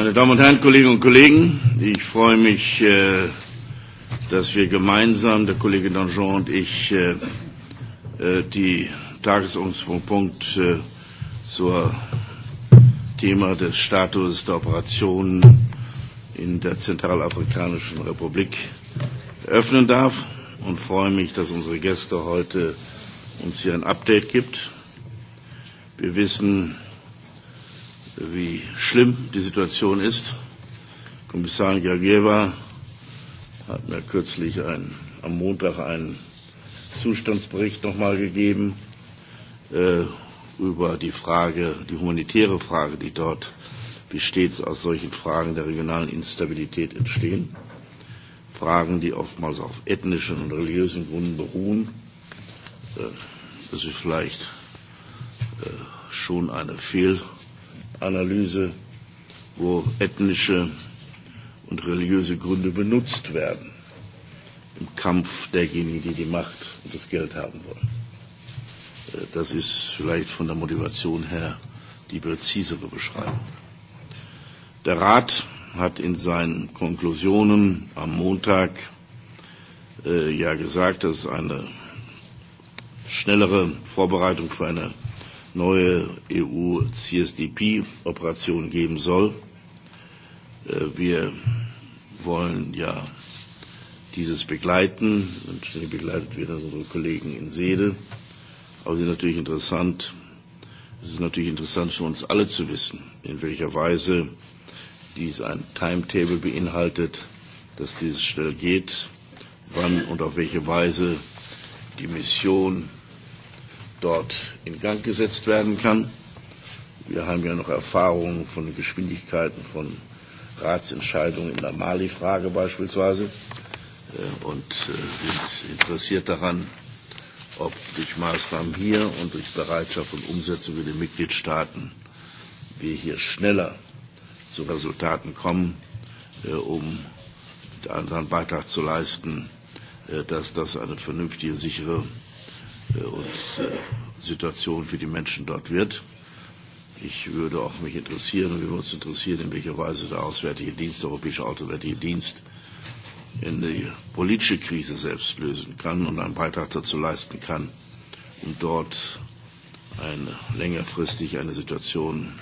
Meine Damen und Herren, Kolleginnen und Kollegen, ich freue mich, dass wir gemeinsam, der Kollege Danjean und ich, die Tagesordnungspunkt zum Thema des Status der Operationen in der Zentralafrikanischen Republik eröffnen darf und freue mich, dass unsere Gäste heute uns hier ein Update gibt. Wir wissen, wie schlimm die Situation ist. Kommissar Georgieva hat mir kürzlich ein, am Montag einen Zustandsbericht nochmal gegeben äh, über die Frage, die humanitäre Frage, die dort wie stets aus solchen Fragen der regionalen Instabilität entstehen. Fragen, die oftmals auf ethnischen und religiösen Gründen beruhen. Äh, das ist vielleicht äh, schon eine Fehlentwicklung Analyse, wo ethnische und religiöse Gründe benutzt werden im Kampf derjenigen, die die Macht und das Geld haben wollen. Das ist vielleicht von der Motivation her die präzisere Beschreibung. Der Rat hat in seinen Konklusionen am Montag äh, ja gesagt, dass eine schnellere Vorbereitung für eine neue EU-CSDP-Operation geben soll. Wir wollen ja dieses begleiten und ständig begleitet werden unsere Kollegen in Seele. Aber es ist natürlich interessant, es ist natürlich interessant für uns alle zu wissen, in welcher Weise dies ein Timetable beinhaltet, dass dieses schnell geht, wann und auf welche Weise die Mission dort in Gang gesetzt werden kann. Wir haben ja noch Erfahrungen von Geschwindigkeiten von Ratsentscheidungen in der Mali-Frage beispielsweise und sind interessiert daran, ob durch Maßnahmen hier und durch Bereitschaft und Umsetzung in den Mitgliedstaaten wir hier schneller zu Resultaten kommen, um einen Beitrag zu leisten, dass das eine vernünftige, sichere und Situation für die Menschen dort wird. Ich würde auch mich interessieren, und wir uns interessieren, in welcher Weise der Auswärtige Dienst, der Europäische Auswärtige Dienst, in die politische Krise selbst lösen kann und einen Beitrag dazu leisten kann, um dort eine, längerfristig eine Situation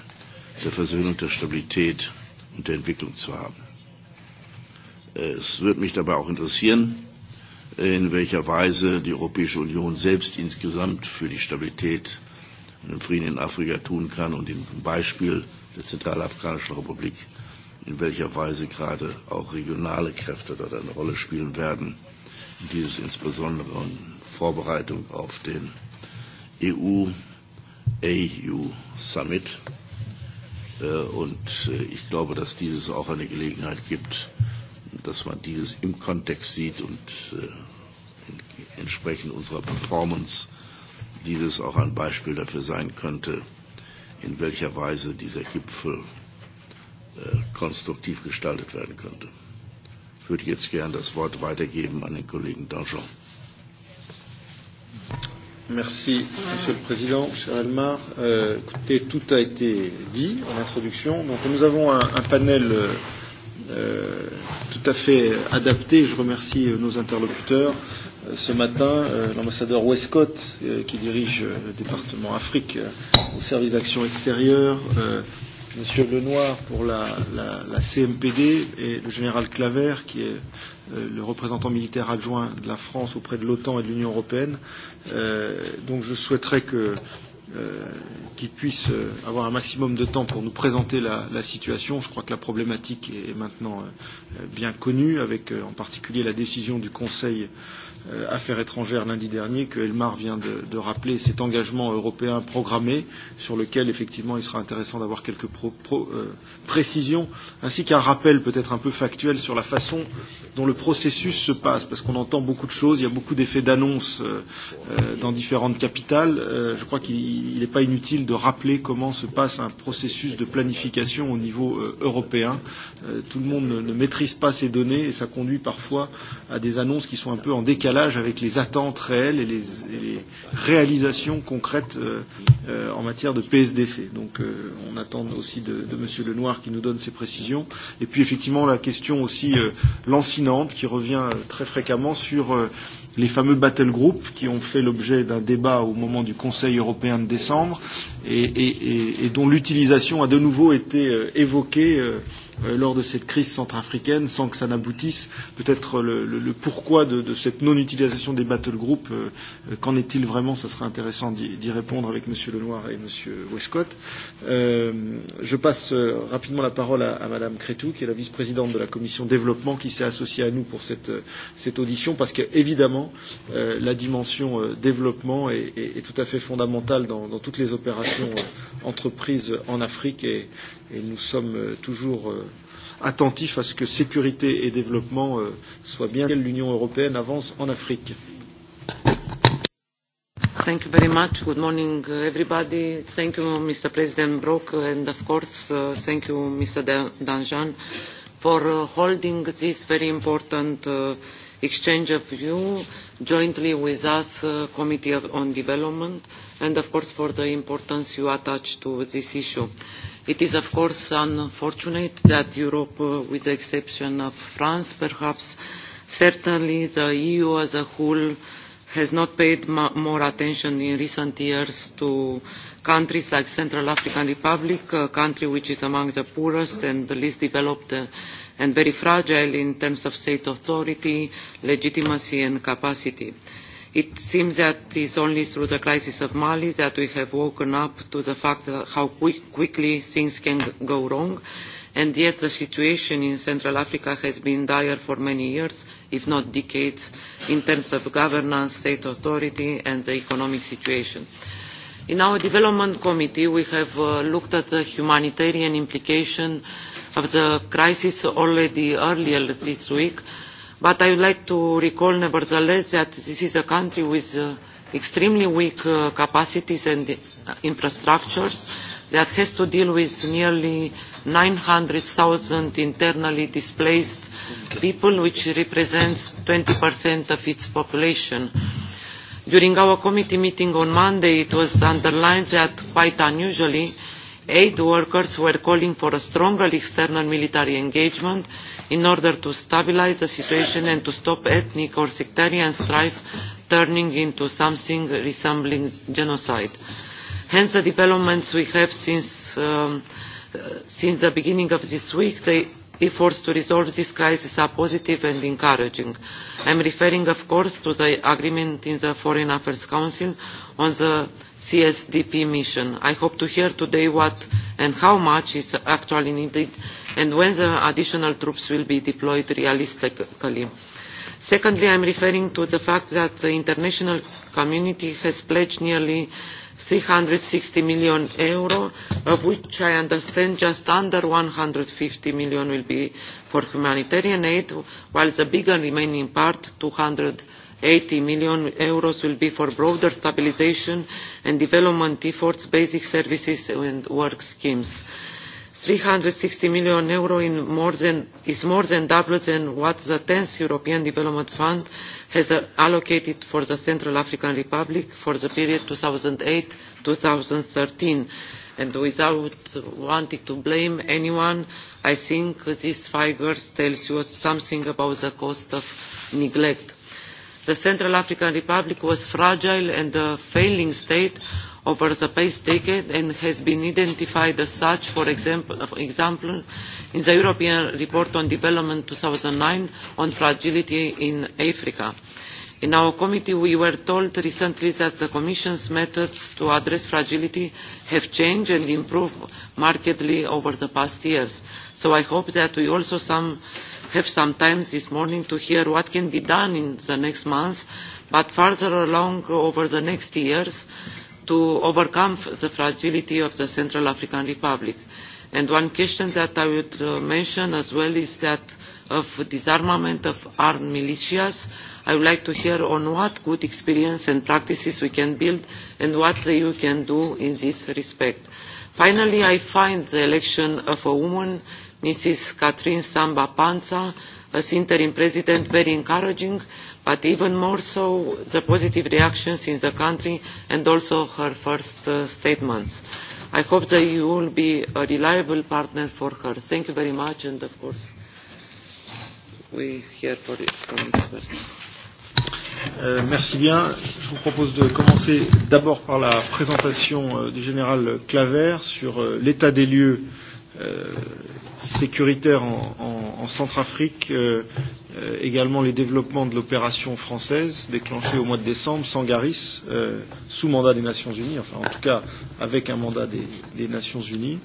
der Versöhnung, der Stabilität und der Entwicklung zu haben. Es würde mich dabei auch interessieren, in welcher Weise die Europäische Union selbst insgesamt für die Stabilität und den Frieden in Afrika tun kann und im Beispiel der Zentralafrikanischen Republik, in welcher Weise gerade auch regionale Kräfte dort eine Rolle spielen werden. Dieses insbesondere in Vorbereitung auf den EU-AU Summit. Und ich glaube, dass dieses auch eine Gelegenheit gibt, dass man dieses im Kontext sieht und äh, entsprechend unserer Performance dieses auch ein Beispiel dafür sein könnte, in welcher Weise dieser Gipfel äh, konstruktiv gestaltet werden könnte. Ich würde jetzt gern das Wort weitergeben an den Kollegen Dangean. Merci, Monsieur le Président, cher Elmar. Euh, écoutez, tout a été dit en introduction. Donc, nous avons un, un panel euh, tout à fait adapté. Je remercie nos interlocuteurs. Ce matin, l'ambassadeur Westcott, qui dirige le département Afrique au service d'action extérieure, Monsieur Lenoir pour la, la, la CMPD et le général Claver, qui est le représentant militaire adjoint de la France auprès de l'OTAN et de l'Union européenne. Euh, donc je souhaiterais que euh, qui puisse avoir un maximum de temps pour nous présenter la, la situation. Je crois que la problématique est maintenant bien connue, avec en particulier la décision du Conseil euh, euh, Affaires étrangères lundi dernier que Elmar vient de, de rappeler cet engagement européen programmé sur lequel effectivement il sera intéressant d'avoir quelques pro, pro, euh, précisions ainsi qu'un rappel peut-être un peu factuel sur la façon dont le processus se passe parce qu'on entend beaucoup de choses, il y a beaucoup d'effets d'annonce euh, dans différentes capitales. Euh, je crois qu'il n'est pas inutile de rappeler comment se passe un processus de planification au niveau euh, européen. Euh, tout le monde ne, ne maîtrise pas ces données et ça conduit parfois à des annonces qui sont un peu en décalage décalage avec les attentes réelles et les, et les réalisations concrètes euh, euh, en matière de PSDC. Donc euh, on attend aussi de, de Monsieur Lenoir qui nous donne ses précisions. Et puis effectivement la question aussi euh, lancinante qui revient euh, très fréquemment sur euh, les fameux battle groups qui ont fait l'objet d'un débat au moment du Conseil européen de décembre et, et, et, et dont l'utilisation a de nouveau été euh, évoquée. Euh, lors de cette crise centrafricaine sans que ça n'aboutisse. Peut-être le, le, le pourquoi de, de cette non-utilisation des battle groups, euh, qu'en est-il vraiment ce serait intéressant d'y répondre avec M. Lenoir et M. Westcott. Euh, je passe rapidement la parole à, à Mme Crétou, qui est la vice-présidente de la commission développement, qui s'est associée à nous pour cette, cette audition, parce que évidemment, euh, la dimension euh, développement est, est, est tout à fait fondamentale dans, dans toutes les opérations euh, entreprises en Afrique et, et nous sommes toujours attentifs à ce que sécurité et développement soient bien l'Union européenne avance en Afrique. Thank you very much. Good morning, everybody. Thank you, Mr. President Brok, and of course, uh, thank you, Mr. Danjan, for uh, holding this very important uh, exchange of view jointly with us, uh, Committee of, on Development. Uh, and of course for the importance you attach to this issue. It is of course unfortunate that Europe, uh, with the exception of France perhaps, certainly the EU as a whole has not paid more attention in recent years to countries like Central African Republic, a country which is among the poorest and the least developed and very fragile in terms of state authority, legitimacy and capacity. Uh, It seems that it's only through the crisis of Mali that we have woken up to the fact that how quick, quickly things can go wrong, and yet the situation in Central Africa has been dire for many years, if not decades, in terms of governance, state authority, and the economic situation. In our development committee, we have uh, looked at the humanitarian implication of the crisis already earlier this week, But I would like to recall nevertheless that this is a country with uh, extremely weak uh, capacities and uh, infrastructures that has to deal with nearly 900,000 internally displaced people, which represents 20% of its population. During our committee meeting on Monday, it was underlined that, quite unusually, aid workers were calling for a stronger external military engagement in order to stabilize the situation and to stop ethnic or sectarian strife turning into something resembling genocide. Hence the developments we have since, um, since the beginning of this week, the efforts to resolve this crisis are positive and encouraging. I am referring, of course, to the agreement in the Foreign Affairs Council on the CSDP mission. I hope to hear today what and how much is actually needed and when the additional troops will be deployed realistically. Secondly, I am referring to the fact that the international community has pledged nearly 360 million euro, of which I understand just under 150 million will be for humanitarian aid, while the bigger remaining part, 280 million euros, will be for broader stabilization and development efforts, basic services and work schemes. 360 million euro in more than, is more than double than what the 10th European Development Fund has allocated for the Central African Republic for the period 2008-2013. And without wanting to blame anyone, I think these figures tell you something about the cost of neglect. The Central African Republic was fragile and a failing state over the past decade and has been identified as such, for example, in the European Report on Development 2009 on Fragility in Africa. In our committee, we were told recently that the Commission's methods to address fragility have changed and improved markedly over the past years. So I hope that we also some, have some time this morning to hear what can be done in the next months, but further along over the next years to overcome the fragility of the Central African Republic. And one question that I would uh, mention as well is that of disarmament of armed militias. I would like to hear on what good experience and practices we can build and what the EU can do in this respect. Finally, I find the election of a woman, Mrs. Katrin Samba Panza, as interim president, very encouraging but even more so the positive reactions in the country and also her first uh, statements. I hope that you will be a reliable partner for her. Thank you very much, and of course, we hear for it from experts. Euh, merci bien. Je vous propose de commencer d'abord par la présentation euh, du général Claver sur euh, l'état des lieux euh, sécuritaire en, en, en Centrafrique, euh, euh, également les développements de l'opération française déclenchée au mois de décembre, Sangaris, euh, sous mandat des Nations Unies, enfin en tout cas avec un mandat des, des Nations Unies.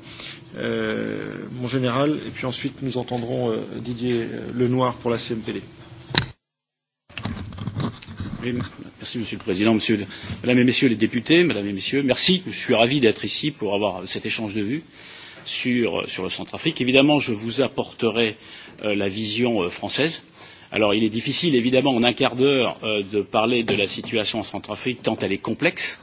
Euh, mon général, et puis ensuite nous entendrons euh, Didier Lenoir pour la CMPD. Oui, merci Monsieur le Président, monsieur, Madame et Messieurs les députés, Madame et Messieurs, merci. Je suis ravi d'être ici pour avoir cet échange de vues. Euh, sur, sur le Centrafrique. Évidemment, je vous apporterai euh, la vision euh, française. Alors, il est difficile, évidemment, en un quart d'heure, euh, de parler de la situation en Centrafrique, tant elle est complexe.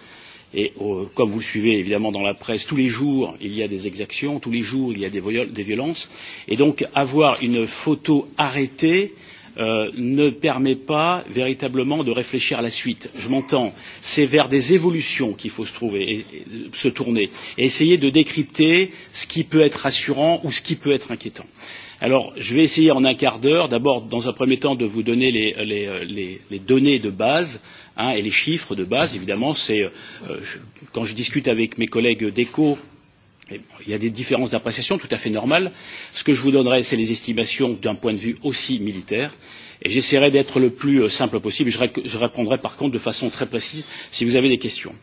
Et euh, comme vous le suivez évidemment dans la presse, tous les jours il y a des exactions, tous les jours il y a des, viol des violences. Et donc avoir une photo arrêtée euh, ne permet pas véritablement de réfléchir à la suite. Je m'entends, c'est vers des évolutions qu'il faut se, trouver, se tourner et essayer de décrypter ce qui peut être rassurant ou ce qui peut être inquiétant. Alors, je vais essayer en un quart d'heure, d'abord, dans un premier temps, de vous donner les, les, les, les données de base hein, et les chiffres de base. Évidemment, c'est euh, quand je discute avec mes collègues d'ECO, il y a des différences d'appréciation tout à fait normales. Ce que je vous donnerai, c'est les estimations d'un point de vue aussi militaire. Et j'essaierai d'être le plus simple possible. Je répondrai par contre de façon très précise si vous avez des questions.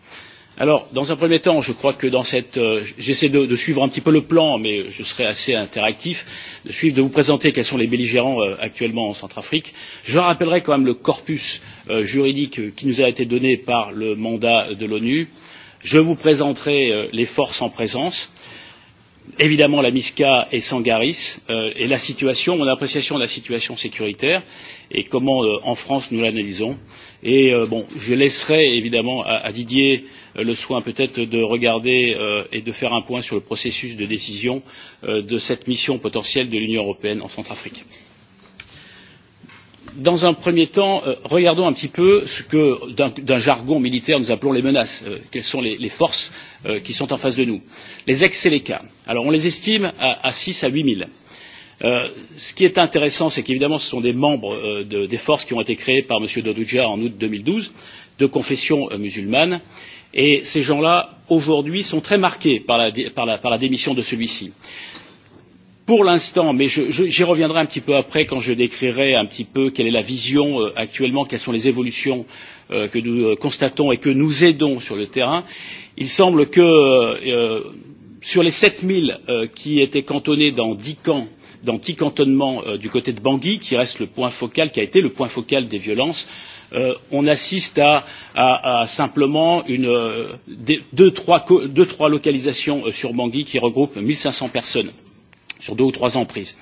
Alors, dans un premier temps, je crois que dans cette, euh, j'essaie de, de suivre un petit peu le plan, mais je serai assez interactif, de suivre, de vous présenter quels sont les belligérants euh, actuellement en Centrafrique. Je rappellerai quand même le corpus euh, juridique qui nous a été donné par le mandat de l'ONU. Je vous présenterai euh, les forces en présence évidemment la MISCA et Sangaris et la situation, mon appréciation de la situation sécuritaire et comment en France nous l'analysons. Et bon, je laisserai évidemment à, Didier le soin peut-être de regarder et de faire un point sur le processus de décision de cette mission potentielle de l'Union européenne en Centrafrique dans un premier temps regardons un petit peu ce que d'un jargon militaire nous appelons les menaces quelles sont les forces qui sont en face de nous les ex seleka alors on les estime à six à huit mille ce qui est intéressant, c'est qu'évidemment, ce sont des membres des forces qui ont été créées par M. Dodouja en août deux mille douze, de confession musulmane, et ces gens-là, aujourd'hui, sont très marqués par la, démission de celui-ci pour l'instant mais j'y reviendrai un petit peu après quand je décrirai un petit peu quelle est la vision actuellement quelles sont les évolutions que nous constatons et que nous aidons sur le terrain il semble que sur les sept zéro qui étaient cantonnés dans dix camps dans dix cantonnements du côté de Bangui, qui reste le point focal, qui a été le point focal des violences, on assiste à, simplement deux, trois, localisations sur Bangui qui regroupent 1500 personnes sur deux ou trois emprises.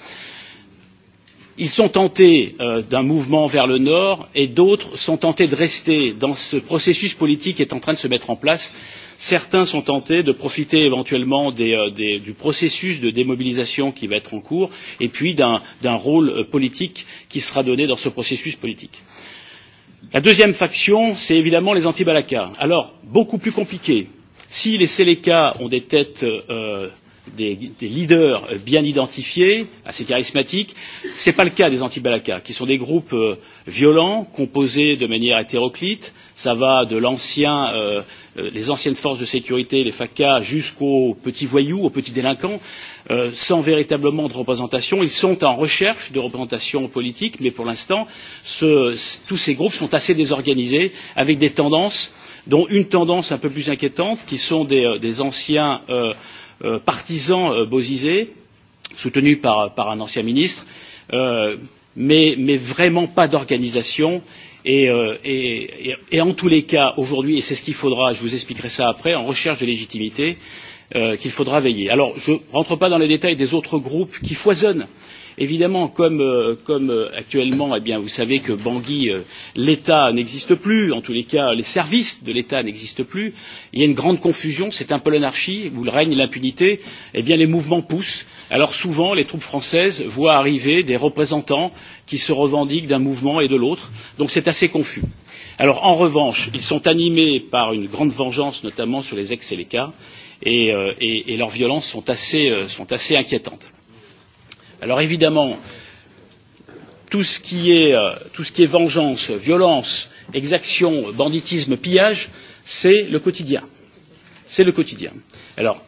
Ils sont tentés euh, d'un mouvement vers le nord et d'autres sont tentés de rester dans ce processus politique qui est en train de se mettre en place. Certains sont tentés de profiter éventuellement des, euh, des, du processus de démobilisation qui va être en cours et puis d'un rôle politique qui sera donné dans ce processus politique. La deuxième faction, c'est évidemment les anti-Balaka. Alors, beaucoup plus compliqué. Si les Séléka ont des têtes euh, des, des leaders bien identifiés, assez charismatiques. Ce n'est pas le cas des anti-Balaka, qui sont des groupes euh, violents, composés de manière hétéroclite. Ça va de l'ancien, euh, les anciennes forces de sécurité, les FACA, jusqu'aux petits voyous, aux petits délinquants, euh, sans véritablement de représentation. Ils sont en recherche de représentation politique, mais pour l'instant, ce, tous ces groupes sont assez désorganisés, avec des tendances, dont une tendance un peu plus inquiétante, qui sont des, des anciens euh, partisan Bozizé, soutenu par, un ancien ministre, mais, vraiment pas d'organisation. Et, en tous les cas, aujourd'hui, et c'est ce qu'il faudra, je vous expliquerai ça après, en recherche de légitimité, qu'il faudra veiller. Alors, je ne rentre pas dans les détails des autres groupes qui foisonnent Évidemment, comme, comme actuellement, eh bien, vous savez que Bangui, l'État n'existe plus, en tous les cas, les services de l'État n'existent plus, il y a une grande confusion, c'est un peu l'anarchie, où le règne l'impunité, eh bien, les mouvements poussent. Alors souvent, les troupes françaises voient arriver des représentants qui se revendiquent d'un mouvement et de l'autre, donc c'est assez confus. Alors en revanche, ils sont animés par une grande vengeance, notamment sur les ex-Séléka, et, et, et leurs violences sont assez, sont assez inquiétantes. Alors évidemment, tout ce qui est, tout ce qui est vengeance, violence, exaction, banditisme, pillage, c'est le quotidien. C'est le quotidien. Alors,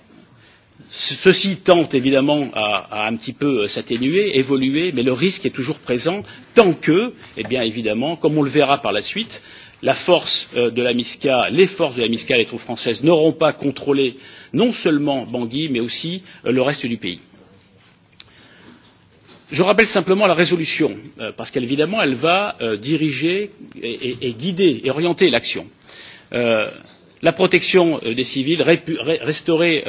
ceci tente évidemment à, à un petit peu s'atténuer, évoluer, mais le risque est toujours présent tant que, eh bien évidemment, comme on le verra par la suite, la force de la MISCA, les forces de la MISCA et les troupes françaises n'auront pas contrôlé non seulement Bangui, mais aussi le reste du pays je rappelle simplement la résolution parce qu'évidemment elle va diriger et guider et orienter l'action la protection des civils restaurer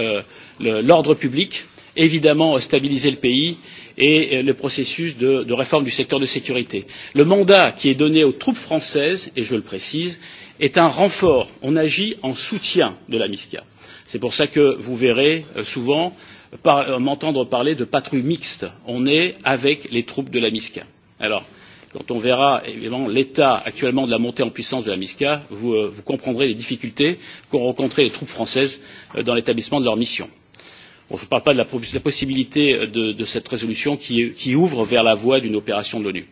l'ordre public évidemment stabiliser le pays et le processus de réforme du secteur de sécurité. le mandat qui est donné aux troupes françaises et je le précise est un renfort on agit en soutien de la misca. c'est pour cela que vous verrez souvent m'entendre parler de patrouille mixte. On est avec les troupes de la MISCA. Alors, quand on verra évidemment l'état actuellement de la montée en puissance de la MISCA, vous, vous comprendrez les difficultés qu'ont rencontrées les troupes françaises dans l'établissement de leur mission. Bon, je ne parle pas de la, la possibilité de, de cette résolution qui, qui ouvre vers la voie d'une opération de l'ONU.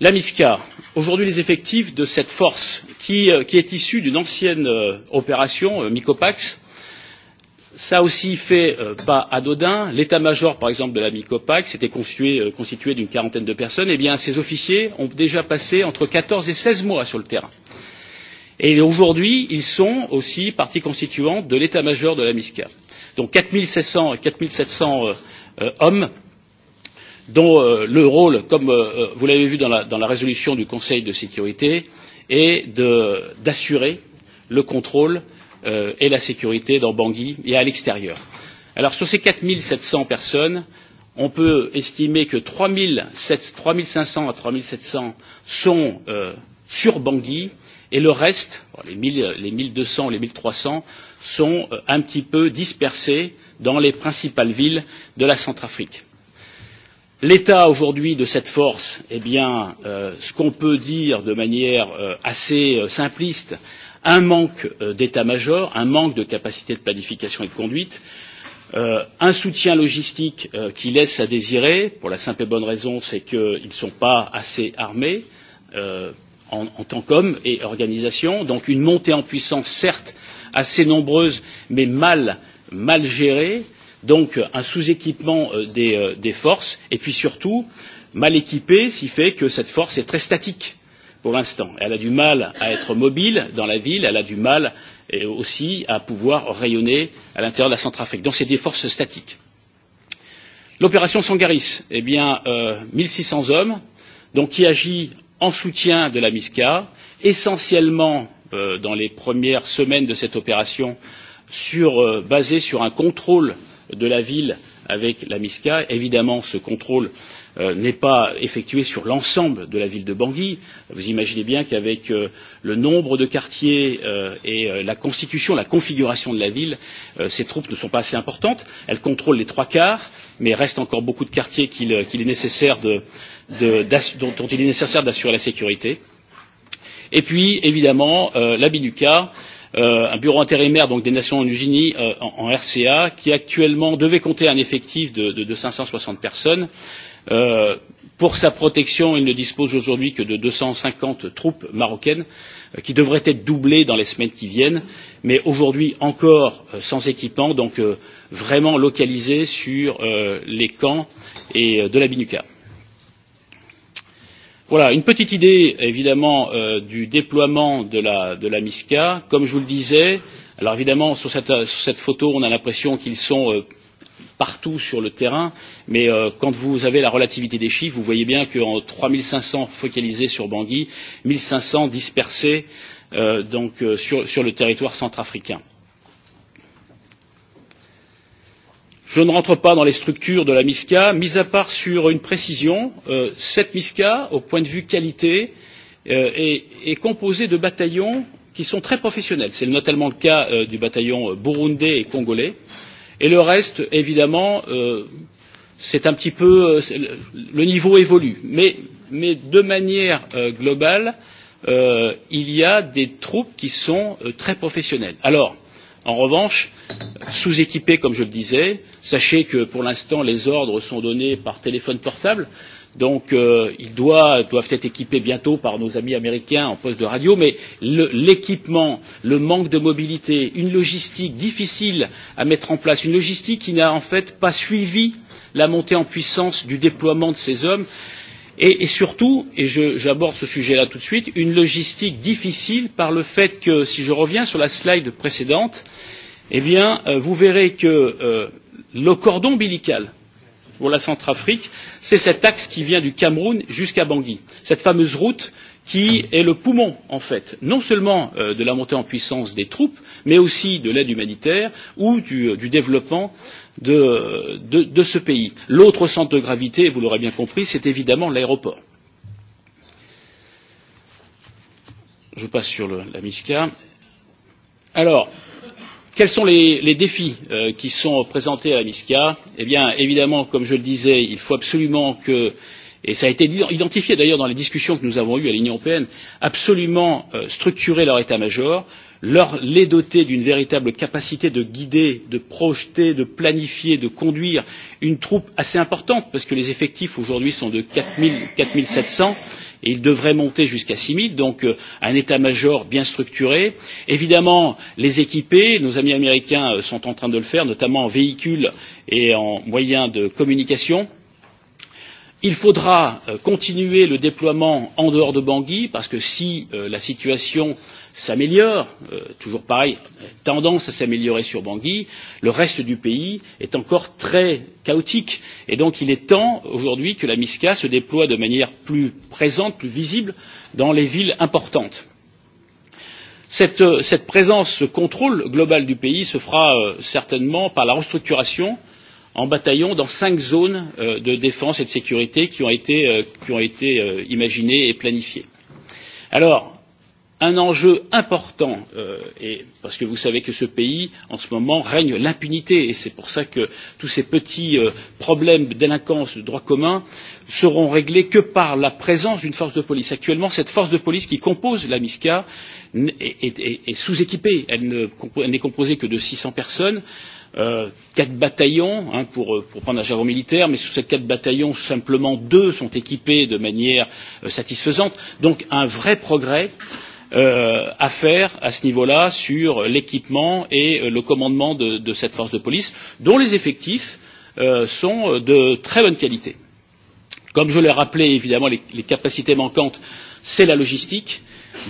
La MISCA, aujourd'hui les effectifs de cette force qui, qui est issue d'une ancienne opération, MICOPAX, Ça aussi fait euh, pas anodin. L'état-major, par exemple, de la MICOPAC, c'était constitué, euh, constitué d'une quarantaine de personnes. Eh bien, ces officiers ont déjà passé entre 14 et 16 mois sur le terrain. Et aujourd'hui, ils sont aussi partie constituante de l'état-major de la MISCA. Donc 4700, 4700 euh, euh, hommes dont euh, le rôle, comme euh, vous l'avez vu dans la, dans la résolution du Conseil de sécurité, est d'assurer le contrôle euh, et la sécurité dans Bangui et à l'extérieur. Alors sur ces quatre sept cents personnes, on peut estimer que trois cinq cents à trois sept cents sont sur Bangui et le reste, les mille deux cents, les mille trois cents, sont un petit peu dispersés dans les principales villes de la Centrafrique. L'état aujourd'hui de cette force, eh bien, ce qu'on peut dire de manière assez simpliste, un manque d'état major, un manque de capacité de planification et de conduite, un soutien logistique qui laisse à désirer, pour la simple et bonne raison, c'est qu'ils ne sont pas assez armés en, tant qu'hommes et organisation, donc une montée en puissance, certes, assez nombreuse, mais mal, mal gérée, donc un sous-équipement des, forces, et puis surtout, mal équipée, ce qui fait que cette force est très statique pour l'instant. Elle a du mal à être mobile dans la ville, elle a du mal aussi à pouvoir rayonner à l'intérieur de la Centrafrique. Donc c'est des forces statiques. L'opération Sangaris, eh bien, euh, 1600 hommes, donc qui agit en soutien de la MISCA, essentiellement euh, dans les premières semaines de cette opération, sur, euh, basée sur un contrôle de la ville avec la MISCA. Évidemment, ce contrôle euh, n'est pas effectué sur l'ensemble de la ville de Bangui. Vous imaginez bien qu'avec le nombre de quartiers et la constitution, la configuration de la ville, ces troupes ne sont pas assez importantes. Elles contrôlent les trois quarts, mais il reste encore beaucoup de quartiers dont il est nécessaire d'assurer la sécurité. Et puis, évidemment, la BINUCA, un bureau intérimaire des Nations Unies en RCA, qui actuellement devait compter un effectif de, cinq cent soixante personnes, pour sa protection, il ne dispose aujourd'hui que de deux cent cinquante troupes marocaines qui devraient être doublées dans les semaines qui viennent, mais aujourd'hui encore sans équipement, donc vraiment localisées sur les camps et de la Binuca. Voilà, une petite idée évidemment du déploiement de la, MISCA. Comme je vous le disais, alors évidemment sur cette, photo on a l'impression qu'ils sont partout sur le terrain, mais quand vous avez la relativité des chiffres, vous voyez bien qu'en 3500 focalisés sur Bangui, 1500 dispersés donc, sur, sur le territoire centrafricain. Je ne rentre pas dans les structures de la MISCA, mis à part sur une précision, euh, cette MISCA, au point de vue qualité, euh, est, est composée de bataillons qui sont très professionnels. C'est notamment le cas euh, du bataillon burundais et congolais. Euh, Et le reste, évidemment, c'est un petit peu le niveau évolue. Mais, de manière globale, il y a des troupes qui sont très professionnelles. Alors, en revanche, sous équipées, comme je le disais, sachez que pour l'instant les ordres sont donnés par téléphone portable. Donc euh, ils doivent, doivent être équipés bientôt par nos amis américains en poste de radio, mais l'équipement, le, le manque de mobilité, une logistique difficile à mettre en place, une logistique qui n'a en fait pas suivi la montée en puissance du déploiement de ces hommes et, surtout et j'aborde ce sujet là tout de suite une logistique difficile par le fait que si je reviens sur la slide précédente eh bien vous verrez que le cordon ombilical pour la Centrafrique, c'est cet axe qui vient du Cameroun jusqu'à Bangui, cette fameuse route qui est le poumon, en fait, non seulement de la montée en puissance des troupes, mais aussi de l'aide humanitaire ou du, développement de ce pays. L'autre centre de gravité, vous l'aurez bien compris, c'est évidemment l'aéroport. Je passe sur la MISCA. Alors, Quels sont les, les défis euh, qui sont présentés à la MISCA Eh bien, évidemment, comme je le disais, il faut absolument que, et ça a été identifié d'ailleurs dans les discussions que nous avons eues à l'Union européenne, absolument euh, structurer leur état-major, leur, les doter d'une véritable capacité de guider, de projeter, de planifier, de conduire une troupe assez importante, parce que les effectifs aujourd'hui sont de 4 700 et il devrait monter jusqu'à six mille donc un état major bien structuré. évidemment les équiper nos amis américains sont en train de le faire notamment en véhicules et en moyens de communication. Il faudra continuer le déploiement en dehors de Bangui parce que si la situation euh, s'améliore, euh, toujours pareil, tendance à s'améliorer sur Bangui, le reste du pays est encore très chaotique. Et donc il est temps aujourd'hui que la MISCA se déploie de manière plus présente, plus visible dans les villes importantes. Cette, cette présence, ce contrôle global du pays se fera euh, certainement par la restructuration en bataillon dans cinq zones euh, de défense et de sécurité qui ont été, euh, qui ont été euh, imaginées et planifiées. Alors, un enjeu important, euh, et parce que vous savez que ce pays, en ce moment, règne l'impunité, et c'est pour ça que tous ces petits euh, problèmes de délinquance de droit commun seront réglés que par la présence d'une force de police. Actuellement, cette force de police qui compose la MISCA est, est, est, est sous-équipée. Elle n'est composée que de six cents personnes quatre bataillons hein, pour, pour prendre un jargon militaire, mais sous ces quatre bataillons, simplement deux sont équipés de manière euh, satisfaisante. Donc un vrai progrès. Euh, à faire à ce niveau là sur l'équipement et le commandement de, de cette force de police, dont les effectifs euh, sont de très bonne qualité. Comme je l'ai rappelé, évidemment, les, les capacités manquantes, c'est la logistique,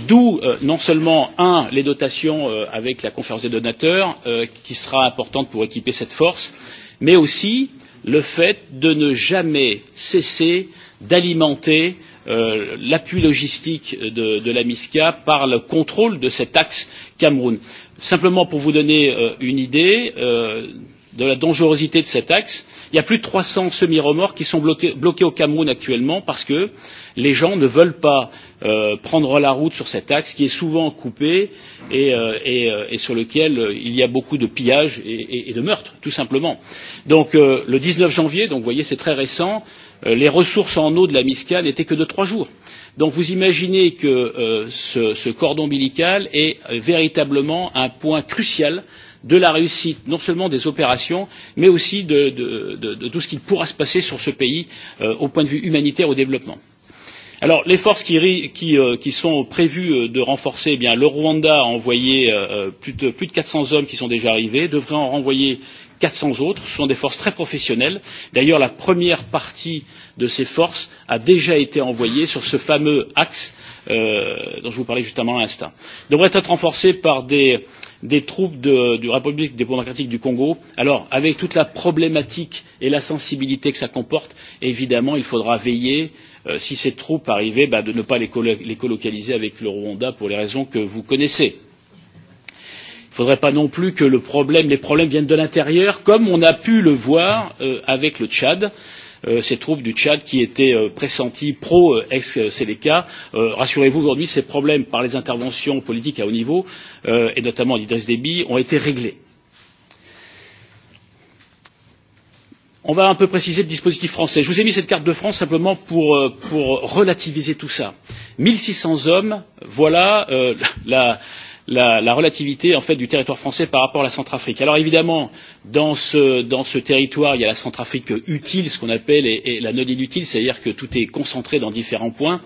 d'où euh, non seulement un les dotations euh, avec la conférence des donateurs, euh, qui sera importante pour équiper cette force, mais aussi le fait de ne jamais cesser d'alimenter euh, l'appui logistique de, de la MISCA par le contrôle de cet axe Cameroun. Simplement pour vous donner euh, une idée euh, de la dangerosité de cet axe, il y a plus de 300 semi-remorques qui sont bloqués, bloqués au Cameroun actuellement parce que les gens ne veulent pas euh, prendre la route sur cet axe qui est souvent coupé et, euh, et, euh, et sur lequel il y a beaucoup de pillages et, et, et de meurtres, tout simplement. Donc euh, le 19 janvier, donc vous voyez c'est très récent, euh, les ressources en eau de la miscale n'étaient que de trois jours. Donc vous imaginez que euh, ce, ce cordon ombilical est véritablement un point crucial de la réussite non seulement des opérations, mais aussi de, de, de, de tout ce qui pourra se passer sur ce pays euh, au point de vue humanitaire au développement. Alors les forces qui, qui, euh, qui sont prévues de renforcer, eh bien, le Rwanda a envoyé euh, plus, de, plus de 400 hommes qui sont déjà arrivés, devrait en renvoyer quatre cents autres. Ce sont des forces très professionnelles. D'ailleurs, la première partie de ces forces a déjà été envoyée sur ce fameux axe dont je vous parlais justement à l'instant. Devrait être renforcée par des, des troupes de, la République démocratique du Congo. Alors, avec toute la problématique et la sensibilité que ça comporte, évidemment, il faudra veiller, euh, si ces troupes arrivaient, bah, de ne pas les, colocaliser les avec le Rwanda pour les raisons que vous connaissez ne faudrait pas non plus que le problème, les problèmes viennent de l'intérieur, comme on a pu le voir euh, avec le Tchad. Euh, ces troupes du Tchad qui étaient euh, pressenties pro-ex-Séléka. Euh, Rassurez-vous, aujourd'hui, ces problèmes, par les interventions politiques à haut niveau, euh, et notamment d'Idriss Déby, ont été réglés. On va un peu préciser le dispositif français. Je vous ai mis cette carte de France simplement pour, pour relativiser tout ça. 600 hommes, voilà euh, la, la, la relativité en fait du territoire français par rapport à la Centrafrique. Alors évidemment, dans ce, dans ce territoire, il y a la Centrafrique utile, ce qu'on appelle, et, et la non inutile, c'est-à-dire que tout est concentré dans différents points.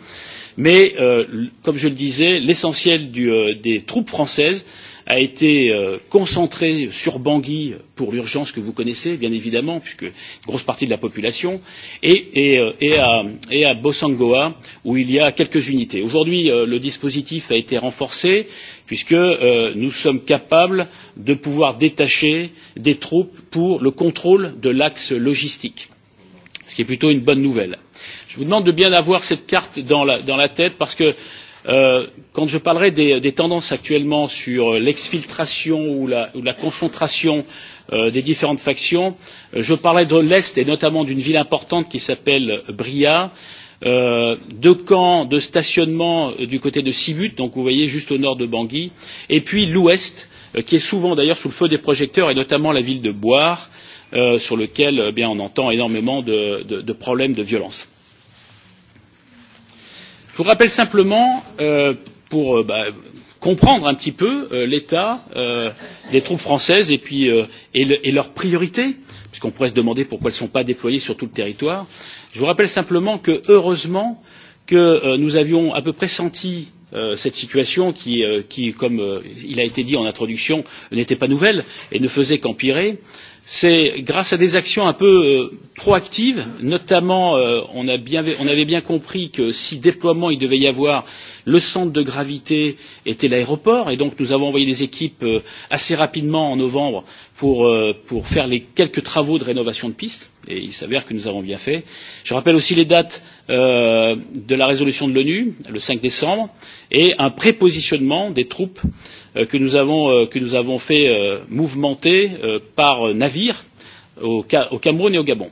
Mais euh, comme je le disais, l'essentiel euh, des troupes françaises a été euh, concentré sur Bangui pour l'urgence que vous connaissez, bien évidemment, puisque une grosse partie de la population, et, et, euh, et, à, et à Bossangoa, où il y a quelques unités. Aujourd'hui, euh, le dispositif a été renforcé. Euh, puisque nous sommes capables de pouvoir détacher des troupes pour le contrôle de l'axe logistique, ce qui est plutôt une bonne nouvelle. Je vous demande de bien avoir cette carte dans la, tête parce que quand je parlerai des, tendances actuellement sur l'exfiltration ou la, concentration des différentes factions, je parlerai de l'Est et notamment d'une ville importante qui s'appelle Bria, deux camps de stationnement du côté de Sibut, donc vous voyez juste au nord de Bangui, et puis l'ouest, qui est souvent d'ailleurs sous le feu des projecteurs, et notamment la ville de Boire, sur lequel eh bien, on entend énormément de, de, de problèmes de violence. Je vous rappelle simplement, euh, pour bah, comprendre un petit peu euh, l'état euh, des troupes françaises et, puis, euh, et, le, et leurs priorités, puisqu'on pourrait se demander pourquoi elles ne sont pas déployées sur tout le territoire, euh, je vous rappelle simplement que heureusement que nous avions à peu près senti cette situation qui, comme il a été dit en introduction, n'était pas nouvelle et ne faisait qu'empirer. C'est grâce à des actions un peu proactives, notamment on, avait bien compris que si déploiement il devait y avoir, le centre de gravité était l'aéroport et donc nous avons envoyé des équipes assez rapidement en novembre pour, euh, pour faire les quelques travaux de rénovation de pistes, et il s'avère que nous avons bien fait. Je rappelle aussi les dates euh, de la résolution de l'ONU, le 5 décembre, et un prépositionnement des troupes euh, que, nous avons, euh, que nous avons fait euh, mouvementer euh, par navire au, au Cameroun et au Gabon.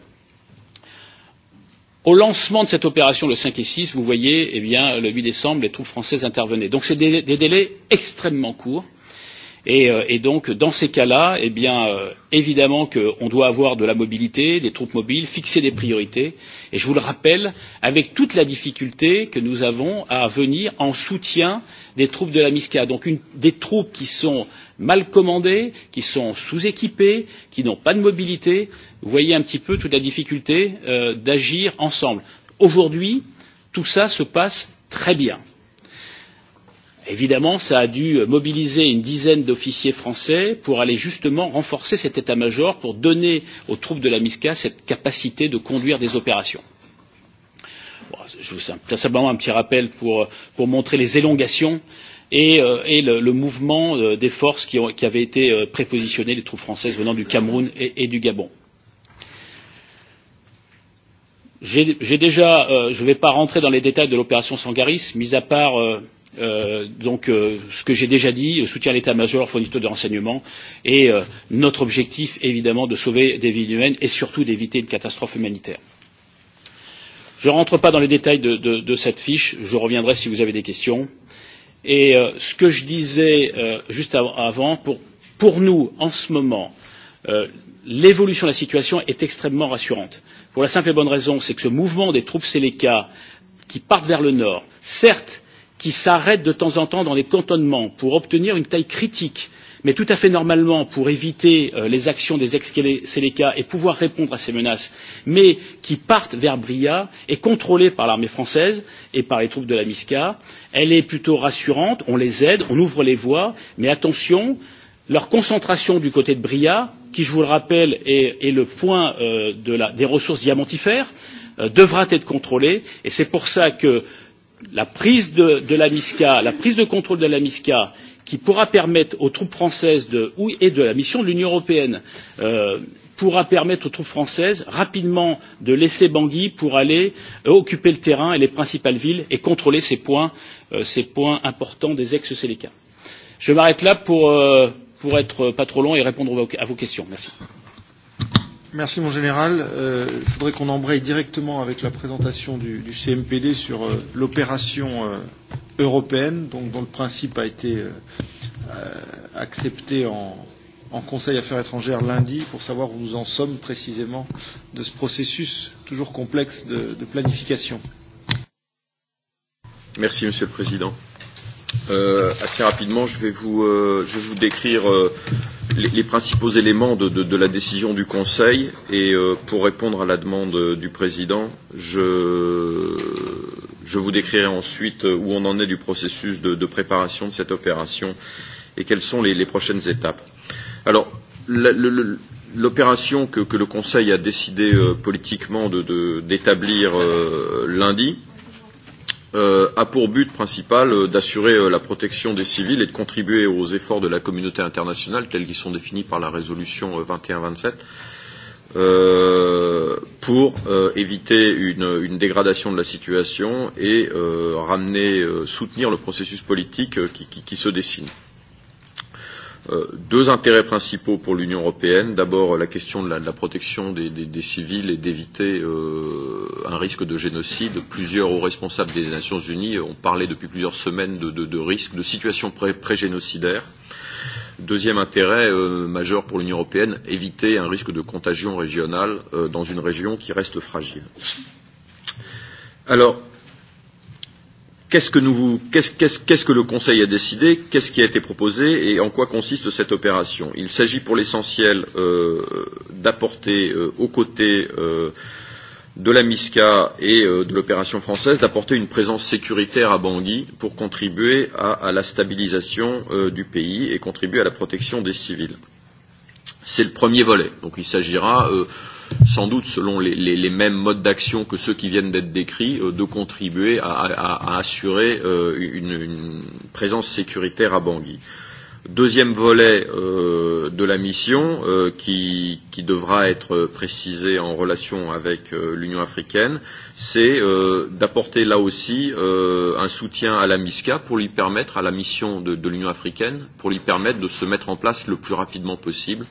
Au lancement de cette opération, le 5 et 6, vous voyez, eh bien, le 8 décembre, les troupes françaises intervenaient. Donc c'est des, des délais extrêmement courts. Et, et donc, dans ces cas-là, eh bien, euh, évidemment qu'on doit avoir de la mobilité, des troupes mobiles, fixer des priorités. Et je vous le rappelle, avec toute la difficulté que nous avons à venir en soutien des troupes de la MISCA, donc une, des troupes qui sont mal commandées, qui sont sous-équipées, qui n'ont pas de mobilité. Vous voyez un petit peu toute la difficulté euh, d'agir ensemble. Aujourd'hui, tout ça se passe très bien Évidemment, ça a dû mobiliser une dizaine d'officiers français pour aller justement renforcer cet état-major, pour donner aux troupes de la MISCA cette capacité de conduire des opérations. Bon, je vous simplement un petit rappel pour, pour montrer les élongations et, euh, et le, le mouvement des forces qui, ont, qui avaient été prépositionnées, les troupes françaises venant du Cameroun et, et du Gabon. J'ai déjà, euh, je ne vais pas rentrer dans les détails de l'opération Sangaris, mis à part euh, donc ce que j'ai déjà dit, soutien à l'état-major, fourniture de renseignements, et notre objectif évidemment de sauver des vies humaines et surtout d'éviter une catastrophe humanitaire. Je ne rentre pas dans les détails de, de, de cette fiche, je reviendrai si vous avez des questions. Et euh, ce que je disais euh, juste avant, pour, pour nous, en ce moment, euh, l'évolution de la situation est extrêmement rassurante. Pour la simple et bonne raison, c'est que ce mouvement des troupes Seleka qui partent vers le nord, certes, qui s'arrêtent de temps en temps dans les cantonnements pour obtenir une taille critique mais tout à fait normalement pour éviter les actions des ex séléka et pouvoir répondre à ces menaces, mais qui partent vers Bria et contrôlée par l'armée française et par les troupes de la MISCA. Elle est plutôt rassurante, on les aide, on ouvre les voies, mais attention, leur concentration du côté de Bria, qui, je vous le rappelle, est, le point des ressources diamantifères, devra être contrôlée et c'est pour cela que la prise de, la MISCA, la prise de contrôle de la MISCA, qui pourra permettre aux troupes françaises de, et de la mission de l'Union européenne pourra permettre aux troupes françaises rapidement de laisser Bangui pour aller occuper le terrain et les principales villes et contrôler ces points, ces points importants des ex seleka. Je m'arrête là pour, pour être pas trop long et répondre à vos questions. Merci. Merci mon général. Il euh, faudrait qu'on embraye directement avec la présentation du, du CMPD sur euh, l'opération euh, européenne, donc, dont le principe a été euh, accepté en, en Conseil Affaires étrangères lundi pour savoir où nous en sommes précisément de ce processus toujours complexe de, de planification. Merci Monsieur le Président. Euh, assez rapidement, je vais vous, euh, je vais vous décrire euh, les, les principaux éléments de, de, de la décision du Conseil et euh, pour répondre à la demande du Président, je, je vous décrirai ensuite où on en est du processus de, de préparation de cette opération et quelles sont les, les prochaines étapes. Alors, l'opération que, que le Conseil a décidé euh, politiquement d'établir de, de, euh, lundi, euh, euh, a pour but principal euh, d'assurer euh, la protection des civils et de contribuer aux efforts de la communauté internationale tels qu'ils sont définis par la résolution euh, 21-27 euh, pour euh, éviter une, une dégradation de la situation et euh, ramener, euh, soutenir le processus politique euh, qui, qui, qui se dessine. Euh, deux intérêts principaux pour l'Union européenne. D'abord, la question de la, de la protection des, des, des civils et d'éviter euh, un risque de génocide. Plusieurs hauts responsables des Nations Unies ont parlé depuis plusieurs semaines de, de, de risques, de situations pré-génocidaires. Pré Deuxième intérêt euh, majeur pour l'Union européenne, éviter un risque de contagion régionale euh, dans une région qui reste fragile. Alors, Qu'est-ce que, nous, qu'est-ce, qu'est-ce, qu'est-ce que le Conseil a décidé Qu'est-ce qui a été proposé Et en quoi consiste cette opération Il s'agit pour l'essentiel euh, d'apporter euh, aux côtés euh, de la MISCA et euh, de l'opération française d'apporter une présence sécuritaire à Bangui pour contribuer à, à la stabilisation euh, du pays et contribuer à la protection des civils. C'est le premier volet. Donc il s'agira euh, sans doute selon les, les, les mêmes modes d'action que ceux qui viennent d'être décrits, euh, de contribuer à, à, à assurer euh, une, une présence sécuritaire à Bangui. Deuxième volet euh, de la mission euh, qui, qui devra être précisé en relation avec euh, l'Union africaine, c'est euh, d'apporter là aussi euh, un soutien à la MISCA pour lui permettre, à la mission de, de l'Union africaine, pour lui permettre de se mettre en place le plus rapidement possible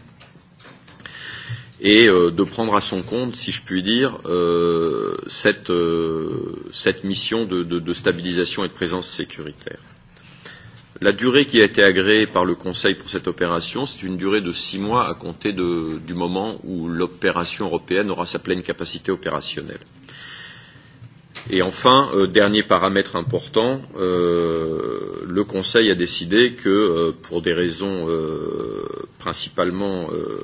et euh, de prendre à son compte, si je puis dire, euh, cette, euh, cette mission de, de, de stabilisation et de présence sécuritaire. La durée qui a été agréée par le Conseil pour cette opération, c'est une durée de six mois à compter de, du moment où l'opération européenne aura sa pleine capacité opérationnelle. Et enfin, euh, dernier paramètre important, euh, le Conseil a décidé que, euh, pour des raisons euh, principalement euh,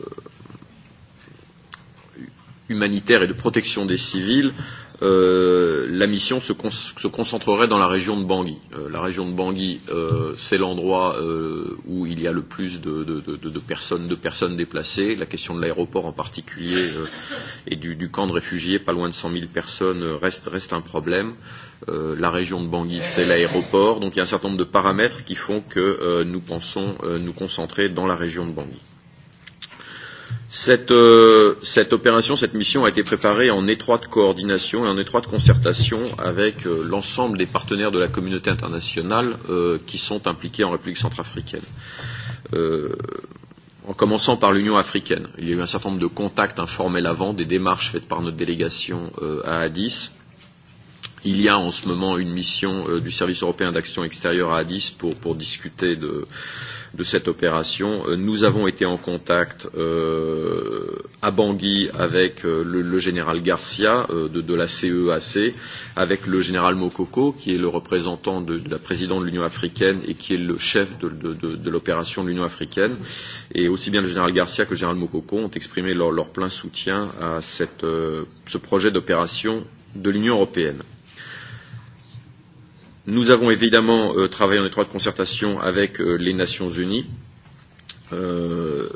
humanitaire et de protection des civils, euh, la mission se, con se concentrerait dans la région de Bangui. Euh, la région de Bangui, euh, c'est l'endroit euh, où il y a le plus de, de, de, de, personnes, de personnes déplacées. La question de l'aéroport en particulier euh, et du, du camp de réfugiés, pas loin de 100 000 personnes, reste, reste un problème. Euh, la région de Bangui, c'est l'aéroport. Donc il y a un certain nombre de paramètres qui font que euh, nous pensons euh, nous concentrer dans la région de Bangui. Cette, euh, cette opération, cette mission a été préparée en étroite coordination et en étroite concertation avec euh, l'ensemble des partenaires de la communauté internationale euh, qui sont impliqués en République centrafricaine. Euh, en commençant par l'Union africaine. Il y a eu un certain nombre de contacts informels avant, des démarches faites par notre délégation euh, à Addis. Il y a en ce moment une mission euh, du Service européen d'action extérieure à Addis pour, pour discuter de, de cette opération. Nous avons été en contact euh, à Bangui avec le, le général Garcia euh, de, de la CEAC, avec le général Mokoko, qui est le représentant de, de la présidente de l'Union africaine et qui est le chef de, de, de, de l'opération de l'Union africaine. Et aussi bien le général Garcia que le général Mokoko ont exprimé leur, leur plein soutien à cette, euh, ce projet d'opération de l'Union européenne. Nous avons évidemment euh, travaillé en étroite concertation avec euh, les Nations Unies. Euh,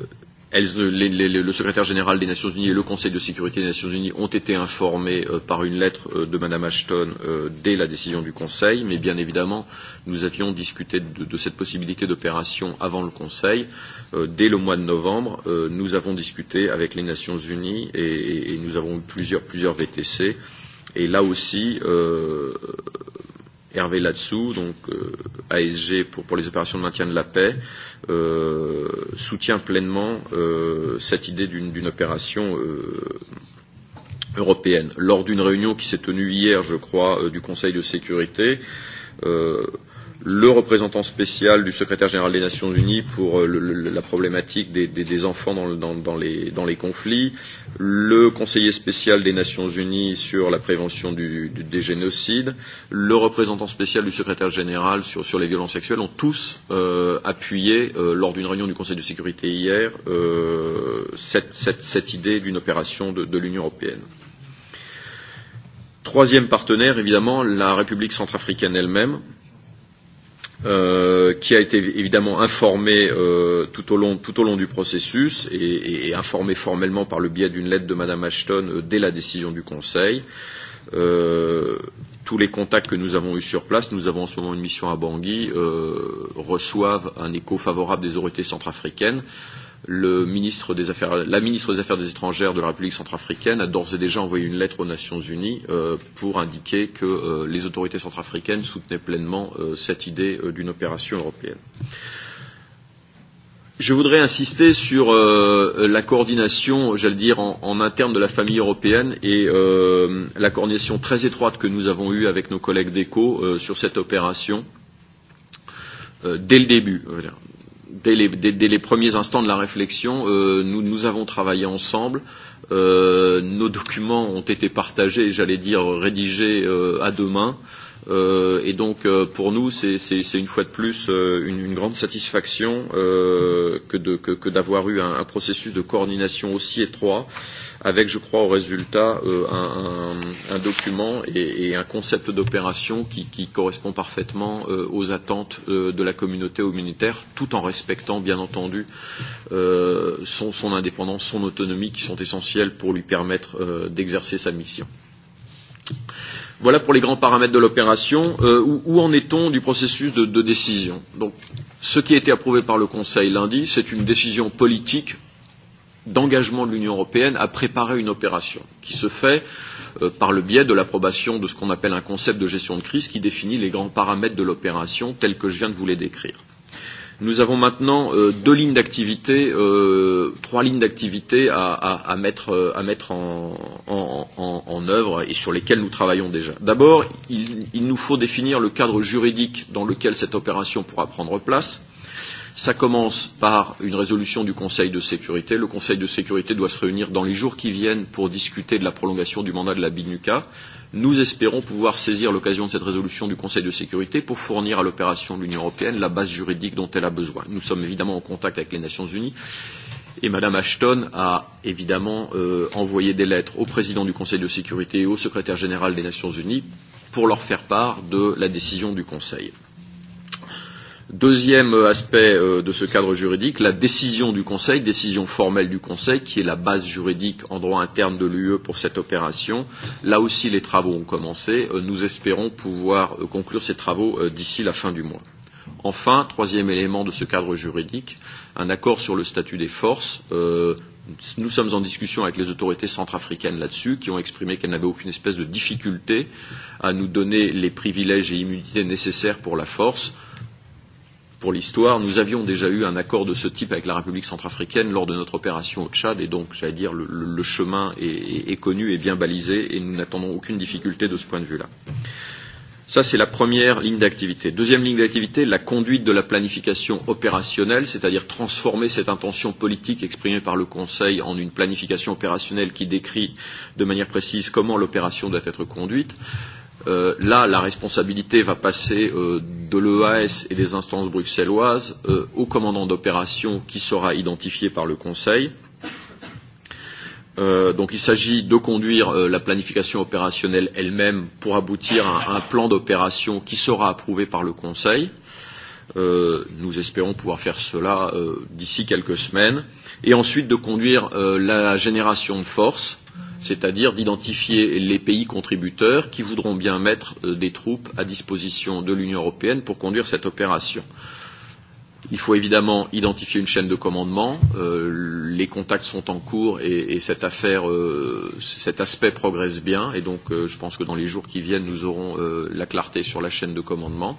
elles, les, les, le secrétaire général des Nations Unies et le Conseil de sécurité des Nations Unies ont été informés euh, par une lettre euh, de madame Ashton euh, dès la décision du Conseil, mais bien évidemment, nous avions discuté de, de cette possibilité d'opération avant le Conseil. Euh, dès le mois de novembre, euh, nous avons discuté avec les Nations Unies et, et, et nous avons eu plusieurs, plusieurs VTC. Et là aussi, euh, Hervé Latsou, donc euh, ASG pour, pour les opérations de maintien de la paix, euh, soutient pleinement euh, cette idée d'une opération euh, européenne. Lors d'une réunion qui s'est tenue hier, je crois, euh, du Conseil de sécurité, euh, le représentant spécial du secrétaire général des Nations Unies pour le, le, la problématique des, des, des enfants dans, dans, dans, les, dans les conflits, le conseiller spécial des Nations Unies sur la prévention du, du, des génocides, le représentant spécial du secrétaire général sur, sur les violences sexuelles ont tous euh, appuyé euh, lors d'une réunion du Conseil de sécurité hier euh, cette, cette, cette idée d'une opération de, de l'Union européenne. Troisième partenaire, évidemment, la République centrafricaine elle-même. Euh, euh, qui a été évidemment informé euh, tout, au long, tout au long du processus et, et, et informé formellement par le biais d'une lettre de Madame Ashton euh, dès la décision du Conseil. Euh, tous les contacts que nous avons eus sur place, nous avons en ce moment une mission à Bangui, euh, reçoivent un écho favorable des autorités centrafricaines. Euh, Le ministre des Affaires, la ministre des Affaires des étrangères de la République centrafricaine a d'ores et déjà envoyé une lettre aux Nations Unies euh, pour indiquer que euh, les autorités centrafricaines soutenaient pleinement euh, cette idée euh, d'une opération européenne. Je voudrais insister sur euh, la coordination, j'allais dire, en, en interne de la famille européenne et euh, la coordination très étroite que nous avons eue avec nos collègues d'ECO euh, sur cette opération euh, dès le début dès les, dès, dès les premiers instants de la réflexion, euh, nous, nous avons travaillé ensemble. Euh, nos documents ont été partagés, j'allais dire rédigés euh, à deux mains. Euh, Euh, et donc euh, pour nous, c'est une fois de plus euh, une, une grande satisfaction euh, que d'avoir que, que eu un, un processus de coordination aussi étroit, avec, je crois, au résultat euh, un, un, un document et, et un concept d'opération qui, qui correspond parfaitement euh, aux attentes euh, de la communauté humanitaire, tout en respectant, bien entendu, euh, son, son indépendance, son autonomie, qui sont essentielles pour lui permettre euh, d'exercer sa mission. Voilà pour les grands paramètres de l'opération. Euh, où, où en est-on du processus de, de décision Donc, ce qui a été approuvé par le Conseil lundi, c'est une décision politique d'engagement de l'Union européenne à préparer une opération qui se fait euh, par le biais de l'approbation de ce qu'on appelle un concept de gestion de crise qui définit les grands paramètres de l'opération tels que je viens de vous les décrire. Nous avons maintenant euh, deux lignes d'activité, euh, trois lignes d'activité à, à, à mettre, à mettre en, en, en, en œuvre et sur lesquelles nous travaillons déjà. D'abord, il, il nous faut définir le cadre juridique dans lequel cette opération pourra prendre place. Euh, Ça commence par une résolution du Conseil de sécurité. Le Conseil de sécurité doit se réunir dans les jours qui viennent pour discuter de la prolongation du mandat de la BINUCA. Nous espérons pouvoir saisir l'occasion de cette résolution du Conseil de sécurité pour fournir à l'opération de l'Union européenne la base juridique dont elle a besoin. Nous sommes évidemment en contact avec les Nations unies et Mme Ashton a évidemment euh, envoyé des lettres au président du Conseil de sécurité et au secrétaire général des Nations unies pour leur faire part de la décision du Conseil. Deuxième aspect de ce cadre juridique, la décision du Conseil, décision formelle du Conseil, qui est la base juridique en droit interne de l'UE pour cette opération. Là aussi, les travaux ont commencé. Nous espérons pouvoir conclure ces travaux d'ici la fin du mois. Enfin, troisième élément de ce cadre juridique, un accord sur le statut des forces. nous sommes en discussion avec les autorités centrafricaines là-dessus, qui ont exprimé qu'elles n'avaient aucune espèce de difficulté à nous donner les privilèges et immunités nécessaires pour la force pour l'histoire, nous avions déjà eu un accord de ce type avec la République centrafricaine lors de notre opération au Tchad, et donc, j'allais dire, le, le chemin est, est, est connu et bien balisé, et nous n'attendons aucune difficulté de ce point de vue-là. Ça, c'est la première ligne d'activité. Deuxième ligne d'activité, la conduite de la planification opérationnelle, c'est-à-dire transformer cette intention politique exprimée par le Conseil en une planification opérationnelle qui décrit de manière précise comment l'opération doit être conduite là, la responsabilité va passer euh, de l'EAS et des instances bruxelloises euh, au commandant d'opération qui sera identifié par le Conseil. Euh, donc il s'agit de conduire euh, la planification opérationnelle elle-même pour aboutir à un plan d'opération qui sera approuvé par le Conseil. Euh, Euh, nous espérons pouvoir faire cela euh, d'ici quelques semaines. Et ensuite de conduire euh, la génération de force, c'est-à-dire d'identifier les pays contributeurs qui voudront bien mettre euh, des troupes à disposition de l'Union européenne pour conduire cette opération. Il faut évidemment identifier une chaîne de commandement. Euh, les contacts sont en cours et, et cette affaire, euh, cet aspect progresse bien. Et donc, euh, je pense que dans les jours qui viennent, nous aurons euh, la clarté sur la chaîne de commandement.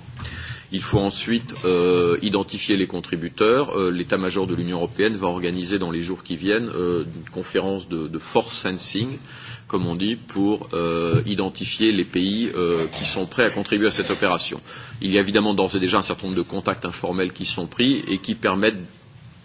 Il faut ensuite euh, identifier les contributeurs. Euh, L'état-major de l'Union européenne va organiser dans les jours qui viennent euh, une conférence de, de force sensing comme on dit, pour euh, identifier les pays euh, qui sont prêts à contribuer à cette opération. Il y a évidemment d'ores et déjà un certain nombre de contacts informels qui sont pris et qui permettent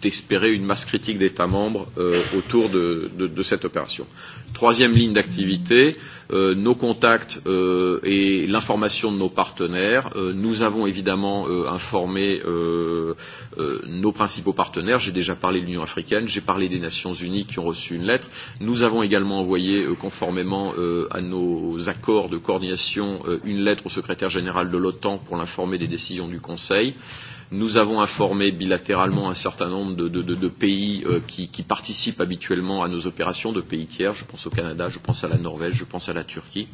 d'espérer une masse critique d'États membres euh, autour de, de, de cette opération. Troisième ligne d'activité, euh, nos contacts euh, et l'information de nos partenaires. Euh, nous avons évidemment euh, informé euh, euh, nos principaux partenaires. J'ai déjà parlé de l'Union africaine, j'ai parlé des Nations unies qui ont reçu une lettre. Nous avons également envoyé, euh, conformément euh, à nos accords de coordination, euh, une lettre au secrétaire général de l'OTAN pour l'informer des décisions du Conseil. Euh, Nous avons informé bilatéralement un certain nombre de, de, de, de pays euh, qui, qui participent habituellement à nos opérations, de pays tiers. Je pense au Canada, je pense à la Norvège, je pense à la Turquie.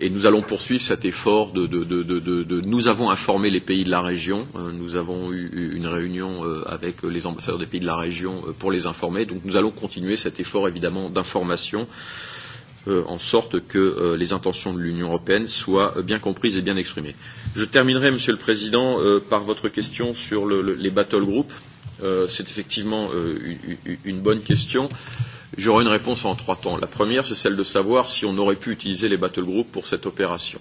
Et nous allons poursuivre cet effort de, de, de, de, de, de nous avons informé les pays de la région, nous avons eu une réunion avec les ambassadeurs des pays de la région pour les informer, donc nous allons continuer cet effort évidemment d'information euh, en sorte que les intentions de l'Union européenne soient bien comprises et bien exprimées. Je terminerai, Monsieur le Président, par votre question sur le, le, les battle groups. C'est effectivement une bonne question. J'aurai une réponse en trois temps. La première, c'est celle de savoir si on aurait pu utiliser les battle groups pour cette opération.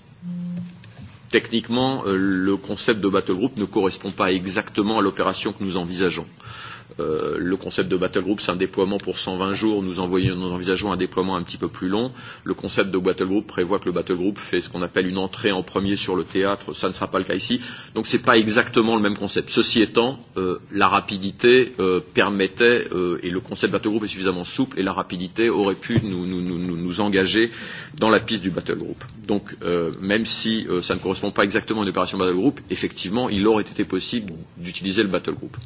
Techniquement, le concept de battle group ne correspond pas exactement à l'opération que nous envisageons. Euh, le concept de battle group, c'est un déploiement pour 120 jours. Nous, envoyons, nous envisageons un déploiement un petit peu plus long. Le concept de battle group prévoit que le battle group fait ce qu'on appelle une entrée en premier sur le théâtre. Ça ne sera pas le cas ici. Donc ce n'est pas exactement le même concept. Ceci étant, euh, la rapidité euh, permettait, euh, et le concept battle group est suffisamment souple, et la rapidité aurait pu nous, nous, nous, nous engager dans la piste du battle group. Donc euh, même si euh, ça ne correspond pas exactement à une opération battle group, effectivement, il aurait été possible d'utiliser le battle group.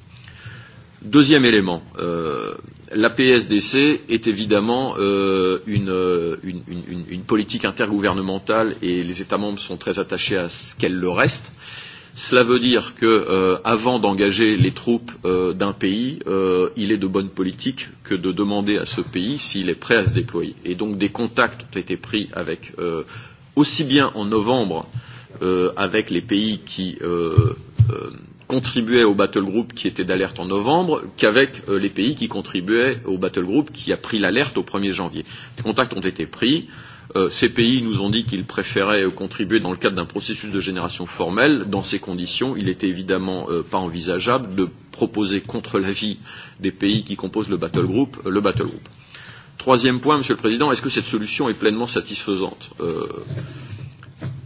Deuxième élément, euh, la PSDC est évidemment euh, une, une, une, une politique intergouvernementale et les États membres sont très attachés à ce qu'elle le reste. Cela veut dire que, euh, avant d'engager les troupes euh, d'un pays, euh, il est de bonne politique que de demander à ce pays s'il est prêt à se déployer. Et donc des contacts ont été pris avec euh, aussi bien en novembre euh, avec les pays qui euh, euh, contribuait au battle group qui était d'alerte en novembre qu'avec euh, les pays qui contribuaient au battle group qui a pris l'alerte au 1er janvier. Les contacts ont été pris. Euh, ces pays nous ont dit qu'ils préféraient euh, contribuer dans le cadre d'un processus de génération formelle. Dans ces conditions, il n'était évidemment euh, pas envisageable de proposer contre l'avis des pays qui composent le battle group euh, le battle group. Troisième point, Monsieur le Président, est-ce que cette solution est pleinement satisfaisante euh,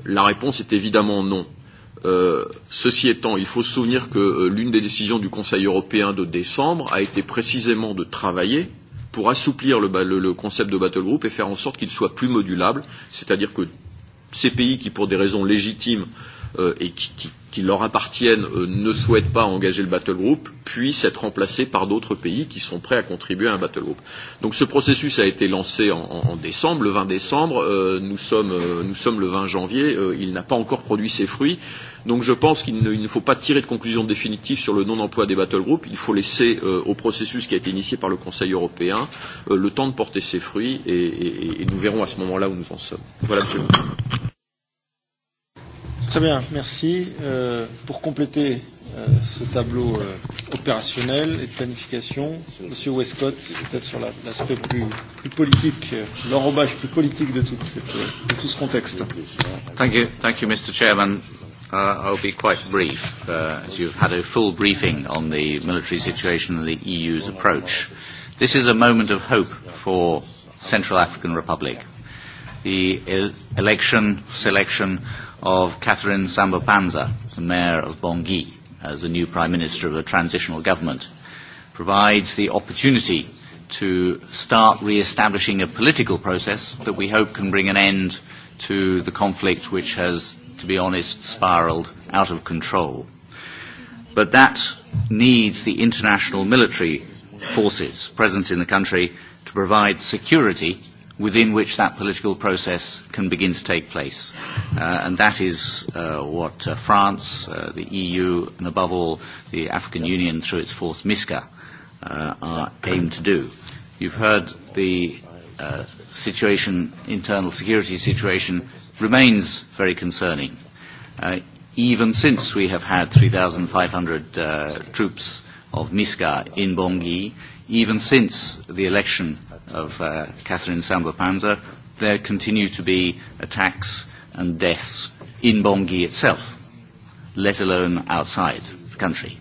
La réponse est évidemment non. Euh, ceci étant, il faut se souvenir que euh, l'une des décisions du Conseil européen de décembre a été précisément de travailler pour assouplir le, le, le concept de battle group et faire en sorte qu'il soit plus modulable, c'est-à-dire que ces pays qui, pour des raisons légitimes euh, et qui, qui, qui leur appartiennent, euh, ne souhaitent pas engager le battle group, puissent être remplacés par d'autres pays qui sont prêts à contribuer à un battle group. Donc ce processus a été lancé en, en, en décembre, le 20 décembre, euh, nous, sommes, euh, nous sommes le 20 janvier, euh, il n'a pas encore produit ses fruits. Donc je pense qu'il ne, il ne faut pas tirer de conclusion définitive sur le non-emploi des battle groups. Il faut laisser euh, au processus qui a été initié par le Conseil européen euh, le temps de porter ses fruits et, et, et nous verrons à ce moment-là où nous en sommes. Voilà, monsieur. Très bien, merci. Euh, pour compléter euh, ce tableau euh, opérationnel et de planification, Monsieur Westcott, peut-être sur l'aspect la, plus, plus politique, euh, l'enrobage plus politique de, toute cette, de tout ce contexte. Thank you, thank you, Mr. Chairman. Uh, I'll be quite brief, uh, as you've had a full briefing on the military situation and the EU's approach. This is a moment of hope for Central African Republic. The el- election, selection of Catherine Sambopanza, the mayor of Bangui, as the new prime minister of the transitional government, provides the opportunity to start re-establishing a political process that we hope can bring an end to the conflict which has to be honest, spiraled out of control. But that needs the international military forces present in the country to provide security within which that political process can begin to take place. Uh, and that is uh, what uh, France, uh, the EU, and above all the African Union through its fourth MISCA uh, are aimed to do. You've heard the uh, situation, internal security situation remains very concerning. Uh, even since we have had 3,500 uh, troops of MISCA in Bongi, even since the election of uh, Catherine Samba Panza, there continue to be attacks and deaths in Bongi itself, let alone outside the country.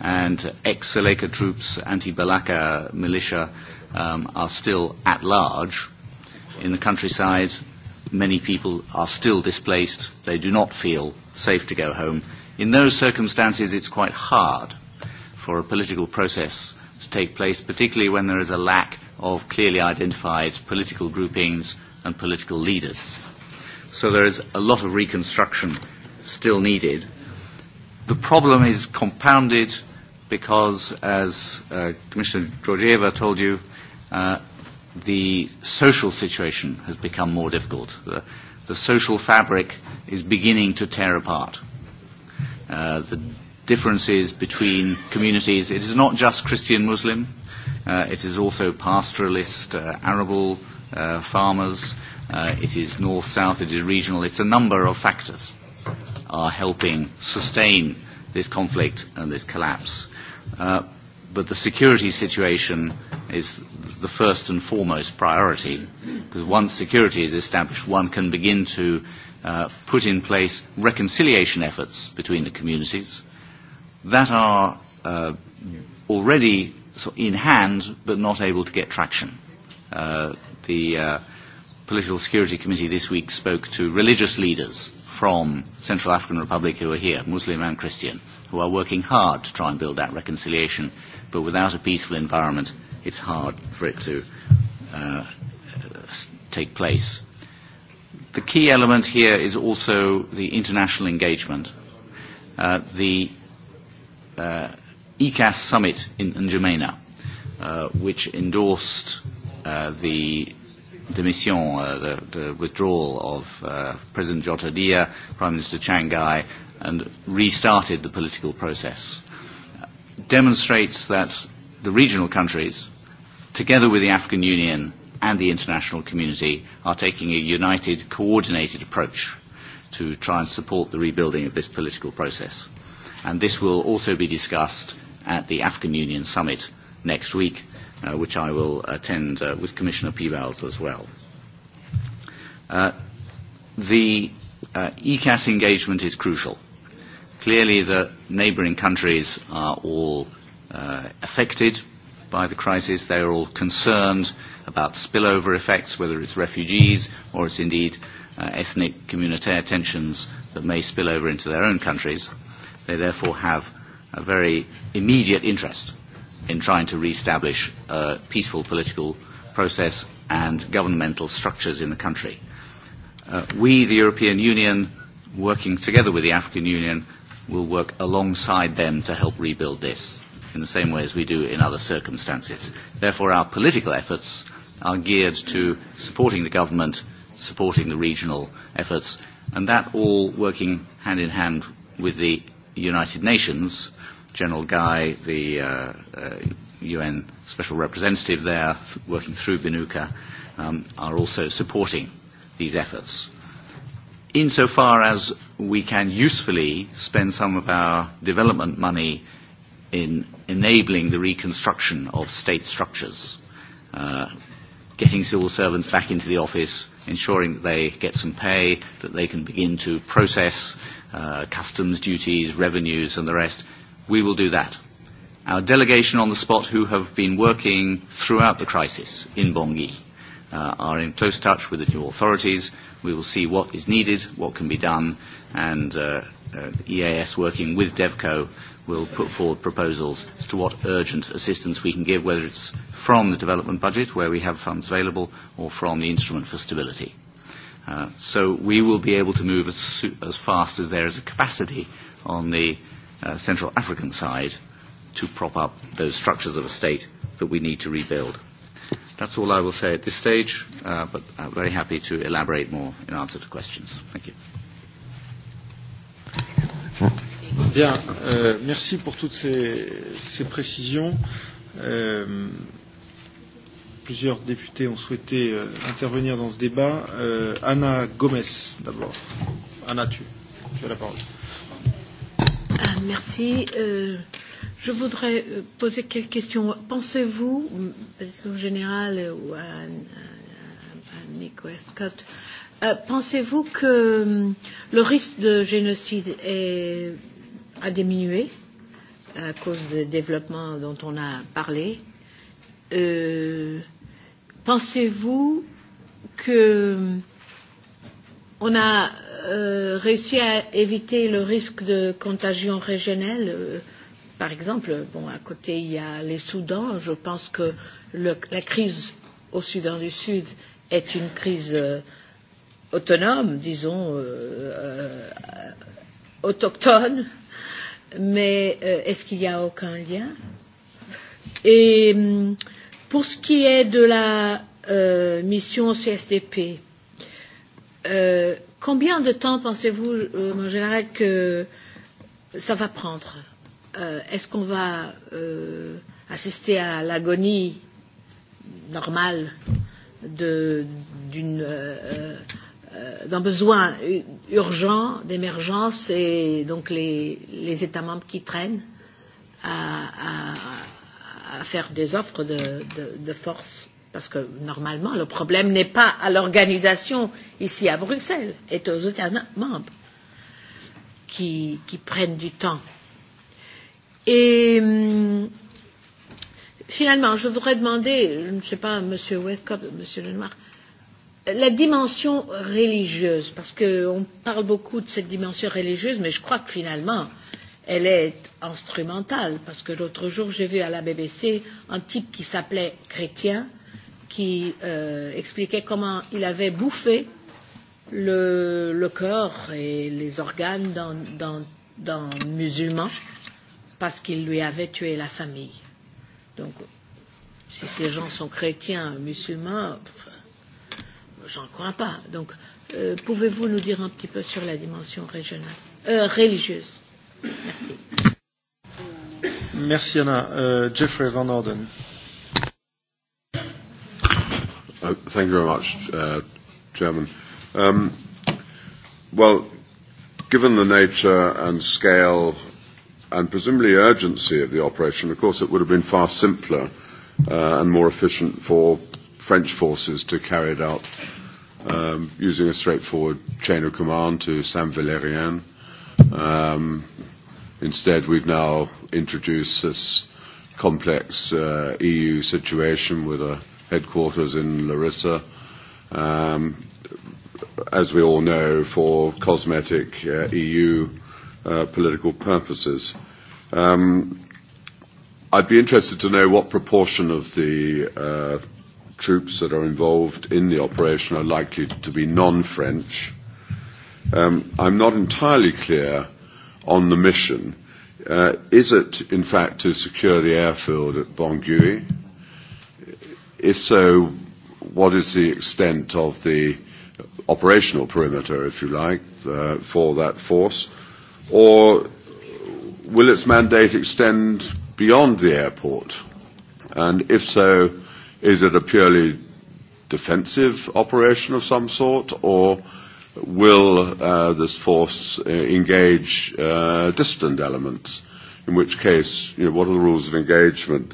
And ex-Seleka troops, anti-Balaka militia, um, are still at large in the countryside many people are still displaced. They do not feel safe to go home. In those circumstances, it's quite hard for a political process to take place, particularly when there is a lack of clearly identified political groupings and political leaders. So there is a lot of reconstruction still needed. The problem is compounded because, as uh, Commissioner Georgieva told you, uh, the social situation has become more difficult. The, the social fabric is beginning to tear apart. Uh, the differences between communities, it is not just Christian Muslim, uh, it is also pastoralist, uh, arable uh, farmers, uh, it is north south, it is regional, it's a number of factors are helping sustain this conflict and this collapse. Uh, but the security situation is the first and foremost priority, because once security is established, one can begin to uh, put in place reconciliation efforts between the communities that are uh, already sort of in hand but not able to get traction. Uh, the uh, Political Security Committee this week spoke to religious leaders from Central African Republic who are here, Muslim and Christian, who are working hard to try and build that reconciliation but without a peaceful environment, it's hard for it to uh, take place. The key element here is also the international engagement. Uh, the uh, ECAS summit in N'Djamena, uh, which endorsed uh, the demission, uh, the, the withdrawal of uh, President Jota Dia, Prime Minister Changai, and restarted the political process demonstrates that the regional countries, together with the African Union and the international community, are taking a united, coordinated approach to try and support the rebuilding of this political process. And this will also be discussed at the African Union summit next week, uh, which I will attend uh, with Commissioner Peebles as well. Uh, the uh, ECAS engagement is crucial Clearly, the neighbouring countries are all uh, affected by the crisis. They are all concerned about spillover effects, whether it's refugees or it's indeed uh, ethnic communitaire tensions that may spill over into their own countries. They therefore have a very immediate interest in trying to re-establish a peaceful political process and governmental structures in the country. Uh, we, the European Union, working together with the African Union, will work alongside them to help rebuild this in the same way as we do in other circumstances. Therefore, our political efforts are geared to supporting the government, supporting the regional efforts, and that all working hand in hand with the United Nations. General Guy, the uh, uh, UN Special Representative there, working through Binuka, um, are also supporting these efforts insofar as we can usefully spend some of our development money in enabling the reconstruction of state structures, uh, getting civil servants back into the office, ensuring that they get some pay, that they can begin to process uh, customs duties, revenues, and the rest. We will do that. Our delegation on the spot, who have been working throughout the crisis in Bongi, uh, are in close touch with the new authorities. We will see what is needed, what can be done, and uh, uh, EAS working with DevCo will put forward proposals as to what urgent assistance we can give, whether it's from the development budget, where we have funds available, or from the instrument for stability. Uh, so we will be able to move as, as fast as there is a capacity on the uh, Central African side to prop up those structures of a state that we need to rebuild. That's all I will say at this stage, uh, but I'm very happy to elaborate more in answer to questions. Thank you. Bien, euh, merci pour toutes ces, ces précisions. Euh, plusieurs députés ont souhaité euh, intervenir dans ce débat. Euh, Anna Gomez, d'abord. Anna, tu, tu as la parole. Merci. Euh, Je voudrais poser quelques questions. Pensez-vous, au général ou à, à, à Nico Escott, euh, pensez-vous que le risque de génocide est, a diminué à cause des développements dont on a parlé euh, Pensez-vous que on a euh, réussi à éviter le risque de contagion régionale euh, Par exemple, bon, à côté, il y a les Soudans. Je pense que le, la crise au Soudan du Sud est une crise euh, autonome, disons, euh, euh, autochtone. Mais euh, est-ce qu'il n'y a aucun lien Et pour ce qui est de la euh, mission CSDP, euh, combien de temps pensez-vous, euh, mon général, que ça va prendre euh, est-ce qu'on va euh, assister à l'agonie normale d'un euh, euh, besoin urgent d'émergence et donc les, les États membres qui traînent à, à, à faire des offres de, de, de force parce que normalement le problème n'est pas à l'organisation ici à Bruxelles, est aux États membres qui, qui prennent du temps Et finalement, je voudrais demander, je ne sais pas, M. Westcott, M. Lenoir, la dimension religieuse, parce qu'on parle beaucoup de cette dimension religieuse, mais je crois que finalement, elle est instrumentale, parce que l'autre jour, j'ai vu à la BBC un type qui s'appelait chrétien, qui euh, expliquait comment il avait bouffé le, le corps et les organes d'un musulman parce qu'il lui avait tué la famille. Donc, si ces gens sont chrétiens, musulmans, j'en crois pas. Donc, euh, pouvez-vous nous dire un petit peu sur la dimension régionale, euh, religieuse Merci. Merci Anna. Euh, Jeffrey Van Orden. Uh, thank you very much, uh, Chairman. Um, well, given the nature and scale and presumably urgency of the operation. Of course, it would have been far simpler uh, and more efficient for French forces to carry it out um, using a straightforward chain of command to Saint-Valérien. Um, instead, we've now introduced this complex uh, EU situation with a headquarters in Larissa. Um, as we all know, for cosmetic uh, EU uh, political purposes. Um, I'd be interested to know what proportion of the uh, troops that are involved in the operation are likely to be non-French. Um, I'm not entirely clear on the mission. Uh, is it, in fact, to secure the airfield at Bangui? If so, what is the extent of the operational perimeter, if you like, uh, for that force? or will its mandate extend beyond the airport? And if so, is it a purely defensive operation of some sort, or will uh, this force uh, engage uh, distant elements? In which case, you know, what are the rules of engagement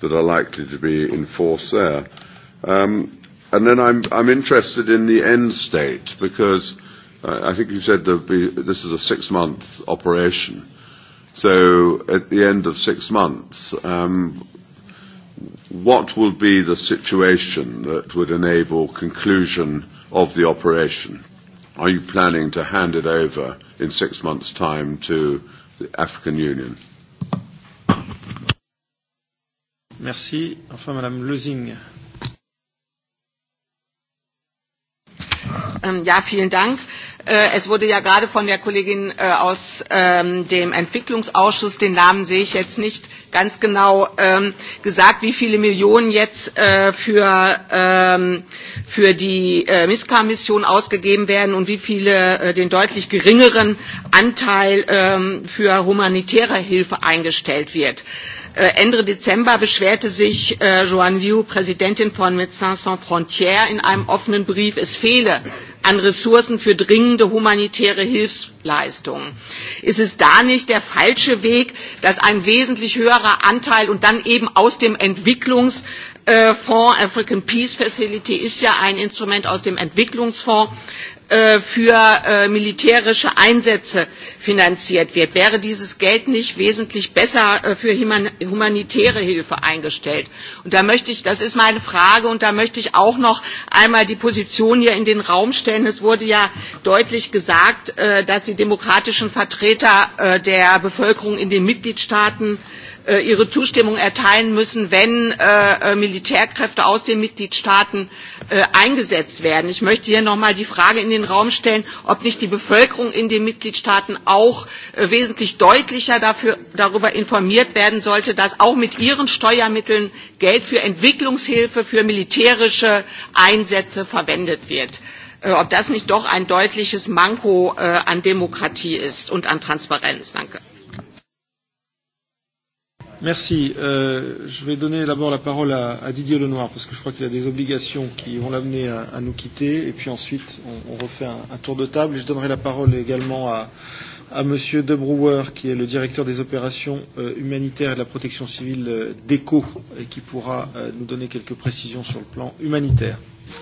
that are likely to be enforced there? Um, and then I'm, I'm interested in the end state because I think you said there'd be, this is a six-month operation. So at the end of six months, um, what will be the situation that would enable conclusion of the operation? Are you planning to hand it over in six months' time to the African Union? Merci. Enfin, Madame Lusing. Um, ja, vielen Dank es wurde ja gerade von der Kollegin aus dem Entwicklungsausschuss, den Namen sehe ich jetzt nicht ganz genau, gesagt, wie viele Millionen jetzt für, für die MISCA-Mission ausgegeben werden und wie viele den deutlich geringeren Anteil für humanitäre Hilfe eingestellt wird. Ende Dezember beschwerte sich Joanne Liu, Präsidentin von Médecins Sans Frontières, in einem offenen Brief, es fehle an Ressourcen für dringende humanitäre Hilfsleistungen. Ist es da nicht der falsche Weg, dass ein wesentlich höherer Anteil und dann eben aus dem Entwicklungs Fonds African Peace Facility ist ja ein Instrument aus dem Entwicklungsfonds, für militärische Einsätze finanziert wird. Wäre dieses Geld nicht wesentlich besser für humanitäre Hilfe eingestellt? Und da möchte ich, das ist meine Frage, und da möchte ich auch noch einmal die Position hier in den Raum stellen. Es wurde ja deutlich gesagt, dass die demokratischen Vertreter der Bevölkerung in den Mitgliedstaaten äh, ihre Zustimmung erteilen müssen, wenn Militärkräfte aus den Mitgliedstaaten eingesetzt werden. Ich möchte hier noch einmal die Frage in den Raum stellen, ob nicht die Bevölkerung in den Mitgliedstaaten auch wesentlich deutlicher darüber informiert werden sollte, dass auch mit ihren Steuermitteln Geld für Entwicklungshilfe, für militärische Einsätze verwendet wird ob das nicht doch ein deutliches Manko an Demokratie ist und an Transparenz. Danke. Merci. Euh, je vais donner d'abord la parole à, à Didier Lenoir, parce que je crois qu'il a des obligations qui vont l'amener à, à nous quitter. Et puis ensuite, on, on refait un, un tour de table. je donnerai la parole également à, à Monsieur De Brouwer, qui est le directeur des opérations euh, humanitaires et de la protection civile euh, d'ECO, et qui pourra euh, nous donner quelques précisions sur le plan humanitaire.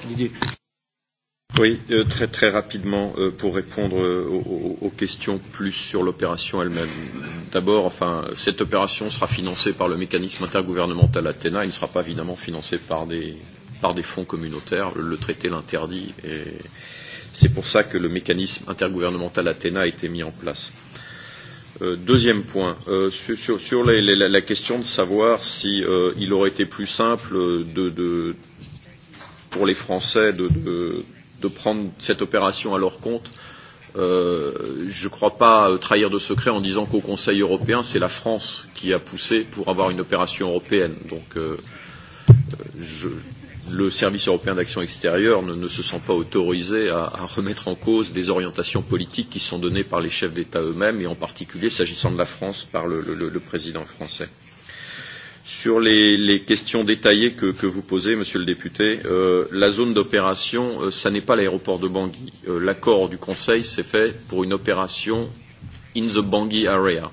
Didier. Oui, euh, très très rapidement euh, pour répondre euh, aux, aux questions plus sur l'opération elle-même. D'abord, enfin, cette opération sera financée par le mécanisme intergouvernemental Athéna. Il ne sera pas évidemment financé par des par des fonds communautaires. Le, le traité l'interdit et c'est pour ça que le mécanisme intergouvernemental Athéna a été mis en place. Euh, deuxième point, euh, sur, sur, sur les, les, la, la question de savoir si euh, il aurait été plus simple de, de pour les Français de, de de prendre cette opération à leur compte. Euh, je ne crois pas trahir de secret en disant qu'au Conseil européen, c'est la France qui a poussé pour avoir une opération européenne. Donc, euh, je, le service européen d'action extérieure ne, ne se sent pas autorisé à, à remettre en cause des orientations politiques qui sont données par les chefs d'État eux-mêmes, et en particulier s'agissant de la France par le, le, le président français. Sur les, les questions détaillées que, que vous posez, Monsieur le député, euh, la zone d'opération, euh, ça n'est pas l'aéroport de Bangui. Euh, L'accord du Conseil s'est fait pour une opération in the Bangui area.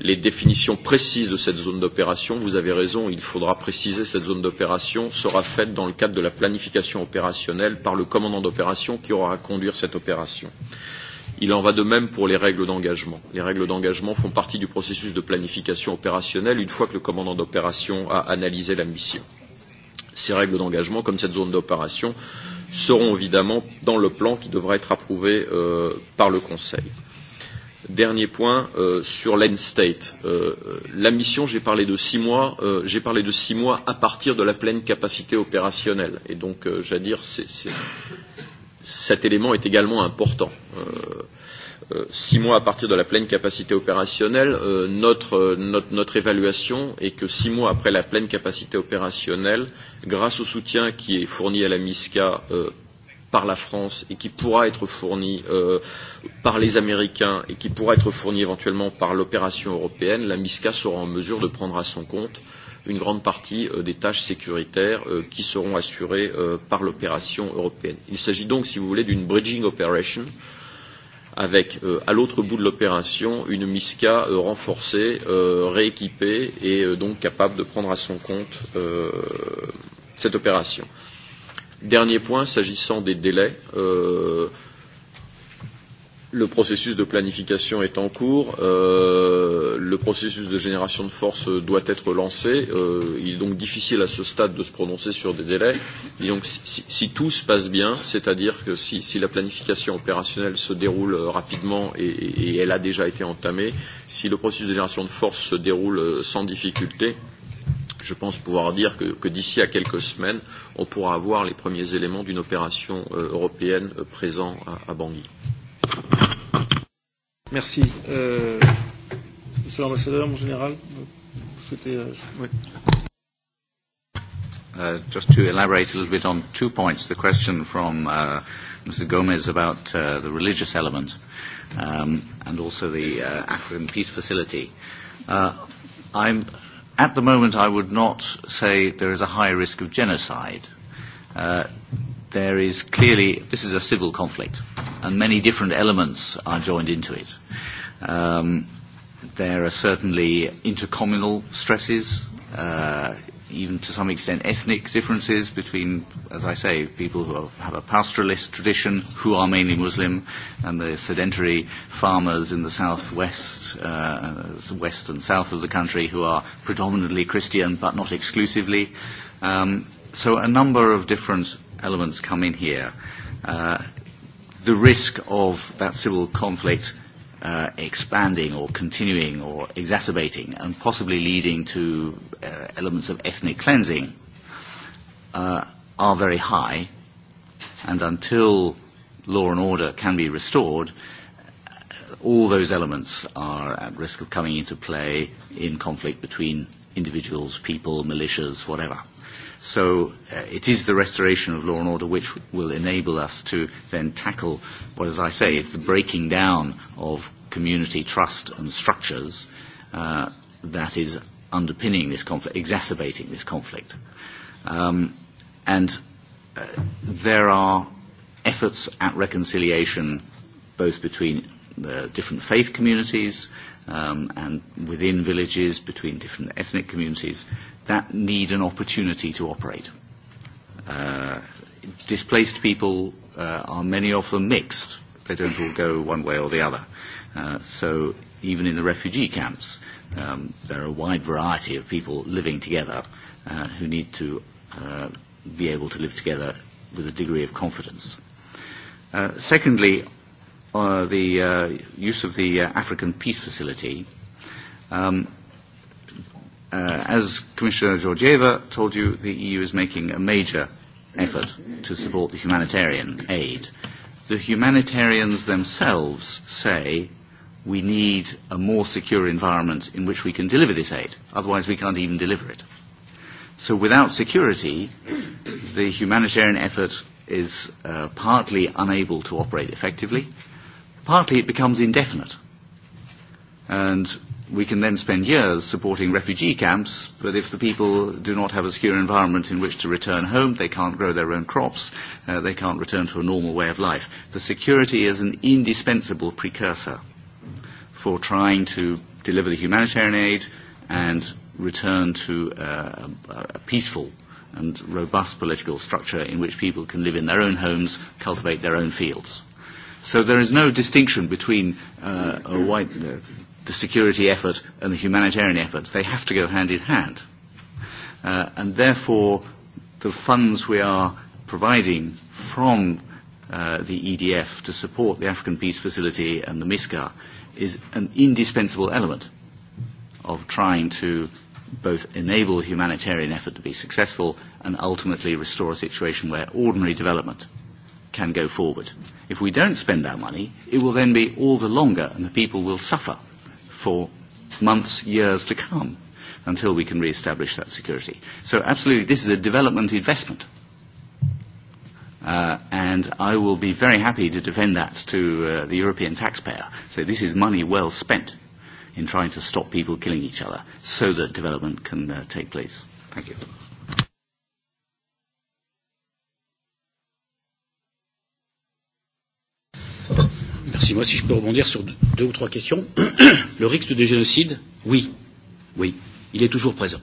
Les définitions précises de cette zone d'opération, vous avez raison, il faudra préciser cette zone d'opération sera faite dans le cadre de la planification opérationnelle par le commandant d'opération qui aura à conduire cette opération. Euh, Il en va de même pour les règles d'engagement. Les règles d'engagement font partie du processus de planification opérationnelle une fois que le commandant d'opération a analysé la mission. Ces règles d'engagement, comme cette zone d'opération, seront évidemment dans le plan qui devra être approuvé euh, par le Conseil. Dernier point euh, sur l'end state. Euh, la mission, j'ai parlé de six mois. Euh, j'ai parlé de six mois à partir de la pleine capacité opérationnelle. Et donc, euh, j'allais dire, c'est cet élément est également important. Euh, six mois à partir de la pleine capacité opérationnelle, euh, notre, euh, notre, notre évaluation est que six mois après la pleine capacité opérationnelle, grâce au soutien qui est fourni à la MISCA euh, par la France et qui pourra être fourni euh, par les Américains et qui pourra être fourni éventuellement par l'opération européenne, la MISCA sera en mesure de prendre à son compte euh, une grande partie euh, des tâches sécuritaires euh, qui seront assurées euh, par l'opération européenne. Il s'agit donc, si vous voulez, d'une bridging operation avec euh, à l'autre bout de l'opération une MISCA euh, renforcée, euh, rééquipée et euh, donc capable de prendre à son compte euh, cette opération. Dernier point, s'agissant des délais, euh, Le processus de planification est en cours. Euh, le processus de génération de force doit être lancé. Euh, il est donc difficile à ce stade de se prononcer sur des délais. Et donc, si, si tout se passe bien, c'est-à-dire que si, si la planification opérationnelle se déroule rapidement et, et, et elle a déjà été entamée, si le processus de génération de force se déroule sans difficulté, je pense pouvoir dire que, que d'ici à quelques semaines, on pourra avoir les premiers éléments d'une opération européenne présente à, à Bangui. Merci. Euh, monsieur l'ambassadeur, mon général, vous souhaitez. Euh, oui. Uh, just to elaborate a little bit on two points. The question from uh, Mr. Gomez about uh, the religious element um, and also the uh, African Peace Facility. Uh, I'm, at the moment, I would not say there is a high risk of genocide. Uh, there is clearly, this is a civil conflict, and many different elements are joined into it. Um, there are certainly intercommunal stresses, uh, even to some extent ethnic differences between, as I say, people who are, have a pastoralist tradition, who are mainly Muslim, and the sedentary farmers in the southwest, uh, west and south of the country, who are predominantly Christian but not exclusively. Um, so a number of different elements come in here, uh, the risk of that civil conflict uh, expanding or continuing or exacerbating and possibly leading to uh, elements of ethnic cleansing uh, are very high. And until law and order can be restored, all those elements are at risk of coming into play in conflict between individuals, people, militias, whatever. So uh, it is the restoration of law and order which will enable us to then tackle what, as I say, is the breaking down of community trust and structures uh, that is underpinning this conflict, exacerbating this conflict. Um, and uh, there are efforts at reconciliation both between the different faith communities, um, and within villages, between different ethnic communities, that need an opportunity to operate. Uh, displaced people uh, are many of them mixed. They don't all go one way or the other. Uh, so even in the refugee camps, um, there are a wide variety of people living together uh, who need to uh, be able to live together with a degree of confidence. Uh, secondly, uh, the uh, use of the uh, African Peace Facility, um, uh, as Commissioner Georgieva told you, the EU is making a major effort to support the humanitarian aid. The humanitarians themselves say we need a more secure environment in which we can deliver this aid, otherwise we can't even deliver it. So without security, the humanitarian effort is uh, partly unable to operate effectively, partly it becomes indefinite. And we can then spend years supporting refugee camps, but if the people do not have a secure environment in which to return home, they can't grow their own crops, uh, they can't return to a normal way of life. The security is an indispensable precursor for trying to deliver the humanitarian aid and return to a a peaceful and robust political structure in which people can live in their own homes, cultivate their own fields. So there is no distinction between uh, a white, uh, the security effort and the humanitarian effort. They have to go hand in hand. Uh, and therefore, the funds we are providing from uh, the EDF to support the African Peace Facility and the MISCA is an indispensable element of trying to both enable humanitarian effort to be successful and ultimately restore a situation where ordinary development can go forward. If we don't spend our money, it will then be all the longer and the people will suffer for months, years to come until we can re-establish that security. So absolutely, this is a development investment. Uh, and I will be very happy to defend that to uh, the European taxpayer. So this is money well spent in trying to stop people killing each other so that development can uh, take place. Thank you. Merci. Moi, si je peux rebondir sur deux, deux ou trois questions. Le risque de génocide, oui. Oui. Il est toujours présent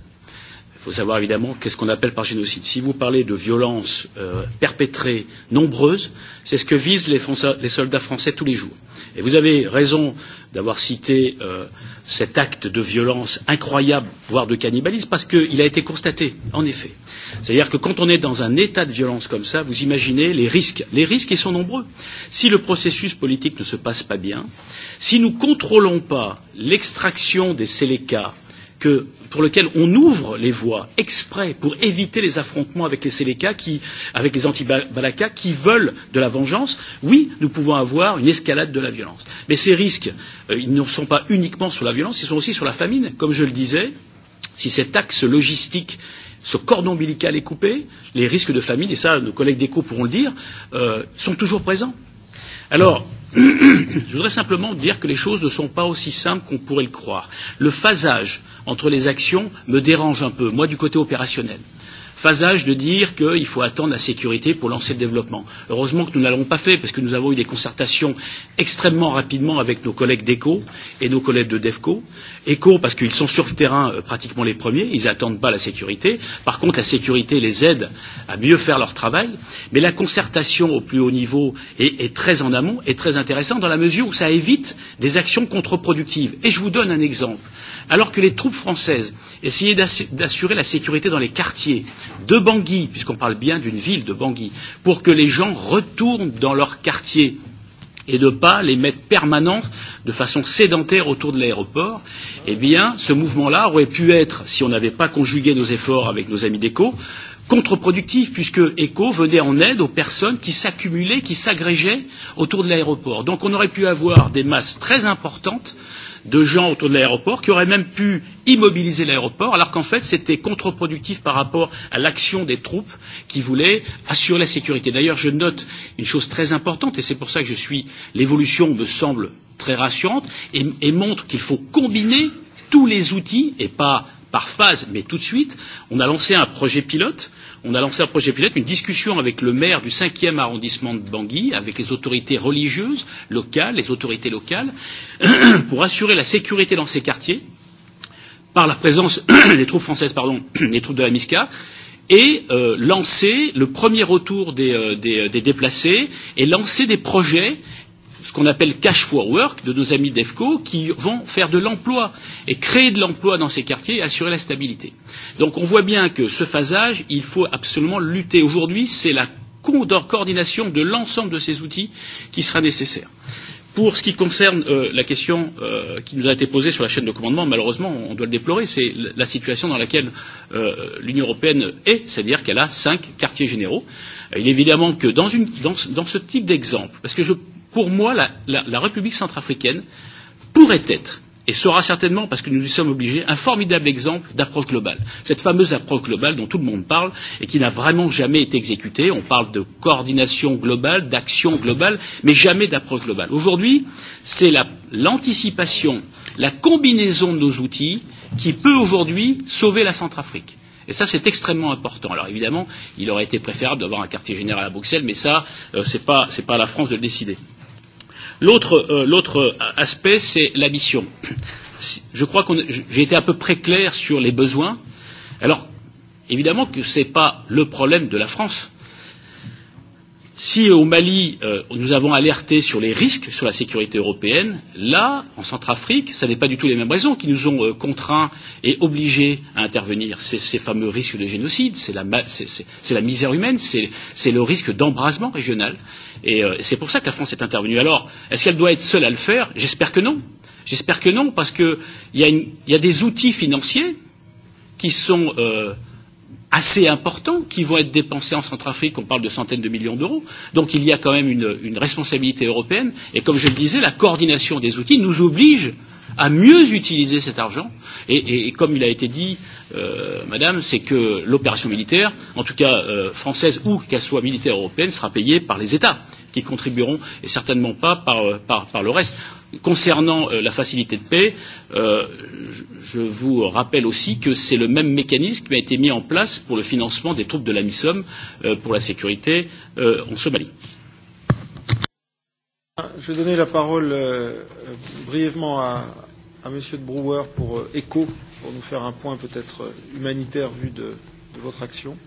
faut savoir évidemment qu'est-ce qu'on appelle par génocide. Si vous parlez de violences euh, perpétrées nombreuses, c'est ce que visent les, les soldats français tous les jours. Et vous avez raison d'avoir cité euh, cet acte de violence incroyable, voire de cannibalisme, parce qu'il a été constaté, en effet. C'est-à-dire que quand on est dans un état de violence comme ça, vous imaginez les risques. Les risques, ils sont nombreux. Si le processus politique ne se passe pas bien, si nous ne contrôlons pas l'extraction des sélécas que, pour lequel on ouvre les voies exprès pour éviter les affrontements avec les Séléka, qui, avec les anti-Balaka, qui veulent de la vengeance, oui, nous pouvons avoir une escalade de la violence. Mais ces risques, euh, ils ne sont pas uniquement sur la violence, ils sont aussi sur la famine. Comme je le disais, si cet axe logistique ce cordon ombilical est coupé, les risques de famine, et ça nos collègues d'écho pourront le dire, euh, sont toujours présents. Alors, je voudrais simplement dire que les choses ne sont pas aussi simples qu'on pourrait le croire. Le phasage entre les actions me dérange un peu, moi du côté opérationnel. Euh, phasage de dire qu'il faut attendre la sécurité pour lancer le développement. Heureusement que nous ne l'avons pas fait parce que nous avons eu des concertations extrêmement rapidement avec nos collègues d'ECO et nos collègues de DEFCO. ECO parce qu'ils sont sur le terrain pratiquement les premiers, ils n'attendent pas la sécurité. Par contre, la sécurité les aide à mieux faire leur travail. Mais la concertation au plus haut niveau est, est très en amont et très intéressante dans la mesure où ça évite des actions contre-productives. Et je vous donne un exemple. Alors que les troupes françaises essayaient d'assurer la sécurité dans les quartiers, de Bangui, puisqu'on parle bien d'une ville de Bangui, pour que les gens retournent dans leur quartier et de pas les mettre permanentes de façon sédentaire autour de l'aéroport, eh bien, ce mouvement-là aurait pu être, si on n'avait pas conjugué nos efforts avec nos amis d'ECO, contre-productif, puisque ECO venait en aide aux personnes qui s'accumulaient, qui s'agrégeaient autour de l'aéroport. Donc on aurait pu avoir des masses très importantes de gens autour de l'aéroport qui auraient même pu immobiliser l'aéroport, alors qu'en fait c'était contre-productif par rapport à l'action des troupes qui voulaient assurer la sécurité. D'ailleurs, je note une chose très importante, et c'est pour ça que je suis l'évolution me semble très rassurante et, et montre qu'il faut combiner tous les outils et pas par phase, mais tout de suite. On a lancé un projet pilote on a lancé un projet pilote, une discussion avec le maire du 5e arrondissement de Bangui, avec les autorités religieuses locales, les autorités locales, pour assurer la sécurité dans ces quartiers par la présence des troupes françaises, pardon, des troupes de la MISCA, et euh, lancer le premier retour des, euh, des, des déplacés et lancer des projets ce qu'on appelle cash for work de nos amis d'EFCO qui vont faire de l'emploi et créer de l'emploi dans ces quartiers et assurer la stabilité. Donc on voit bien que ce phasage, il faut absolument lutter. Aujourd'hui, c'est la coordination de l'ensemble de ces outils qui sera nécessaire. Pour ce qui concerne euh, la question euh, qui nous a été posée sur la chaîne de commandement, malheureusement, on doit le déplorer, c'est la situation dans laquelle euh, l'Union européenne est, c'est-à-dire qu'elle a cinq quartiers généraux. Il est évidemment que dans, une, dans, dans ce type d'exemple, parce que je Pour moi, la, la, la République centrafricaine pourrait être et sera certainement, parce que nous y sommes obligés, un formidable exemple d'approche globale. Cette fameuse approche globale dont tout le monde parle et qui n'a vraiment jamais été exécutée. On parle de coordination globale, d'action globale, mais jamais d'approche globale. Aujourd'hui, c'est l'anticipation, la, la combinaison de nos outils qui peut aujourd'hui sauver la Centrafrique. Et ça, c'est extrêmement important. Alors évidemment, il aurait été préférable d'avoir un quartier général à Bruxelles, mais ça, euh, ce n'est pas, pas à la France de le décider. L'autre, euh, l'autre aspect, c'est la mission. Je crois que j'ai été à peu près clair sur les besoins. Alors, évidemment que ce n'est pas le problème de la France Si au Mali, euh, nous avons alerté sur les risques sur la sécurité européenne, là, en Centrafrique, ce n'est pas du tout les mêmes raisons qui nous ont euh, contraints et obligés à intervenir. C'est ces fameux risques de génocide, c'est la, la misère humaine, c'est, le risque d'embrasement régional. Et euh, c'est pour ça que la France est intervenue. Alors, est-ce qu'elle doit être seule à le faire J'espère que non. J'espère que non, parce qu'il y, a y a des outils financiers qui sont. Euh, assez importants qui vont être dépensés en Centrafrique, on parle de centaines de millions d'euros. Donc il y a quand même une, une responsabilité européenne et comme je le disais, la coordination des outils nous oblige à mieux utiliser cet argent et, et, et comme il a été dit euh, madame, c'est que l'opération militaire, en tout cas euh, française ou qu'elle soit militaire européenne, sera payée par les États qui contribueront et certainement pas par, par, par le reste. Concernant euh, la facilité de paix, euh, je vous rappelle aussi que c'est le même mécanisme qui a été mis en place pour le financement des troupes de la MISOM euh, pour la sécurité euh, en Somalie. Je vais donner la parole euh, brièvement à, à M. de Brouwer pour euh, écho, pour nous faire un point peut-être humanitaire vu de, de votre action.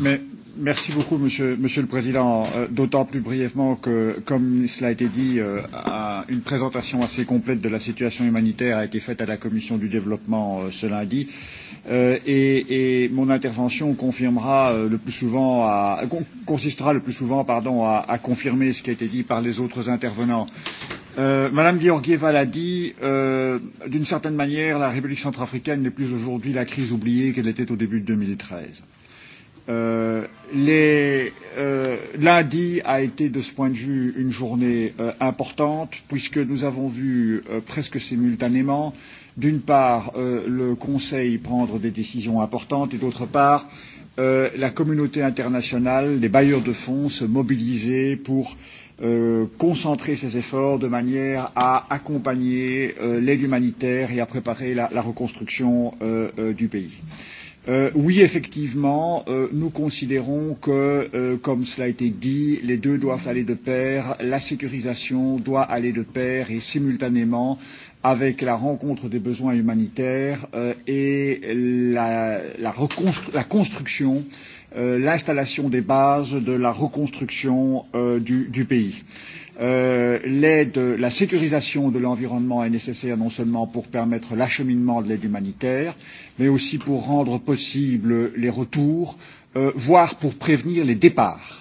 Mais Merci beaucoup, Monsieur, Monsieur le Président. D'autant plus brièvement que, comme cela a été dit, une présentation assez complète de la situation humanitaire a été faite à la Commission du développement ce lundi, et, mon intervention confirmera le plus souvent, à, consistera le plus souvent, pardon, à, à confirmer ce qui a été dit par les autres intervenants. Euh, Madame Georgieva l'a dit, euh, d'une certaine manière, la République centrafricaine n'est plus aujourd'hui la crise oubliée qu'elle était au début de 2013. Euh, les, euh, lundi a été de ce point de vue une journée euh, importante puisque nous avons vu euh, presque simultanément d'une part euh, le Conseil prendre des décisions importantes et d'autre part euh, la communauté internationale, les bailleurs de fonds se mobiliser pour euh, concentrer ses efforts de manière à accompagner euh, l'aide humanitaire et à préparer la, la reconstruction euh, euh, du pays. Euh, Euh, oui, effectivement, euh, nous considérons que, euh, comme cela a été dit, les deux doivent aller de pair. La sécurisation doit aller de pair et simultanément avec la rencontre des besoins humanitaires euh, et la, la, reconstru- la construction, euh, l'installation des bases de la reconstruction euh, du, du pays. Euh, l'aide, la sécurisation de l'environnement est nécessaire non seulement pour permettre l'acheminement de l'aide humanitaire, mais aussi pour rendre possible les retours, euh, voire pour prévenir les départs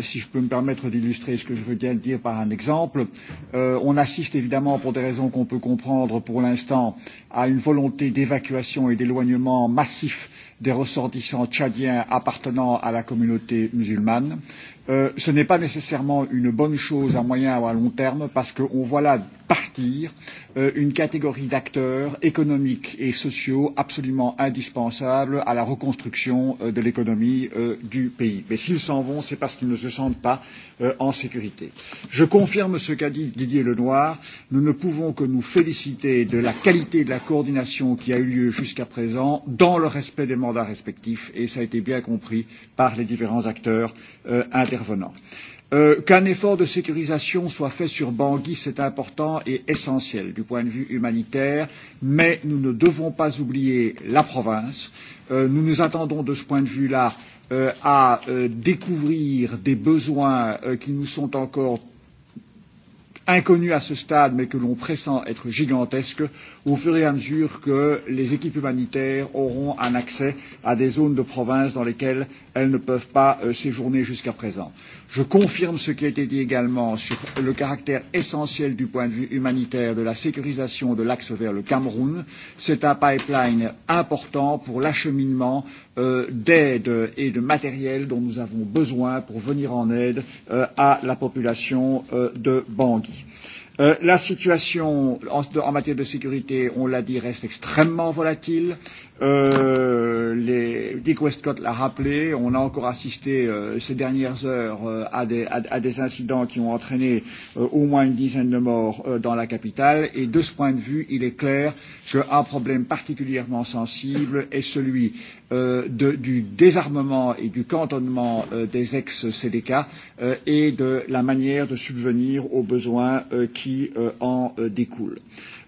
si je peux me permettre d'illustrer ce que je veux bien dire par un exemple, euh, on assiste évidemment, pour des raisons qu'on peut comprendre pour l'instant, à une volonté d'évacuation et d'éloignement massif des ressortissants tchadiens appartenant à la communauté musulmane ce n'est pas nécessairement une bonne chose à moyen ou à long terme parce qu'on voit là partir une catégorie d'acteurs économiques et sociaux absolument indispensables à la reconstruction de l'économie du pays. Mais s'ils s'en vont, c'est parce qu'ils ne se sentent pas en sécurité. Je confirme ce qu'a dit Didier Lenoir, nous ne pouvons que nous féliciter de la qualité de la coordination qui a eu lieu jusqu'à présent dans le respect des mandats respectifs et ça a été bien compris par les différents acteurs euh, intervenants. Euh, Qu'un effort de sécurisation soit fait sur Bangui, c'est important et essentiel du point de vue humanitaire, mais nous ne devons pas oublier la province. Euh, nous nous attendons de ce point de vue-là euh, à euh, découvrir des besoins euh, qui nous sont encore inconnus à ce stade, mais que l'on pressent être gigantesques, au fur et à mesure que les équipes humanitaires auront un accès à des zones de province dans lesquelles elles ne peuvent pas euh, séjourner jusqu'à présent. Je confirme ce qui a été dit également sur le caractère essentiel du point de vue humanitaire de la sécurisation de l'axe vers le Cameroun. C'est un pipeline important pour l'acheminement euh, d'aide et de matériel dont nous avons besoin pour venir en aide euh, à la population euh, de Bangui. Euh, la situation en, en matière de sécurité, on l'a dit, reste extrêmement volatile. Euh, les, Dick Westcott l'a rappelé, on a encore assisté euh, ces dernières heures euh, à, des, à, à des incidents qui ont entraîné euh, au moins une dizaine de morts euh, dans la capitale. Et de ce point de vue, il est clair qu'un problème particulièrement sensible est celui euh, de, du désarmement et du cantonnement euh, des ex-CDK euh, et de la manière de subvenir aux besoins euh, qui euh, en euh, découlent.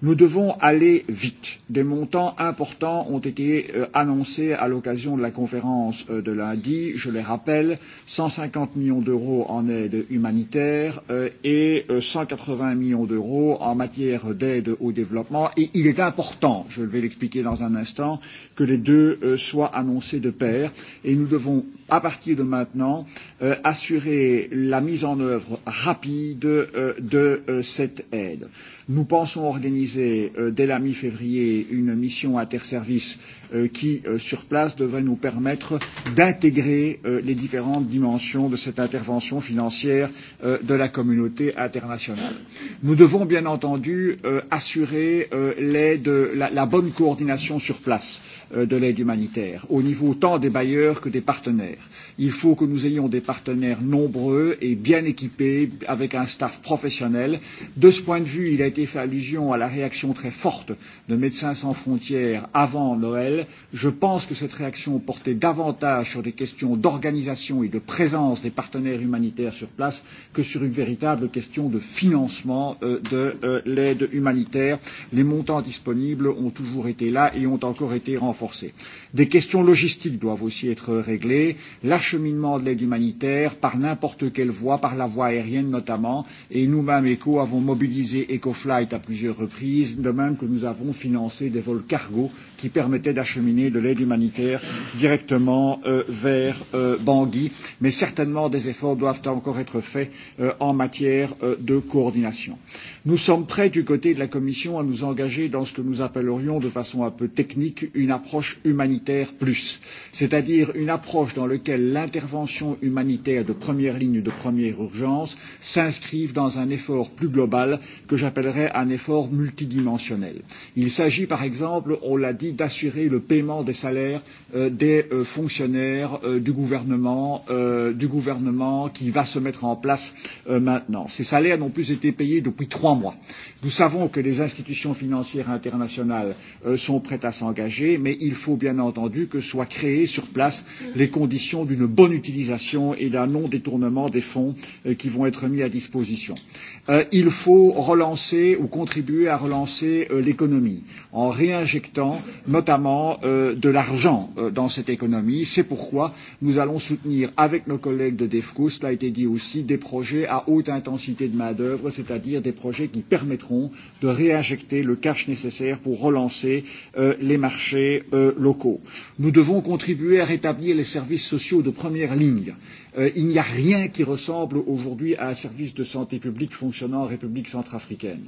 Nous devons aller vite. Des montants importants ont été euh, annoncés à l'occasion de la conférence euh, de lundi. Je les rappelle, 150 millions d'euros en aide humanitaire euh, et euh, 180 millions d'euros en matière d'aide au développement. Et il est important, je vais l'expliquer dans un instant, que les deux euh, soient annoncés de pair. Et nous devons, à partir de maintenant, euh, assurer la mise en œuvre rapide euh, de euh, cette aide. Nous pensons organiser organisé euh, dès la mi-février une mission interservice euh, qui, euh, sur place, devrait nous permettre d'intégrer euh, les différentes dimensions de cette intervention financière euh, de la communauté internationale. Nous devons bien entendu euh, assurer euh, l'aide, la, la bonne coordination sur place euh, de l'aide humanitaire, au niveau tant des bailleurs que des partenaires. Il faut que nous ayons des partenaires nombreux et bien équipés, avec un staff professionnel. De ce point de vue, il a été fait allusion à la réaction très forte de Médecins sans frontières avant Noël. Je pense que cette réaction portait davantage sur des questions d'organisation et de présence des partenaires humanitaires sur place que sur une véritable question de financement euh, de euh, l'aide humanitaire. Les montants disponibles ont toujours été là et ont encore été renforcés. Des questions logistiques doivent aussi être réglées. La acheminement de l'aide humanitaire par n'importe quelle voie, par la voie aérienne notamment, et nous-mêmes, ECO, avons mobilisé EcoFlight à plusieurs reprises, de même que nous avons financé des vols cargo qui permettaient d'acheminer de l'aide humanitaire directement euh, vers euh, Bangui, mais certainement des efforts doivent encore être faits euh, en matière euh, de coordination. Nous sommes prêts du côté de la Commission à nous engager dans ce que nous appellerions de façon un peu technique une approche humanitaire plus, c'est-à-dire une approche dans laquelle l'intervention humanitaire de première ligne de première urgence s'inscrive dans un effort plus global que j'appellerais un effort multidimensionnel. Il s'agit par exemple, on l'a dit, d'assurer le paiement des salaires euh, des euh, fonctionnaires euh, du gouvernement, euh, du gouvernement qui va se mettre en place euh, maintenant. Ces salaires n'ont plus été payés depuis trois mois. Nous savons que les institutions financières internationales euh, sont prêtes à s'engager, mais il faut bien entendu que soient créées sur place les conditions d'une bonne utilisation et d'un non détournement des fonds euh, qui vont être mis à disposition. Euh, il faut relancer ou contribuer à relancer euh, l'économie en réinjectant notamment euh, de l'argent euh, dans cette économie. C'est pourquoi nous allons soutenir avec nos collègues de DEFCO, cela a été dit aussi, des projets à haute intensité de main d'œuvre, c'est-à-dire des projets qui permettront Macron de réinjecter le cash nécessaire pour relancer euh, les marchés euh, locaux. Nous devons contribuer à rétablir les services sociaux de première ligne Euh, il n'y a rien qui ressemble aujourd'hui à un service de santé publique fonctionnant en République centrafricaine.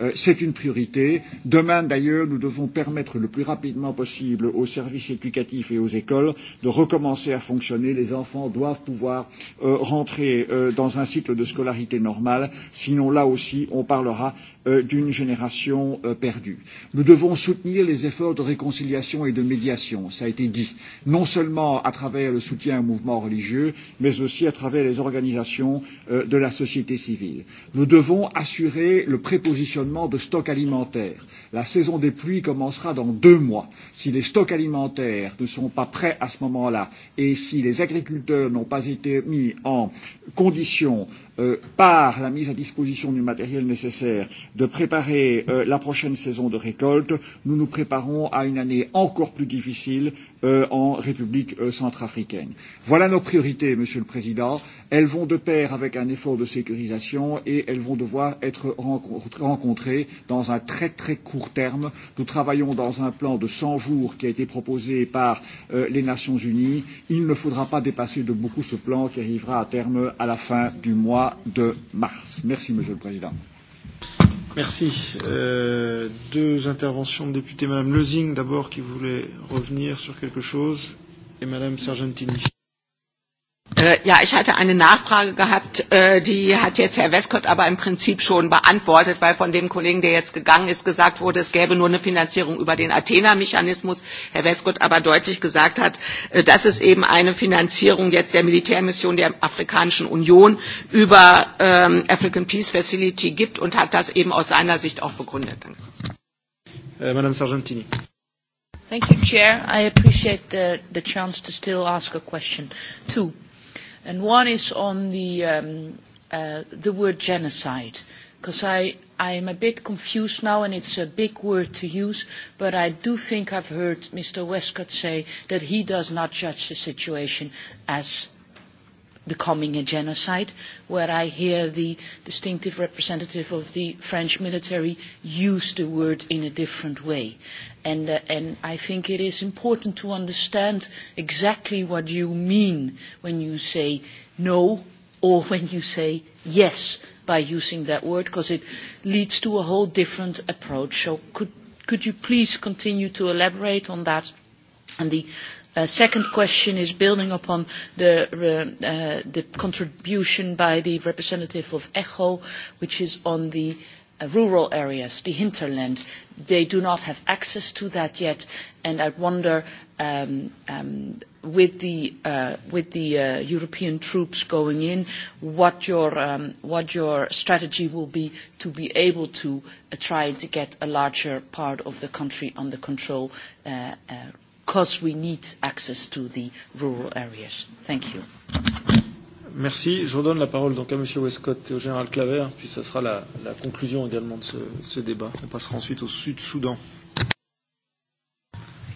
Euh, C'est une priorité. Demain, d'ailleurs, nous devons permettre le plus rapidement possible aux services éducatifs et aux écoles de recommencer à fonctionner. Les enfants doivent pouvoir euh, rentrer euh, dans un cycle de scolarité normal, sinon là aussi, on parlera euh, d'une génération euh, perdue. Nous devons soutenir les efforts de réconciliation et de médiation, ça a été dit, non seulement à travers le soutien au mouvement religieux, mais mais aussi à travers les organisations euh, de la société civile. Nous devons assurer le prépositionnement de stocks alimentaires. La saison des pluies commencera dans deux mois. Si les stocks alimentaires ne sont pas prêts à ce moment-là et si les agriculteurs n'ont pas été mis en condition euh, par la mise à disposition du matériel nécessaire de préparer euh, la prochaine saison de récolte, nous nous préparons à une année encore plus difficile euh, en République euh, centrafricaine. Voilà nos priorités, Monsieur le Président, elles vont de pair avec un effort de sécurisation et elles vont devoir être rencontrées dans un très très court terme. Nous travaillons dans un plan de 100 jours qui a été proposé par euh, les Nations Unies. Il ne faudra pas dépasser de beaucoup ce plan qui arrivera à terme à la fin du mois de mars. Merci Monsieur le Président. Merci. Euh, deux interventions de députés. Madame Lezing, d'abord, qui voulait revenir sur quelque chose, et Madame Sargentini. Ja, ich hatte eine Nachfrage gehabt, die hat jetzt Herr Westcott aber im Prinzip schon beantwortet, weil von dem Kollegen, der jetzt gegangen ist, gesagt wurde, es gäbe nur eine Finanzierung über den Athena-Mechanismus. Herr Westcott aber deutlich gesagt hat, dass es eben eine Finanzierung jetzt der Militärmission der Afrikanischen Union über African Peace Facility gibt und hat das eben aus seiner Sicht auch begründet. Madame Sargentini. Thank you, Chair. I appreciate the, the chance to still ask a question. Two and one is on the, um, uh, the word genocide, because I, I am a bit confused now, and it's a big word to use, but I do think I've heard Mr. Westcott say that he does not judge the situation as becoming a genocide, where I hear the distinctive representative of the French military use the word in a different way. And, uh, and I think it is important to understand exactly what you mean when you say no or when you say yes by using that word, because it leads to a whole different approach. So could, could you please continue to elaborate on that? and the second question is building upon the, contribution by the representative of ECHO, which is on the rural areas, the hinterland. They do not have access to that yet, and I wonder with the, European troops going in, what your, strategy will be to be able to try to get a larger part of the country under control because we need access to the rural areas. Thank you. Merci. Je redonne la parole donc à M. Westcott et au général Claver, puis ce sera la, la conclusion également de ce, de ce débat. On passera ensuite au Sud-Soudan.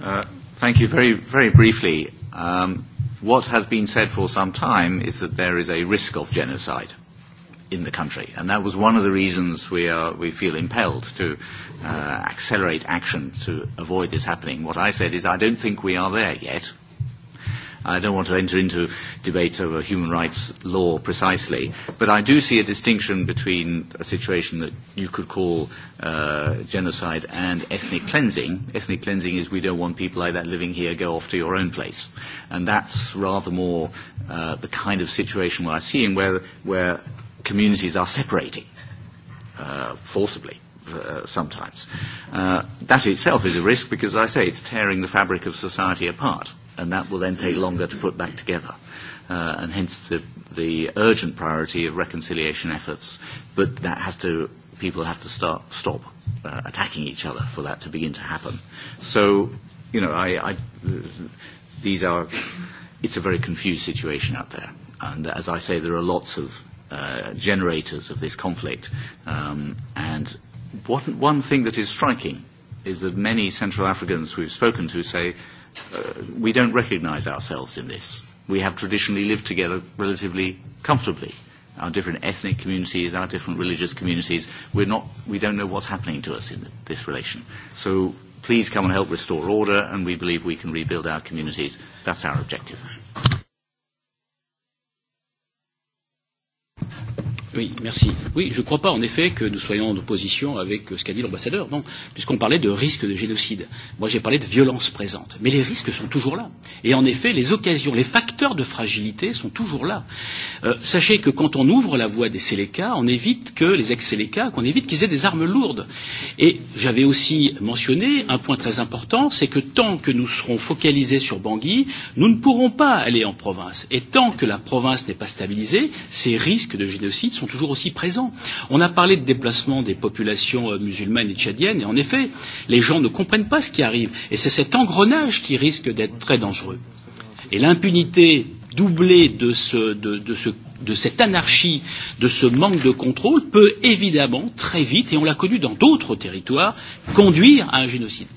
Uh, thank you. Very, very briefly, um, what has been said for some time is that there is a risk of genocide in the country. And that was one of the reasons we, are, we feel impelled to uh, accelerate action to avoid this happening. What I said is I don't think we are there yet. I don't want to enter into debate over human rights law precisely, but I do see a distinction between a situation that you could call uh, genocide and ethnic cleansing. Ethnic cleansing is we don't want people like that living here, go off to your own place. And that's rather more uh, the kind of situation we're seeing where, where communities are separating uh, forcibly uh, sometimes. Uh, that itself is a risk because, as I say, it's tearing the fabric of society apart, and that will then take longer to put back together. Uh, and hence the, the urgent priority of reconciliation efforts, but that has to people have to start stop uh, attacking each other for that to begin to happen. So, you know, I, I these are it's a very confused situation out there, and as I say, there are lots of uh, generators of this conflict. Um, and what, one thing that is striking is that many Central Africans we've spoken to say, uh, we don't recognize ourselves in this. We have traditionally lived together relatively comfortably. Our different ethnic communities, our different religious communities, we're not, we don't know what's happening to us in this relation. So please come and help restore order, and we believe we can rebuild our communities. That's our objective. Oui, merci. Oui, je ne crois pas en effet que nous soyons en opposition avec ce qu'a dit l'ambassadeur, non, puisqu'on parlait de risque de génocide. Moi, j'ai parlé de violence présente, mais les risques sont toujours là. Et en effet, les occasions, les facteurs de fragilité sont toujours là. Euh, sachez que quand on ouvre la voie des Séléka, on évite que les ex-Séléka, qu'on évite qu'ils aient des armes lourdes. Et j'avais aussi mentionné un point très important, c'est que tant que nous serons focalisés sur Bangui, nous ne pourrons pas aller en province. Et tant que la province n'est pas stabilisée, ces risques de génocide sont toujours aussi présents. On a parlé de déplacement des populations musulmanes et tchadiennes, et en effet, les gens ne comprennent pas ce qui arrive. Et c'est cet engrenage qui risque d'être très dangereux. Et l'impunité doublée de ce, de, de ce de cette anarchie, de ce manque de contrôle peut évidemment très vite, et on l'a connu dans d'autres territoires, conduire à un génocide.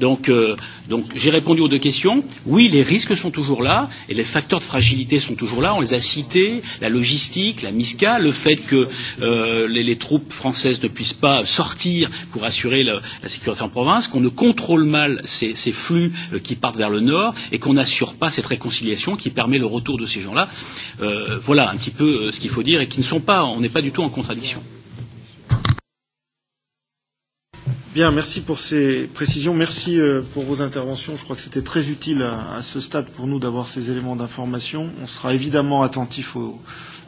Donc, euh, donc j'ai répondu aux deux questions. Oui, les risques sont toujours là et les facteurs de fragilité sont toujours là. On les a cités la logistique, la MISCA, le fait que euh, les, les troupes françaises ne puissent pas sortir pour assurer le, la sécurité en province, qu'on ne contrôle mal ces, ces flux euh, qui partent vers le nord et qu'on n'assure pas cette réconciliation qui permet le retour de ces gens-là. Euh, voilà un petit petit peu ce qu'il faut dire et qui ne sont pas, on n'est pas du tout en contradiction. Bien, merci pour ces précisions. Merci pour vos interventions. Je crois que c'était très utile à ce stade pour nous d'avoir ces éléments d'information. On sera évidemment attentif au,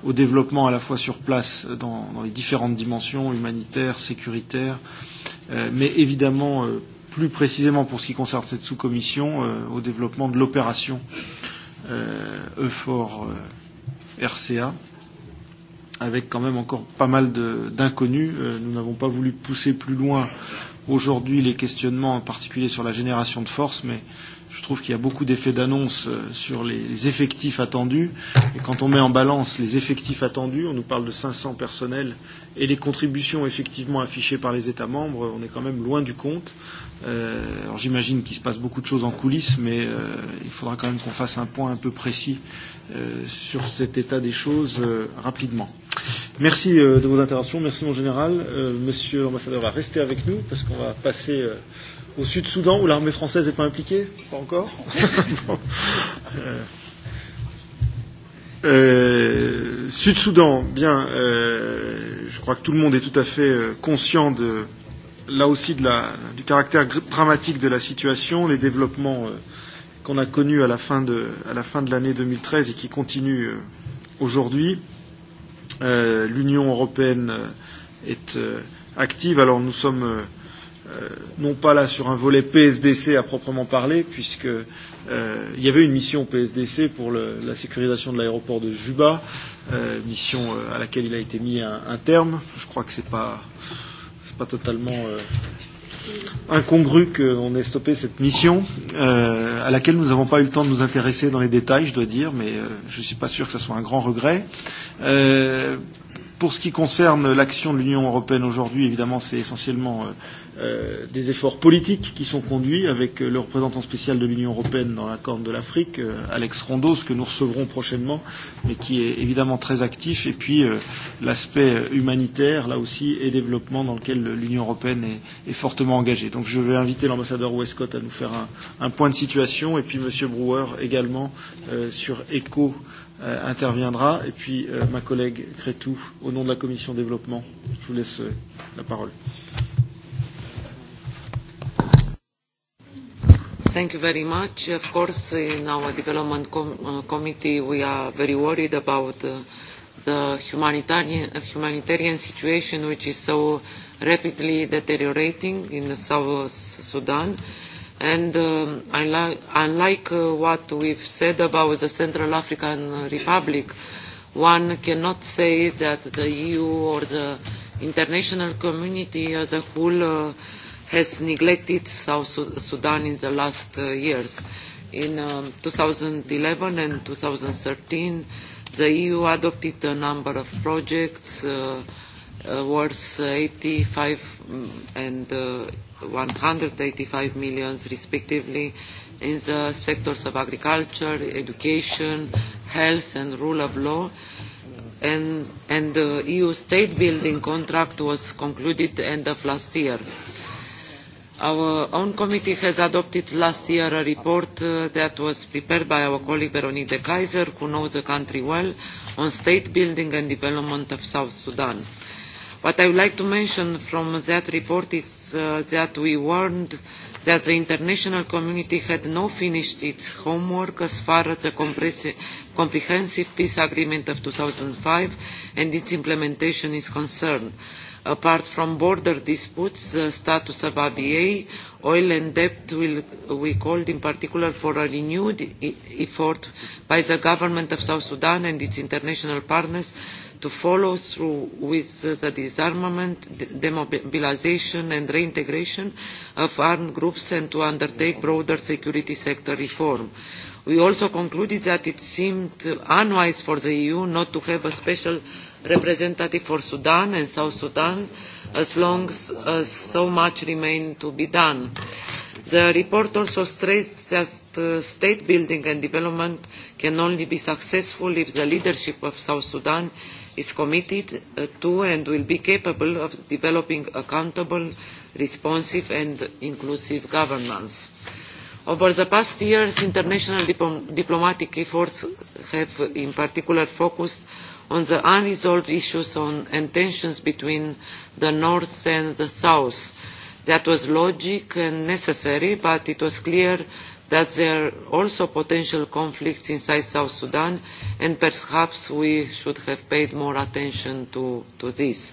au développement à la fois sur place dans, dans les différentes dimensions humanitaires, sécuritaires, mais évidemment plus précisément pour ce qui concerne cette sous-commission au développement de l'opération EFOR. Euh, RCA, avec quand même encore pas mal d'inconnus. Nous n'avons pas voulu pousser plus loin aujourd'hui les questionnements, en particulier sur la génération de force, mais Je trouve qu'il y a beaucoup d'effets d'annonce sur les effectifs attendus. Et quand on met en balance les effectifs attendus, on nous parle de 500 personnels et les contributions effectivement affichées par les États membres, on est quand même loin du compte. Euh, alors j'imagine qu'il se passe beaucoup de choses en coulisses, mais euh, il faudra quand même qu'on fasse un point un peu précis euh, sur cet état des choses euh, rapidement. Merci euh, de vos interventions, merci mon général. Euh, monsieur l'ambassadeur va rester avec nous parce qu'on va passer. Euh, Au Sud-Soudan, où l'armée française n'est pas impliquée Pas encore euh, Sud-Soudan, bien, euh, je crois que tout le monde est tout à fait euh, conscient de, là aussi de la, du caractère dramatique de la situation, les développements euh, qu'on a connus à la fin de, à la fin de l'année 2013 et qui continuent euh, aujourd'hui. Euh, L'Union européenne est euh, active. Alors nous sommes. Euh, non pas là sur un volet PSDC à proprement parler, puisque euh, il y avait une mission PSDC pour le, la sécurisation de l'aéroport de Juba, euh, mission à laquelle il a été mis un, un terme. Je crois que n'est pas pas totalement euh, incongru qu'on ait stoppé cette mission, euh, à laquelle nous n'avons pas eu le temps de nous intéresser dans les détails, je dois dire, mais euh, je ne suis pas sûr que ce soit un grand regret. Euh, pour ce qui concerne l'action de l'Union européenne aujourd'hui, évidemment, c'est essentiellement euh, des efforts politiques qui sont conduits avec le représentant spécial de l'Union européenne dans la Corne de l'Afrique, euh, Alex Rondos, que nous recevrons prochainement, mais qui est évidemment très actif, et puis euh, l'aspect humanitaire, là aussi, et développement dans lequel l'Union européenne est, est fortement engagée. Donc je vais inviter l'ambassadeur Westcott à nous faire un, un point de situation, et puis M. Brouwer également euh, sur ECHO euh, interviendra, et puis euh, ma collègue Crétou, au nom de la commission développement, je vous laisse euh, la parole. Thank you very much. Of course, in our development com uh, committee, we are very worried about uh, the humanitarian, uh, humanitarian situation, which is so rapidly deteriorating in the South Sudan. And um, unlike, unlike uh, what we've said about the Central African Republic, one cannot say that the EU or the international community as a whole uh, has neglected South Sudan in the last uh, years. In um, 2011 and 2013, the EU adopted a number of projects uh, uh, worth 85 and uh, 185 million respectively in the sectors of agriculture, education, health and rule of law. And, and the EU state building contract was concluded end of last year. Uh, Our own committee has adopted last year a report uh, that was prepared by our colleague Veronique de Kaiser, who knows the country well, on state building and development of South Sudan. What I would like to mention from that report is uh, that we warned that the international community had not finished its homework as far as the comprehensive peace agreement of 2005 and its implementation is concerned Apart from border disputes, the status of ABA, oil and debt will, we called in particular for a renewed effort by the government of South Sudan and its international partners to follow through with the disarmament, demobilization and reintegration of armed groups and to undertake broader security sector reform. We also concluded that it seemed unwise for the EU not to have a special representative for Sudan and South Sudan as long as so much remains to be done. The report also stressed that uh, state building and development can only be successful if the leadership of South Sudan is committed uh, to and will be capable of developing accountable, responsive and inclusive governance. Over the past years, international diplomatic efforts have in particular focused on the unresolved issues on, and tensions between the North and the South. That was logic and necessary, but it was clear that there are also potential conflicts inside South Sudan, and perhaps we should have paid more attention to, to this.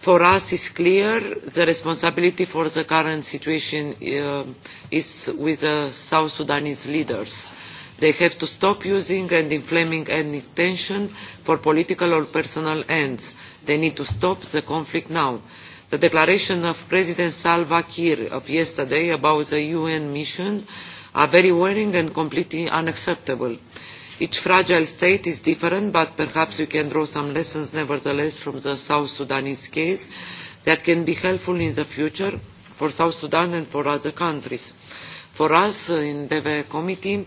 For us, it's clear the responsibility for the current situation uh, is with the South Sudanese leaders They have to stop using and inflaming any tension for political or personal ends. They need to stop the conflict now. The declaration of President Salva Kiir of yesterday about the UN mission are very worrying and completely unacceptable. Each fragile state is different, but perhaps we can draw some lessons nevertheless from the South Sudanese case that can be helpful in the future for South Sudan and for other countries. For us in the committee,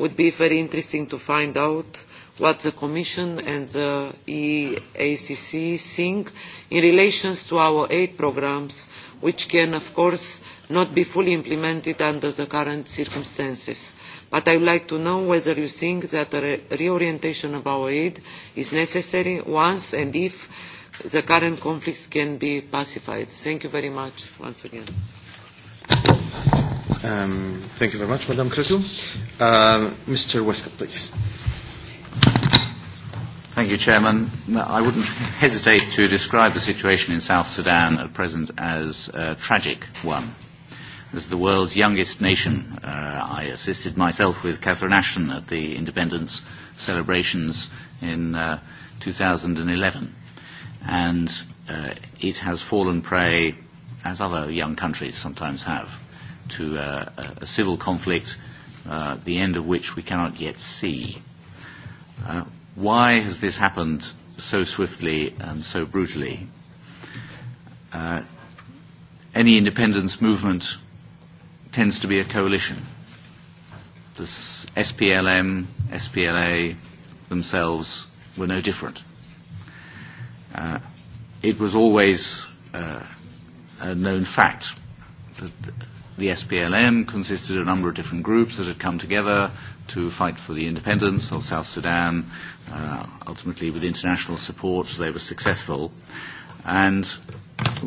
would be very interesting to find out what the Commission and the EACC think in relation to our aid programmes, which can, of course, not be fully implemented under the current circumstances. But I would like to know whether you think that a re reorientation of our aid is necessary once and if the current conflicts can be pacified. Thank you very much once again. Um, thank you very much, Madam Cretu. Uh, Mr. Westcott, please. Thank you, Chairman. I wouldn't hesitate to describe the situation in South Sudan at present as a tragic one. As the world's youngest nation, uh, I assisted myself with Catherine Ashton at the independence celebrations in uh, 2011. And uh, it has fallen prey as other young countries sometimes have, to uh, a civil conflict, uh, the end of which we cannot yet see. Uh, why has this happened so swiftly and so brutally? Uh, any independence movement tends to be a coalition. The SPLM, SPLA themselves were no different. Uh, it was always uh, uh, known fact. That the SPLM consisted of a number of different groups that had come together to fight for the independence of South Sudan. Uh, ultimately, with international support, they were successful. And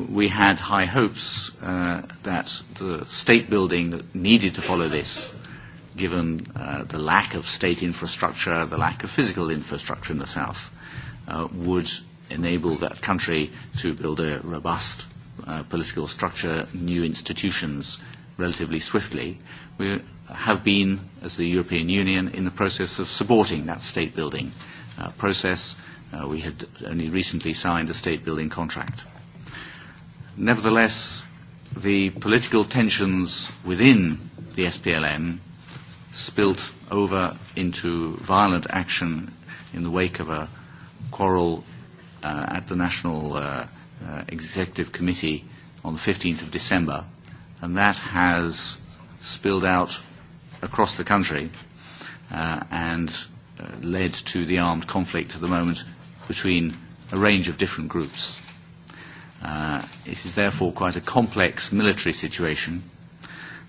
we had high hopes uh, that the state building needed to follow this, given uh, the lack of state infrastructure, the lack of physical infrastructure in the South, uh, would enable that country to build a robust uh, political structure, new institutions relatively swiftly, we have been, as the European Union, in the process of supporting that state building uh, process. Uh, we had only recently signed a state building contract. Nevertheless, the political tensions within the SPLM spilt over into violent action in the wake of a quarrel uh, at the national uh, uh, Executive Committee on the 15th of December, and that has spilled out across the country uh, and uh, led to the armed conflict at the moment between a range of different groups. Uh, it is therefore quite a complex military situation,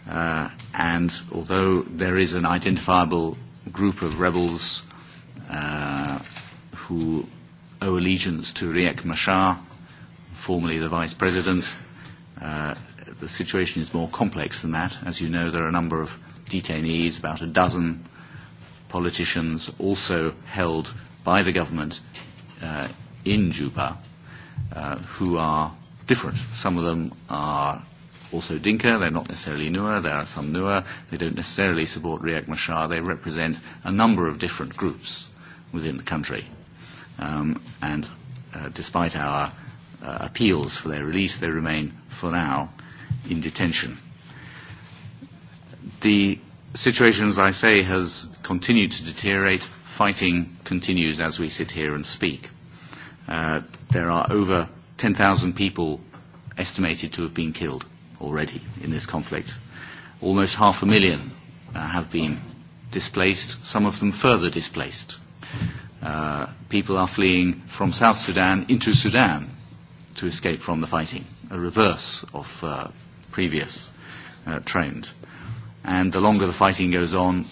uh, and although there is an identifiable group of rebels uh, who owe allegiance to Riek uh, formerly the Vice President. Uh, the situation is more complex than that. As you know, there are a number of detainees, about a dozen politicians also held by the government uh, in Juba uh, who are different. Some of them are also Dinka, they're not necessarily Nua, there are some Nua, they don't necessarily support Riek Machar, they represent a number of different groups within the country. Um, and uh, despite our uh, appeals for their release. They remain, for now, in detention. The situation, as I say, has continued to deteriorate. Fighting continues as we sit here and speak. Uh, there are over 10,000 people estimated to have been killed already in this conflict. Almost half a million uh, have been displaced, some of them further displaced. Uh, people are fleeing from South Sudan into Sudan to escape from the fighting, a reverse of uh, previous uh, trend. And the longer the fighting goes on,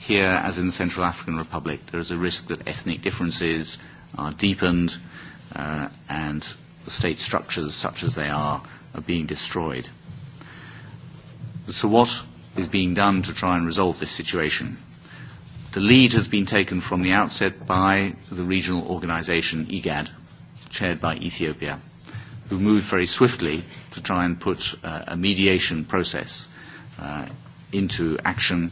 here, as in the Central African Republic, there is a risk that ethnic differences are deepened uh, and the state structures, such as they are, are being destroyed. So, what is being done to try and resolve this situation? The lead has been taken from the outset by the regional organization IGAD, chaired by Ethiopia who moved very swiftly to try and put uh, a mediation process uh, into action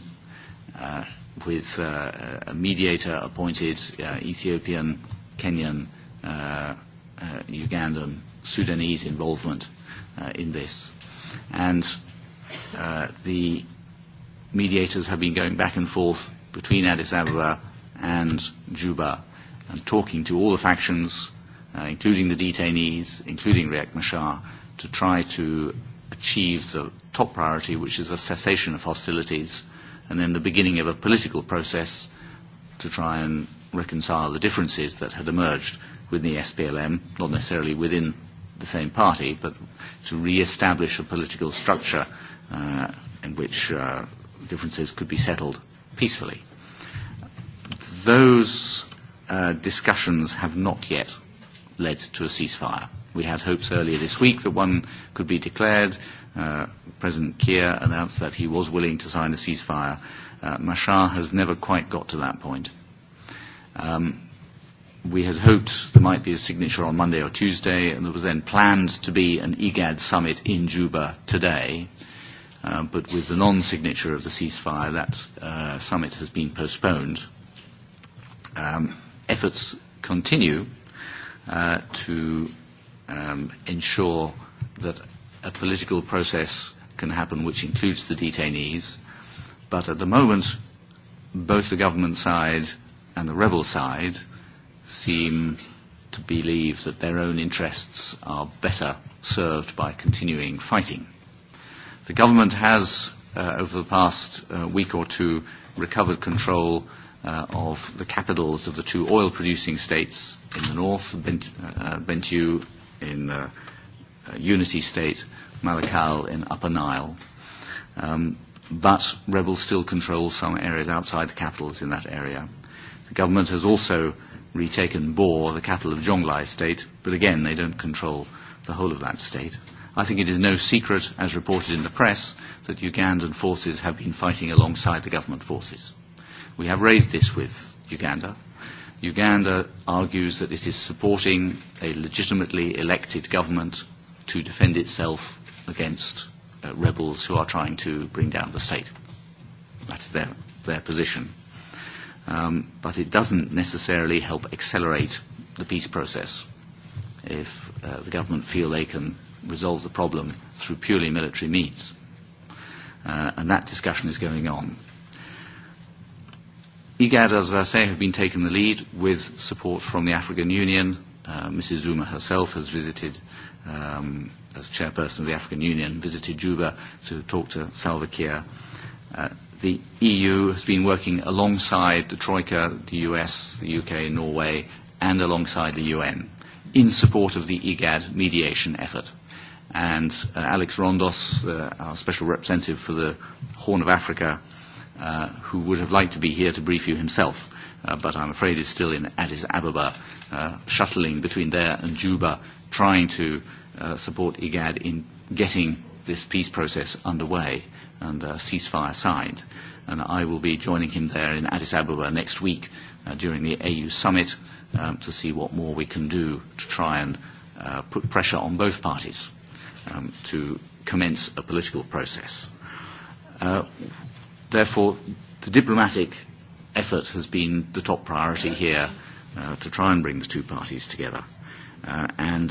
uh, with uh, a mediator appointed uh, Ethiopian, Kenyan, uh, uh, Ugandan, Sudanese involvement uh, in this. And uh, the mediators have been going back and forth between Addis Ababa and Juba and talking to all the factions uh, including the detainees, including Riek Machar, to try to achieve the top priority, which is a cessation of hostilities, and then the beginning of a political process to try and reconcile the differences that had emerged with the SPLM, not necessarily within the same party, but to re-establish a political structure uh, in which uh, differences could be settled peacefully. Those uh, discussions have not yet led to a ceasefire. We had hopes earlier this week that one could be declared. Uh, President Kiir announced that he was willing to sign a ceasefire. Uh, Mashar has never quite got to that point. Um, we had hoped there might be a signature on Monday or Tuesday, and there was then planned to be an IGAD summit in Juba today. Uh, but with the non-signature of the ceasefire, that uh, summit has been postponed. Um, efforts continue uh, to um, ensure that a political process can happen which includes the detainees. But at the moment, both the government side and the rebel side seem to believe that their own interests are better served by continuing fighting. The government has, uh, over the past uh, week or two, recovered control uh, of the capitals of the two oil producing states in the north, Bent, uh, Bentiu in uh, Unity State, Malakal in Upper Nile. Um, but rebels still control some areas outside the capitals in that area. The government has also retaken Bor, the capital of Jonglai state, but again they don't control the whole of that state. I think it is no secret, as reported in the press, that Ugandan forces have been fighting alongside the government forces. We have raised this with Uganda. Uganda argues that it is supporting a legitimately elected government to defend itself against uh, rebels who are trying to bring down the state. That's their, their position. Um, but it doesn't necessarily help accelerate the peace process if uh, the government feel they can resolve the problem through purely military means. Uh, and that discussion is going on. IGAD, as I say, have been taking the lead with support from the African Union. Uh, Mrs. Zuma herself has visited, um, as chairperson of the African Union, visited Juba to talk to Salva Kiir. Uh, the EU has been working alongside the Troika, the US, the UK, Norway, and alongside the UN in support of the IGAD mediation effort. And uh, Alex Rondos, uh, our special representative for the Horn of Africa, uh, uh, who would have liked to be here to brief you himself, uh, but I'm afraid is still in Addis Ababa, uh, shuttling between there and Juba, trying to uh, support IGAD in getting this peace process underway and uh, ceasefire signed. And I will be joining him there in Addis Ababa next week uh, during the AU summit um, to see what more we can do to try and uh, put pressure on both parties um, to commence a political process. Uh, Therefore, the diplomatic effort has been the top priority here uh, to try and bring the two parties together. Uh, and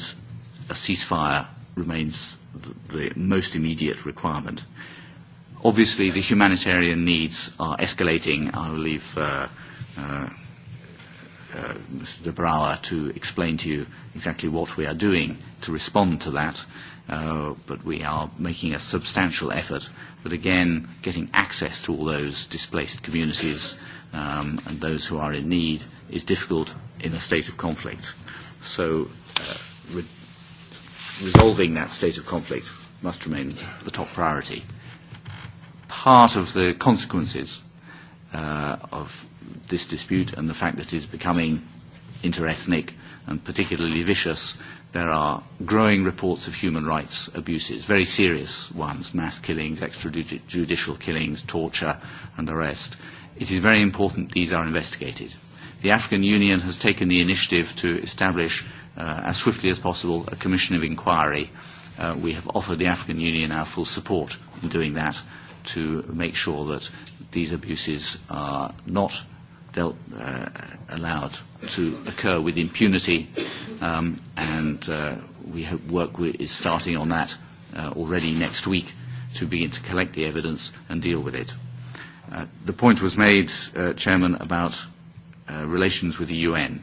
a ceasefire remains the, the most immediate requirement. Obviously, the humanitarian needs are escalating. I will leave uh, uh, uh, Mr. De Brouwer to explain to you exactly what we are doing to respond to that, uh, but we are making a substantial effort But again, getting access to all those displaced communities um, and those who are in need is difficult in a state of conflict. So uh, re- resolving that state of conflict must remain the top priority. Part of the consequences uh, of this dispute and the fact that it is becoming interethnic and particularly vicious there are growing reports of human rights abuses, very serious ones, mass killings, extrajudicial killings, torture, and the rest. It is very important these are investigated. The African Union has taken the initiative to establish, uh, as swiftly as possible, a commission of inquiry. Uh, we have offered the African Union our full support in doing that to make sure that these abuses are not dealt, uh, allowed to occur with impunity, um, and uh, we hope work is starting on that uh, already next week to begin to collect the evidence and deal with it. Uh, the point was made, uh, Chairman, about uh, relations with the UN.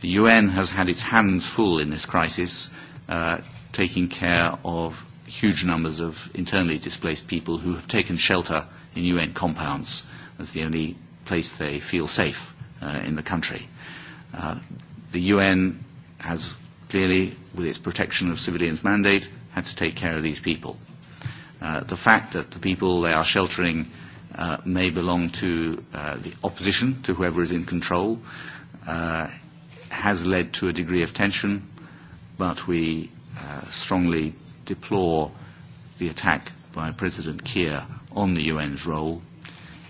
The UN has had its hands full in this crisis, uh, taking care of huge numbers of internally displaced people who have taken shelter in UN compounds. as the only place they feel safe uh, in the country. Uh, the UN has clearly, with its protection of civilians mandate, had to take care of these people. Uh, the fact that the people they are sheltering uh, may belong to uh, the opposition, to whoever is in control, uh, has led to a degree of tension, but we uh, strongly deplore the attack by President Kiir on the UN's role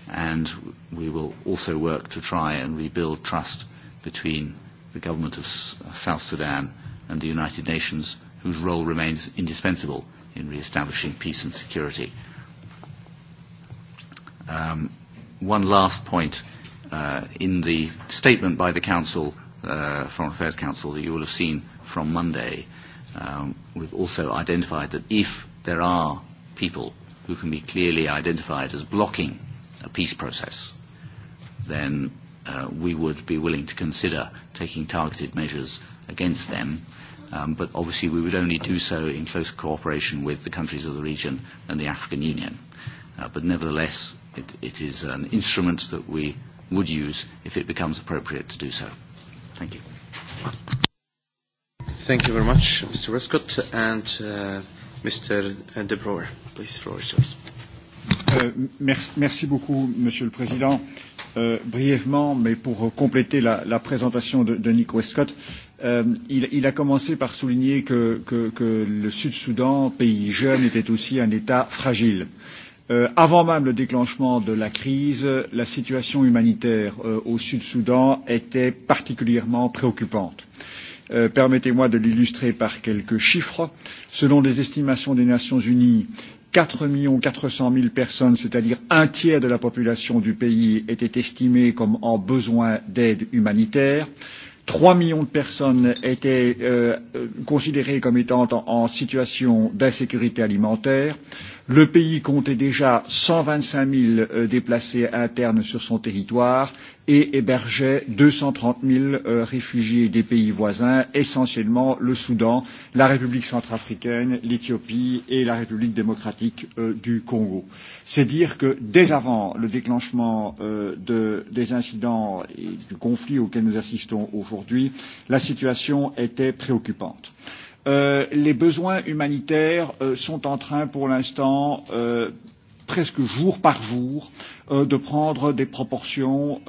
and we will also work to try and rebuild trust between the government of South Sudan and the United Nations, whose role remains indispensable in re-establishing peace and security. Um, one last point. Uh, in the statement by the Council, uh, Foreign Affairs Council, that you will have seen from Monday, um, we've also identified that if there are people who can be clearly identified as blocking a peace process, then uh, we would be willing to consider taking targeted measures against them. Um, but obviously, we would only do so in close cooperation with the countries of the region and the African Union. Uh, but nevertheless, it, it is an instrument that we would use if it becomes appropriate to do so. Thank you. Thank you very much, Mr. Westcott and uh, Mr. De Broer. Please, floor is yours merci, beaucoup, Monsieur le Président. brièvement, mais pour compléter la, présentation de, Nick Westcott, il, a commencé par souligner que, le Sud-Soudan, pays jeune, était aussi un État fragile. avant même le déclenchement de la crise, la situation humanitaire au Sud-Soudan était particulièrement préoccupante permettez moi de l'illustrer par quelques chiffres. Selon les estimations des Nations unies, 4 400 000 personnes, c'est-à-dire un tiers de la population du pays, étaient estimées comme en besoin d'aide humanitaire. 3 millions de personnes étaient euh, considérées comme étant en, en situation d'insécurité alimentaire. Le pays comptait déjà 125 000 déplacés internes sur son territoire et hébergeait 230 000 réfugiés des pays voisins, essentiellement le Soudan, la République centrafricaine, l'Éthiopie et la République démocratique du Congo. C'est dire que dès avant le déclenchement de, des incidents et du conflit auquel nous assistons aujourd'hui, la situation était préoccupante les besoins humanitaires sont en train pour l'instant presque jour par jour de prendre des proportions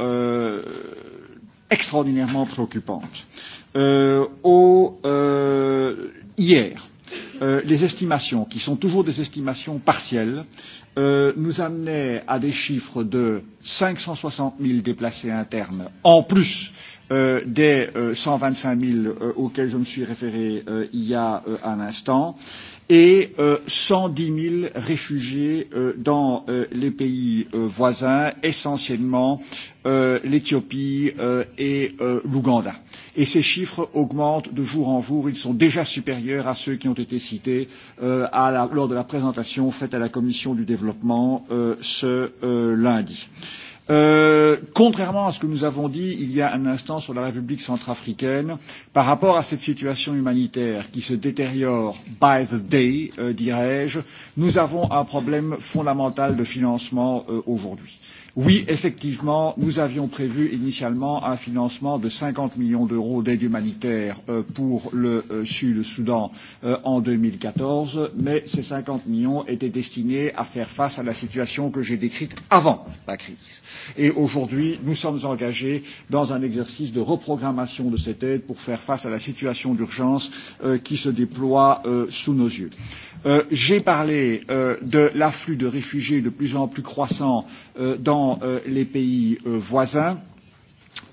extraordinairement préoccupantes. au, hier, les estimations, qui sont toujours des estimations partielles, nous amenaient à des chiffres de 560 000 déplacés internes en plus euh, des euh, 125 000 euh, auxquels je me suis référé euh, il y a euh, un instant et euh, 110 000 réfugiés euh, dans euh, les pays euh, voisins, essentiellement euh, l'Éthiopie euh, et euh, l'Ouganda. Et ces chiffres augmentent de jour en jour. Ils sont déjà supérieurs à ceux qui ont été cités euh, à la, lors de la présentation faite à la Commission du développement euh, ce euh, lundi contrairement à ce que nous avons dit il y a un instant sur la République centrafricaine, par rapport à cette situation humanitaire qui se détériore by the day, euh, dirais-je, nous avons un problème fondamental de financement euh, aujourd'hui. Oui, effectivement, nous avions prévu initialement un financement de 50 millions d'euros d'aide humanitaire pour le Sud-Soudan en 2014, mais ces 50 millions étaient destinés à faire face à la situation que j'ai décrite avant la crise. Et aujourd'hui, nous sommes engagés dans un exercice de reprogrammation de cette aide pour faire face à la situation d'urgence qui se déploie sous nos yeux. J'ai parlé de l'afflux de réfugiés de plus en plus croissant dans dans euh, les pays euh, voisins.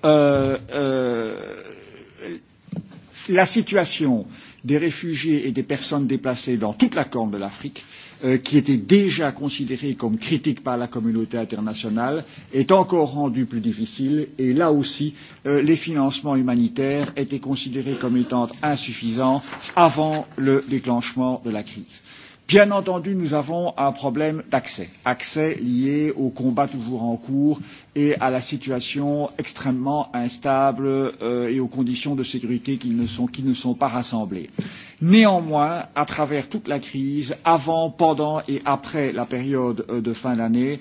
Euh, euh, la situation des réfugiés et des personnes déplacées dans toute la Corne de l'Afrique qui était déjà considérée comme critique par la communauté internationale, est encore rendue plus difficile et là aussi, les financements humanitaires étaient considérés comme étant insuffisants avant le déclenchement de la crise Bien entendu, nous avons un problème d'accès, accès lié au combat toujours en cours et à la situation extrêmement instable euh, et aux conditions de sécurité qui ne, sont, qui ne sont pas rassemblées. Néanmoins, à travers toute la crise, avant, pendant et après la période de fin d'année,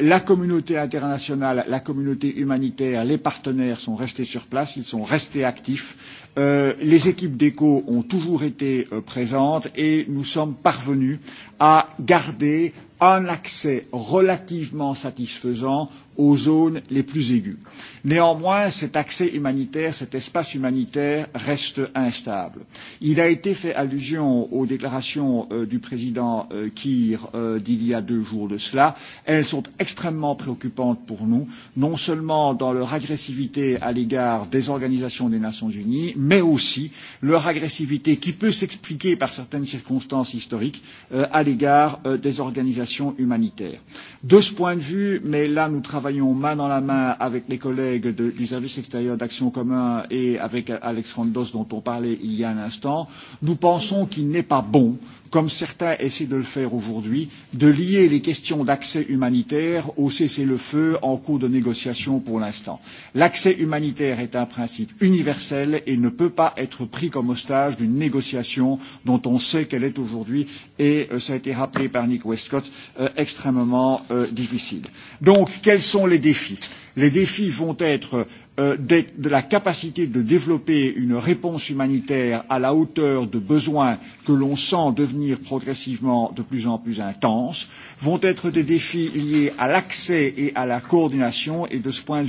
la communauté internationale, la communauté humanitaire, les partenaires sont restés sur place, ils sont restés actifs. les équipes d'écho ont toujours été présentes et nous sommes parvenus à garder un accès relativement satisfaisant aux zones les plus aiguës. Néanmoins, cet accès humanitaire, cet espace humanitaire reste instable. Il a été fait allusion aux déclarations euh, du président euh, Kir euh, d'il y a deux jours de cela. Elles sont extrêmement préoccupantes pour nous, non seulement dans leur agressivité à l'égard des organisations des Nations Unies, mais aussi leur agressivité qui peut s'expliquer par certaines circonstances historiques euh, à l'égard euh, des organisations organisations humanitaires. De ce point de vue, mais là nous travaillons main dans la main avec les collègues de, du service extérieur d'action commun et avec Alex Randos dont on parlait il y a un instant, nous pensons qu'il n'est pas bon comme certains essaient de le faire aujourd'hui, de lier les questions d'accès humanitaire au cessez-le-feu en cours de négociation pour l'instant. L'accès humanitaire est un principe universel et ne peut pas être pris comme otage d'une négociation dont on sait qu'elle est aujourd'hui et euh, ça a été rappelé par Nick Westcott euh, extrêmement euh, difficile. Donc, quels sont les défis? Les défis vont être euh, de la capacité de développer une réponse humanitaire à la hauteur de besoins que l'on sent devenir progressivement de plus en plus intenses, vont être des défis liés à l'accès et à la coordination. Et de ce point de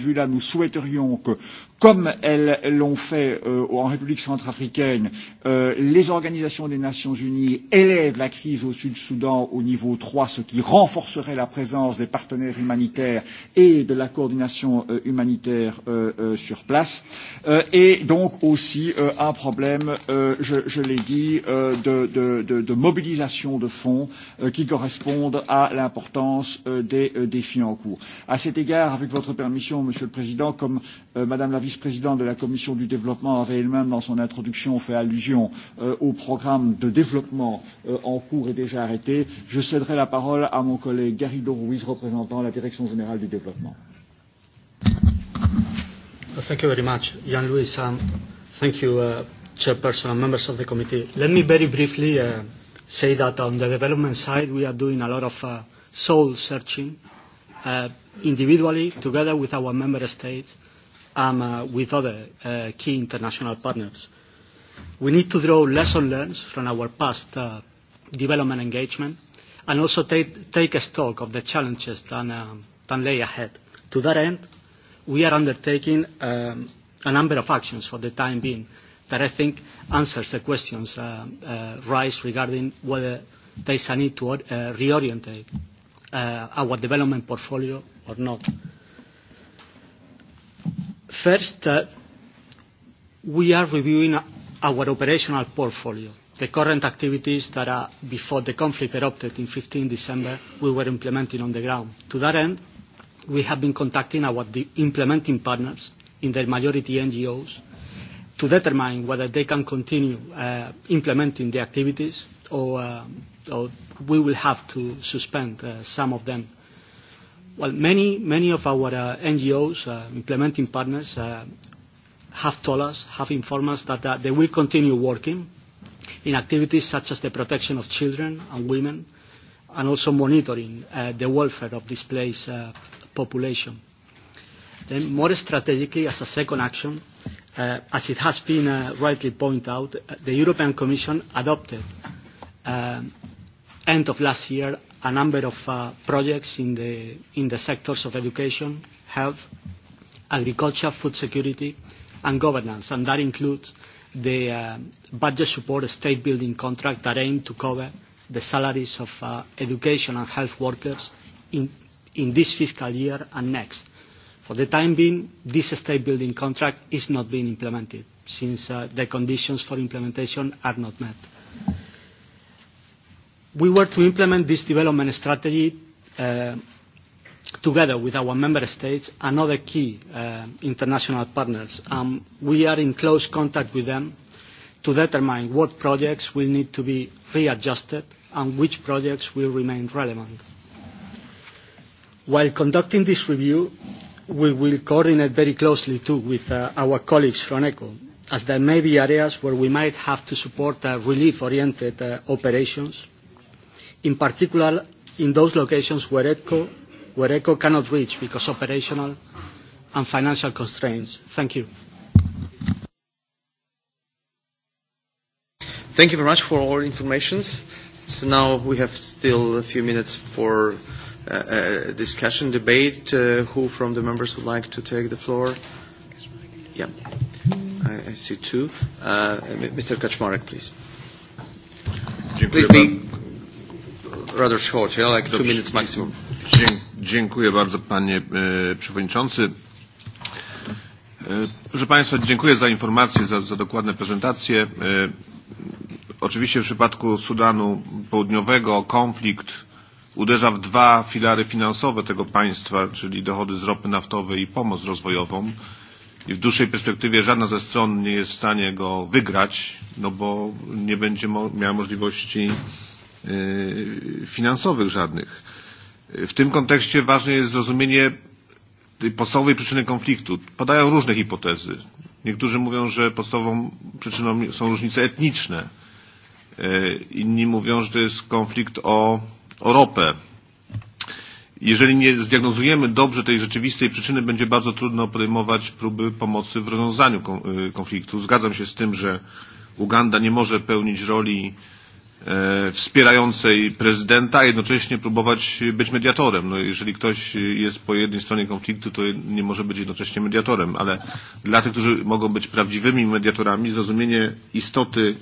vue-là, vue nous souhaiterions que, comme elles l'ont fait euh, en République centrafricaine, euh, les organisations des Nations Unies élèvent la crise au Sud-Soudan au niveau 3, ce qui renforcerait la présence des partenaires humanitaires et et de la coordination euh, humanitaire euh, euh, sur place, euh, et donc aussi euh, un problème, euh, je, je l'ai dit, euh, de, de, de, de mobilisation de fonds euh, qui correspondent à l'importance euh, des euh, défis en cours. À cet égard, avec votre permission, Monsieur le Président, comme euh, Madame la vice-présidente de la Commission du développement avait elle-même dans son introduction fait allusion euh, au programme de développement euh, en cours et déjà arrêté, je céderai la parole à mon collègue Garrido Ruiz, représentant la Direction générale du développement. Thank you very much, Jan Luis. Um, thank you, uh, Chairperson and members of the committee. Let me very briefly uh, say that on the development side, we are doing a lot of uh, soul searching, uh, individually, together with our member states and uh, with other uh, key international partners. We need to draw lessons learned from our past uh, development engagement and also take, take stock of the challenges that, um, that lay ahead. To that end, we are undertaking um, a number of actions for the time being that I think answers the questions uh, uh, raised regarding whether there is a need to uh, reorientate uh, our development portfolio or not. First, uh, we are reviewing our operational portfolio. The current activities that are before the conflict erupted in 15 December, we were implementing on the ground. To that end, we have been contacting our implementing partners in their majority NGOs to determine whether they can continue uh, implementing the activities or, uh, or we will have to suspend uh, some of them. Well, many, many of our uh, NGOs, uh, implementing partners, uh, have told us, have informed us that that they will continue working in activities such as the protection of children and women, and also monitoring uh, the welfare of displaced uh, population. Then more strategically, as a second action, uh, as it has been uh, rightly pointed out, the European Commission adopted uh, end of last year a number of uh, projects in the, in the sectors of education, health, agriculture, food security, and governance, and that includes the uh, budget support state building contract that aim to cover the salaries of uh, education and health workers in in this fiscal year and next. For the time being, this state building contract is not being implemented since uh, the conditions for implementation are not met. We were to implement this development strategy uh, together with our member states and other key uh, international partners. Um, we are in close contact with them to determine what projects will need to be readjusted and which projects will remain relevant While conducting this review, we will coordinate very closely too with uh, our colleagues from ECHO, as there may be areas where we might have to support uh, relief-oriented uh, operations, in particular in those locations where ECHO, where ECHO cannot reach because operational and financial constraints. Thank you. Thank you very much for all informations. So now we have still a few minutes for uh, uh, discussion, debate. Uh, who from the members would like to take the floor? Yeah, I, I see two. Uh, Mr. Kaczmarek, please. Please be rather short, yeah, like two minutes maximum. Dziękuję bardzo, panie przewodniczący. Proszę Państwa, dziękuję za informacje, za, za dokładne prezentacje. Oczywiście w przypadku Sudanu Południowego konflikt uderza w dwa filary finansowe tego państwa, czyli dochody z ropy naftowej i pomoc rozwojową. I w dłuższej perspektywie żadna ze stron nie jest w stanie go wygrać, no bo nie będzie miała możliwości finansowych żadnych. W tym kontekście ważne jest zrozumienie tej podstawowej przyczyny konfliktu. Padają różne hipotezy. Niektórzy mówią, że podstawową przyczyną są różnice etniczne. Inni mówią, że to jest konflikt o ropę. Jeżeli nie zdiagnozujemy dobrze tej rzeczywistej przyczyny, będzie bardzo trudno podejmować próby pomocy w rozwiązaniu konfliktu. Zgadzam się z tym, że Uganda nie może pełnić roli wspierającej prezydenta, a jednocześnie próbować być mediatorem. No jeżeli ktoś jest po jednej stronie konfliktu, to nie może być jednocześnie mediatorem, ale dla tych, którzy mogą być prawdziwymi mediatorami, zrozumienie istoty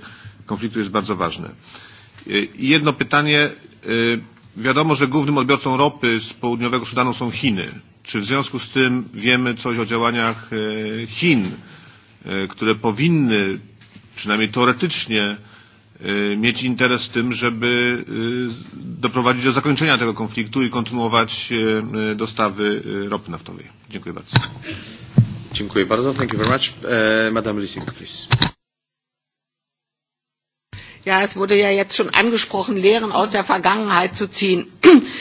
konfliktu jest bardzo ważne. jedno pytanie, Wiadomo, że głównym odbiorcą ropy z południowego Sudanu są Chiny. Czy w związku z tym wiemy coś o działaniach Chin, które powinny, przynajmniej teoretycznie, mieć interes w tym, żeby doprowadzić do zakończenia tego konfliktu i kontynuować dostawy ropy naftowej. Dziękuję bardzo. Dziękuję bardzo. Thank you very much. Uh, Madam Lissing, please. Ja, es wurde ja jetzt schon angesprochen, Lehren aus der Vergangenheit zu ziehen.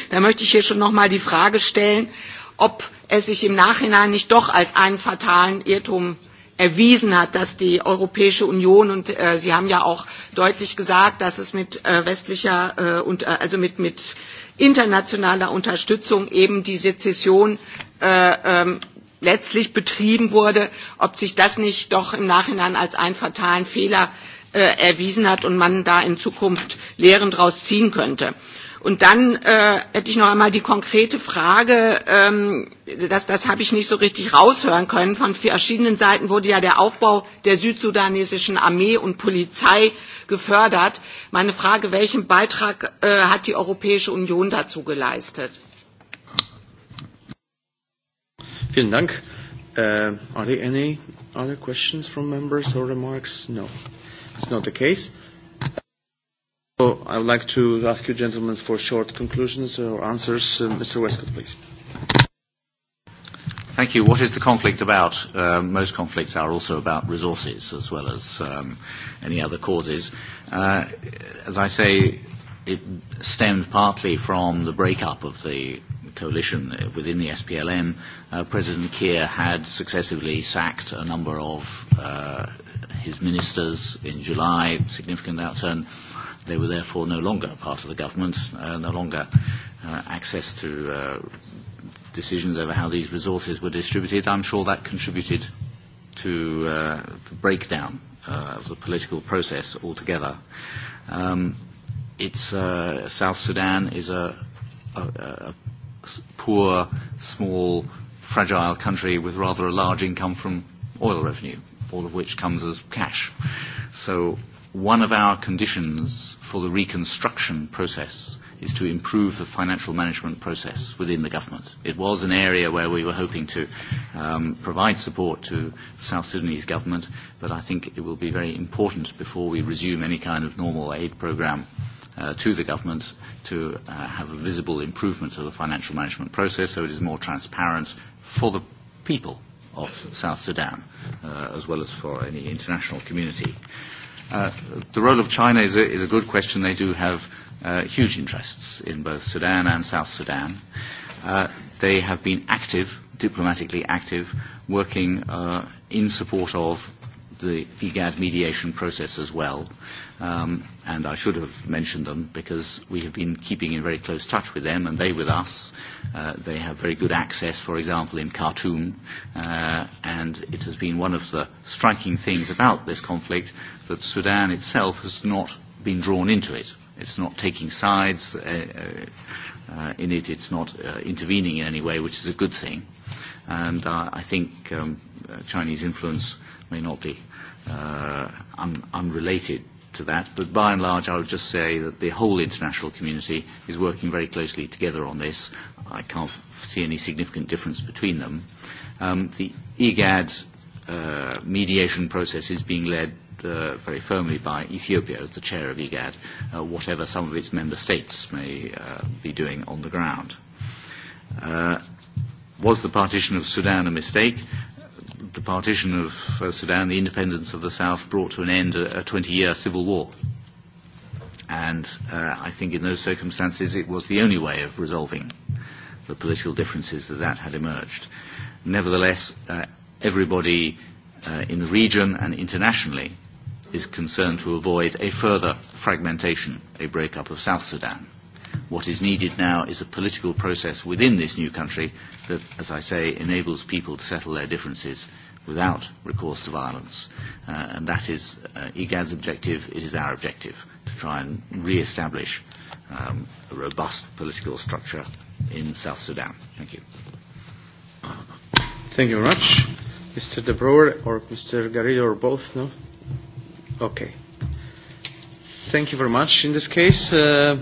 Da möchte ich hier schon noch mal die Frage stellen, ob es sich im Nachhinein nicht doch als einen fatalen Irrtum erwiesen hat, dass die Europäische Union und äh, Sie haben ja auch deutlich gesagt, dass es mit äh, westlicher äh, und äh, also mit, mit internationaler Unterstützung eben die Sezession äh, ähm, letztlich betrieben wurde, ob sich das nicht doch im Nachhinein als einen fatalen Fehler äh, äh, erwiesen hat und man da in Zukunft Lehren daraus ziehen könnte. Und dann äh, hätte ich noch einmal die konkrete Frage, ähm, das, das habe ich nicht so richtig raushören können. Von verschiedenen Seiten wurde ja der Aufbau der südsudanesischen Armee und Polizei gefördert. Meine Frage, welchen Beitrag äh, hat die Europäische Union dazu geleistet? Vielen Dank. Uh, are there any other questions from members or remarks? No. It's not the case. So I would like to ask you, gentlemen, for short conclusions or answers. Uh, Mr. Westcott, please. Thank you. What is the conflict about? Uh, most conflicts are also about resources as well as um, any other causes. Uh, as I say, it stemmed partly from the breakup of the coalition within the SPLM. Uh, President Kiir had successively sacked a number of uh, his ministers in July, significant outturn. They were therefore no longer part of the government, uh, no longer uh, access to uh, decisions over how these resources were distributed. I'm sure that contributed to uh, the breakdown uh, of the political process altogether. Um, it's, uh, South Sudan is a, a, a poor, small, fragile country with rather a large income from oil revenue all of which comes as cash. So one of our conditions for the reconstruction process is to improve the financial management process within the government. It was an area where we were hoping to um, provide support to South Sudanese government, but I think it will be very important before we resume any kind of normal aid program uh, to the government to uh, have a visible improvement of the financial management process so it is more transparent for the people of South Sudan, uh, as well as for any international community. Uh, the role of China is a, is a good question. They do have uh, huge interests in both Sudan and South Sudan. Uh, they have been active, diplomatically active, working uh, in support of the EGAD mediation process as well. Um, and I should have mentioned them because we have been keeping in very close touch with them and they with us. Uh, they have very good access, for example, in Khartoum. Uh, and it has been one of the striking things about this conflict that Sudan itself has not been drawn into it. It's not taking sides uh, uh, in it. It's not uh, intervening in any way, which is a good thing. And uh, I think um, Chinese influence uh, may not be uh, un- unrelated to that, but by and large I would just say that the whole international community is working very closely together on this. I can't see any significant difference between them. Um, the EGAD uh, mediation process is being led uh, very firmly by Ethiopia as the chair of EGAD, uh, whatever some of its member states may uh, be doing on the ground. Uh, was the partition of Sudan a mistake? the partition of uh, Sudan, the independence of the South, brought to an end a, a 20-year civil war. And uh, I think in those circumstances it was the only way of resolving the political differences that that had emerged. Nevertheless, uh, everybody uh, in the region and internationally is concerned to avoid a further fragmentation, a breakup of South Sudan. What is needed now is a political process within this new country that, as I say, enables people to settle their differences without recourse to violence. Uh, and that is uh, IGAD's objective. It is our objective to try and re-establish um, a robust political structure in South Sudan. Thank you. Thank you very much. Mr. De Broer or Mr. Garrido or both, no? Okay. Thank you very much. In this case, uh,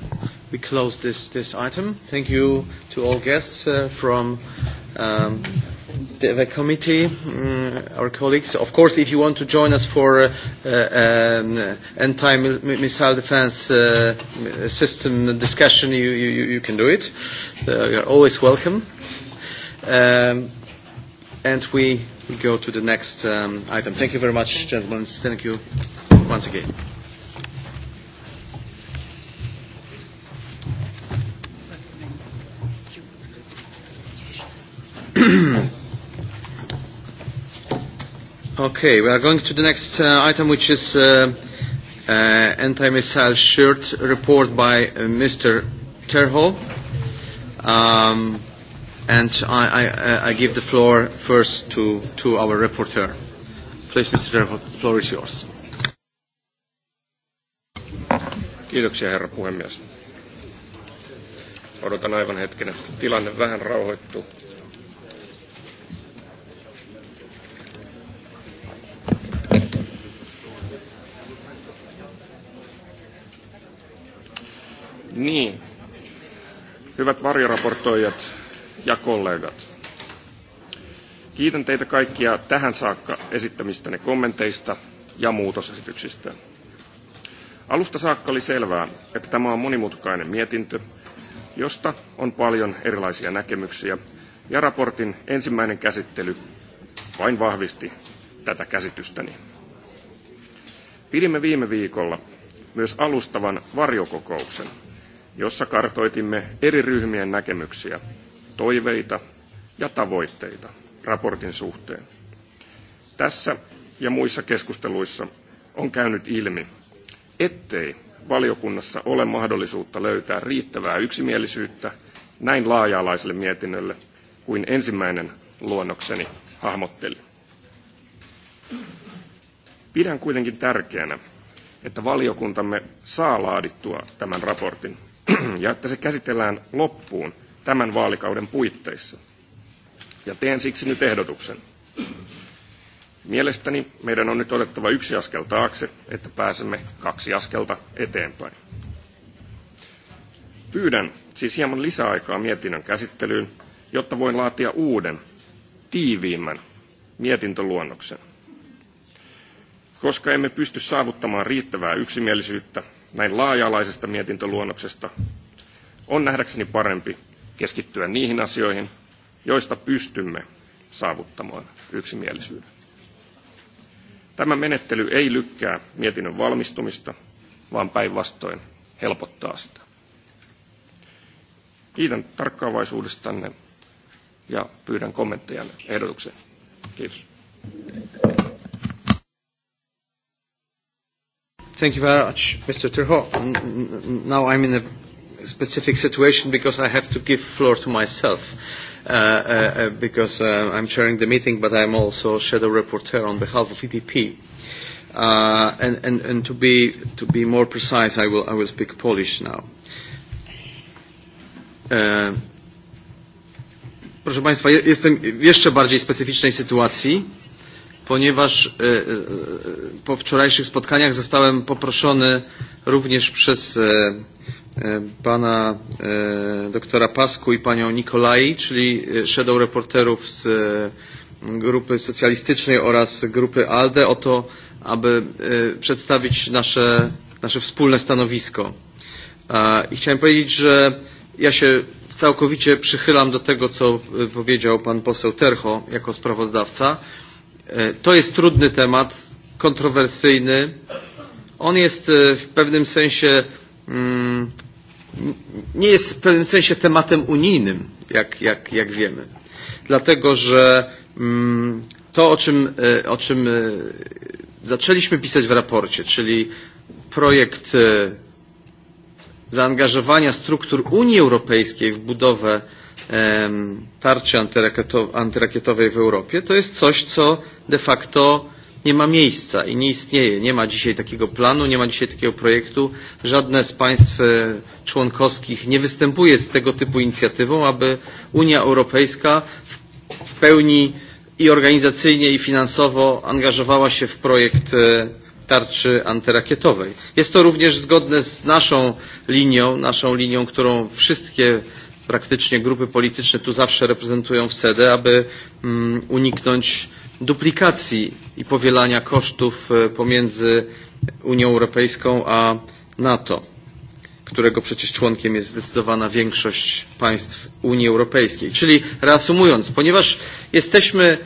we close this, this item. Thank you to all guests uh, from um, the, the committee, um, our colleagues. Of course, if you want to join us for uh, an anti-missile defense uh, system discussion, you, you, you can do it. Uh, you're always welcome. Um, and we, we go to the next um, item. Thank you very much, gentlemen. Thank you once again. Okay, we are going to the next uh, item, which is uh, uh, anti-missile shirt report by uh, Mr. Terho. Um, and I, I, I give the floor first to, to our reporter. Please, Mr. Terho, the floor is yours. Kiitoksia, herra puhemies. Odotan aivan hetken, että tilanne vähän rauhoittuu. Niin. Hyvät varjoraportoijat ja kollegat. Kiitän teitä kaikkia tähän saakka esittämistäne kommenteista ja muutosesityksistä. Alusta saakka oli selvää, että tämä on monimutkainen mietintö, josta on paljon erilaisia näkemyksiä, ja raportin ensimmäinen käsittely vain vahvisti tätä käsitystäni. Pidimme viime viikolla myös alustavan varjokokouksen – jossa kartoitimme eri ryhmien näkemyksiä, toiveita ja tavoitteita raportin suhteen. Tässä ja muissa keskusteluissa on käynyt ilmi, ettei valiokunnassa ole mahdollisuutta löytää riittävää yksimielisyyttä näin laaja-alaiselle mietinnölle kuin ensimmäinen luonnokseni hahmotteli. Pidän kuitenkin tärkeänä, että valiokuntamme saa laadittua tämän raportin ja että se käsitellään loppuun tämän vaalikauden puitteissa. Ja teen siksi nyt ehdotuksen. Mielestäni meidän on nyt otettava yksi askel taakse, että pääsemme kaksi askelta eteenpäin. Pyydän siis hieman lisäaikaa mietinnön käsittelyyn, jotta voin laatia uuden, tiiviimmän mietintöluonnoksen. Koska emme pysty saavuttamaan riittävää yksimielisyyttä, näin laaja-alaisesta mietintöluonnoksesta on nähdäkseni parempi keskittyä niihin asioihin, joista pystymme saavuttamaan yksimielisyyden. Tämä menettely ei lykkää mietinnön valmistumista, vaan päinvastoin helpottaa sitä. Kiitän tarkkaavaisuudestanne ja pyydän kommenttejanne ehdotuksen. Kiitos. Thank you very much, Mr. Terho. Now I'm in a specific situation because I have to give floor to myself uh, uh, because uh, I'm chairing the meeting, but I'm also shadow reporter on behalf of EPP. Uh, and and, and to, be, to be more precise, I will, I will speak Polish now. Uh, proszę Państwa, jestem w jeszcze bardziej specyficznej sytuacji ponieważ po wczorajszych spotkaniach zostałem poproszony również przez pana doktora Pasku i panią Nikolai, czyli shadow reporterów z grupy socjalistycznej oraz grupy ALDE o to, aby przedstawić nasze, nasze wspólne stanowisko. I chciałem powiedzieć, że ja się całkowicie przychylam do tego, co powiedział pan poseł Terho jako sprawozdawca. To jest trudny temat, kontrowersyjny. On jest w pewnym sensie nie jest w pewnym sensie tematem unijnym, jak, jak, jak wiemy. Dlatego, że to, o czym, o czym zaczęliśmy pisać w raporcie, czyli projekt zaangażowania struktur Unii Europejskiej w budowę tarczy antyrakietowej w Europie, to jest coś, co de facto nie ma miejsca i nie istnieje. Nie ma dzisiaj takiego planu, nie ma dzisiaj takiego projektu. Żadne z państw członkowskich nie występuje z tego typu inicjatywą, aby Unia Europejska w pełni i organizacyjnie, i finansowo angażowała się w projekt tarczy antyrakietowej. Jest to również zgodne z naszą linią, naszą linią, którą wszystkie praktycznie grupy polityczne tu zawsze reprezentują w SEDE, aby uniknąć duplikacji i powielania kosztów pomiędzy Unią Europejską a NATO, którego przecież członkiem jest zdecydowana większość państw Unii Europejskiej. Czyli reasumując, ponieważ jesteśmy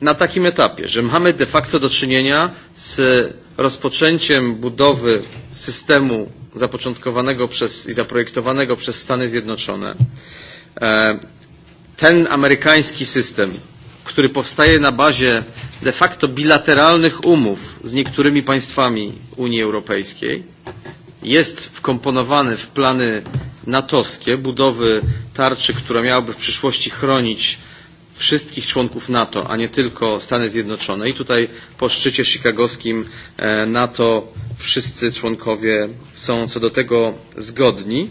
na takim etapie, że mamy de facto do czynienia z rozpoczęciem budowy systemu zapoczątkowanego przez i zaprojektowanego przez Stany Zjednoczone. Ten amerykański system, który powstaje na bazie de facto bilateralnych umów z niektórymi państwami Unii Europejskiej, jest wkomponowany w plany natowskie budowy tarczy, która miałaby w przyszłości chronić wszystkich członków NATO, a nie tylko Stany Zjednoczone. I tutaj po szczycie chicagowskim NATO wszyscy członkowie są co do tego zgodni.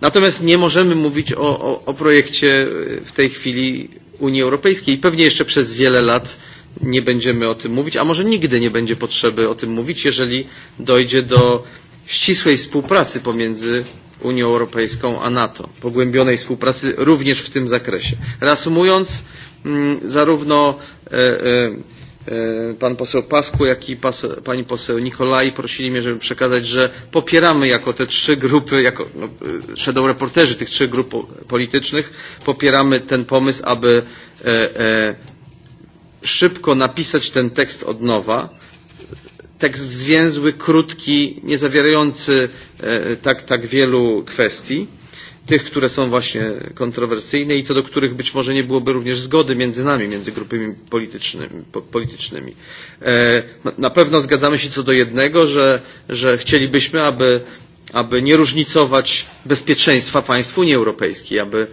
Natomiast nie możemy mówić o, o, o projekcie w tej chwili Unii Europejskiej. Pewnie jeszcze przez wiele lat nie będziemy o tym mówić, a może nigdy nie będzie potrzeby o tym mówić, jeżeli dojdzie do ścisłej współpracy pomiędzy Unią Europejską a NATO, pogłębionej współpracy również w tym zakresie. Reasumując, zarówno pan poseł Pasku, jak i pani poseł Nikolaj prosili mnie, żeby przekazać, że popieramy jako te trzy grupy, jako no, shadow reporterzy tych trzech grup politycznych, popieramy ten pomysł, aby szybko napisać ten tekst od nowa, tekst zwięzły, krótki, nie zawierający tak, tak wielu kwestii, tych, które są właśnie kontrowersyjne i co do których być może nie byłoby również zgody między nami, między grupami politycznymi. politycznymi. Na pewno zgadzamy się co do jednego, że, że chcielibyśmy, aby aby nie różnicować bezpieczeństwa państw Unii Europejskiej, aby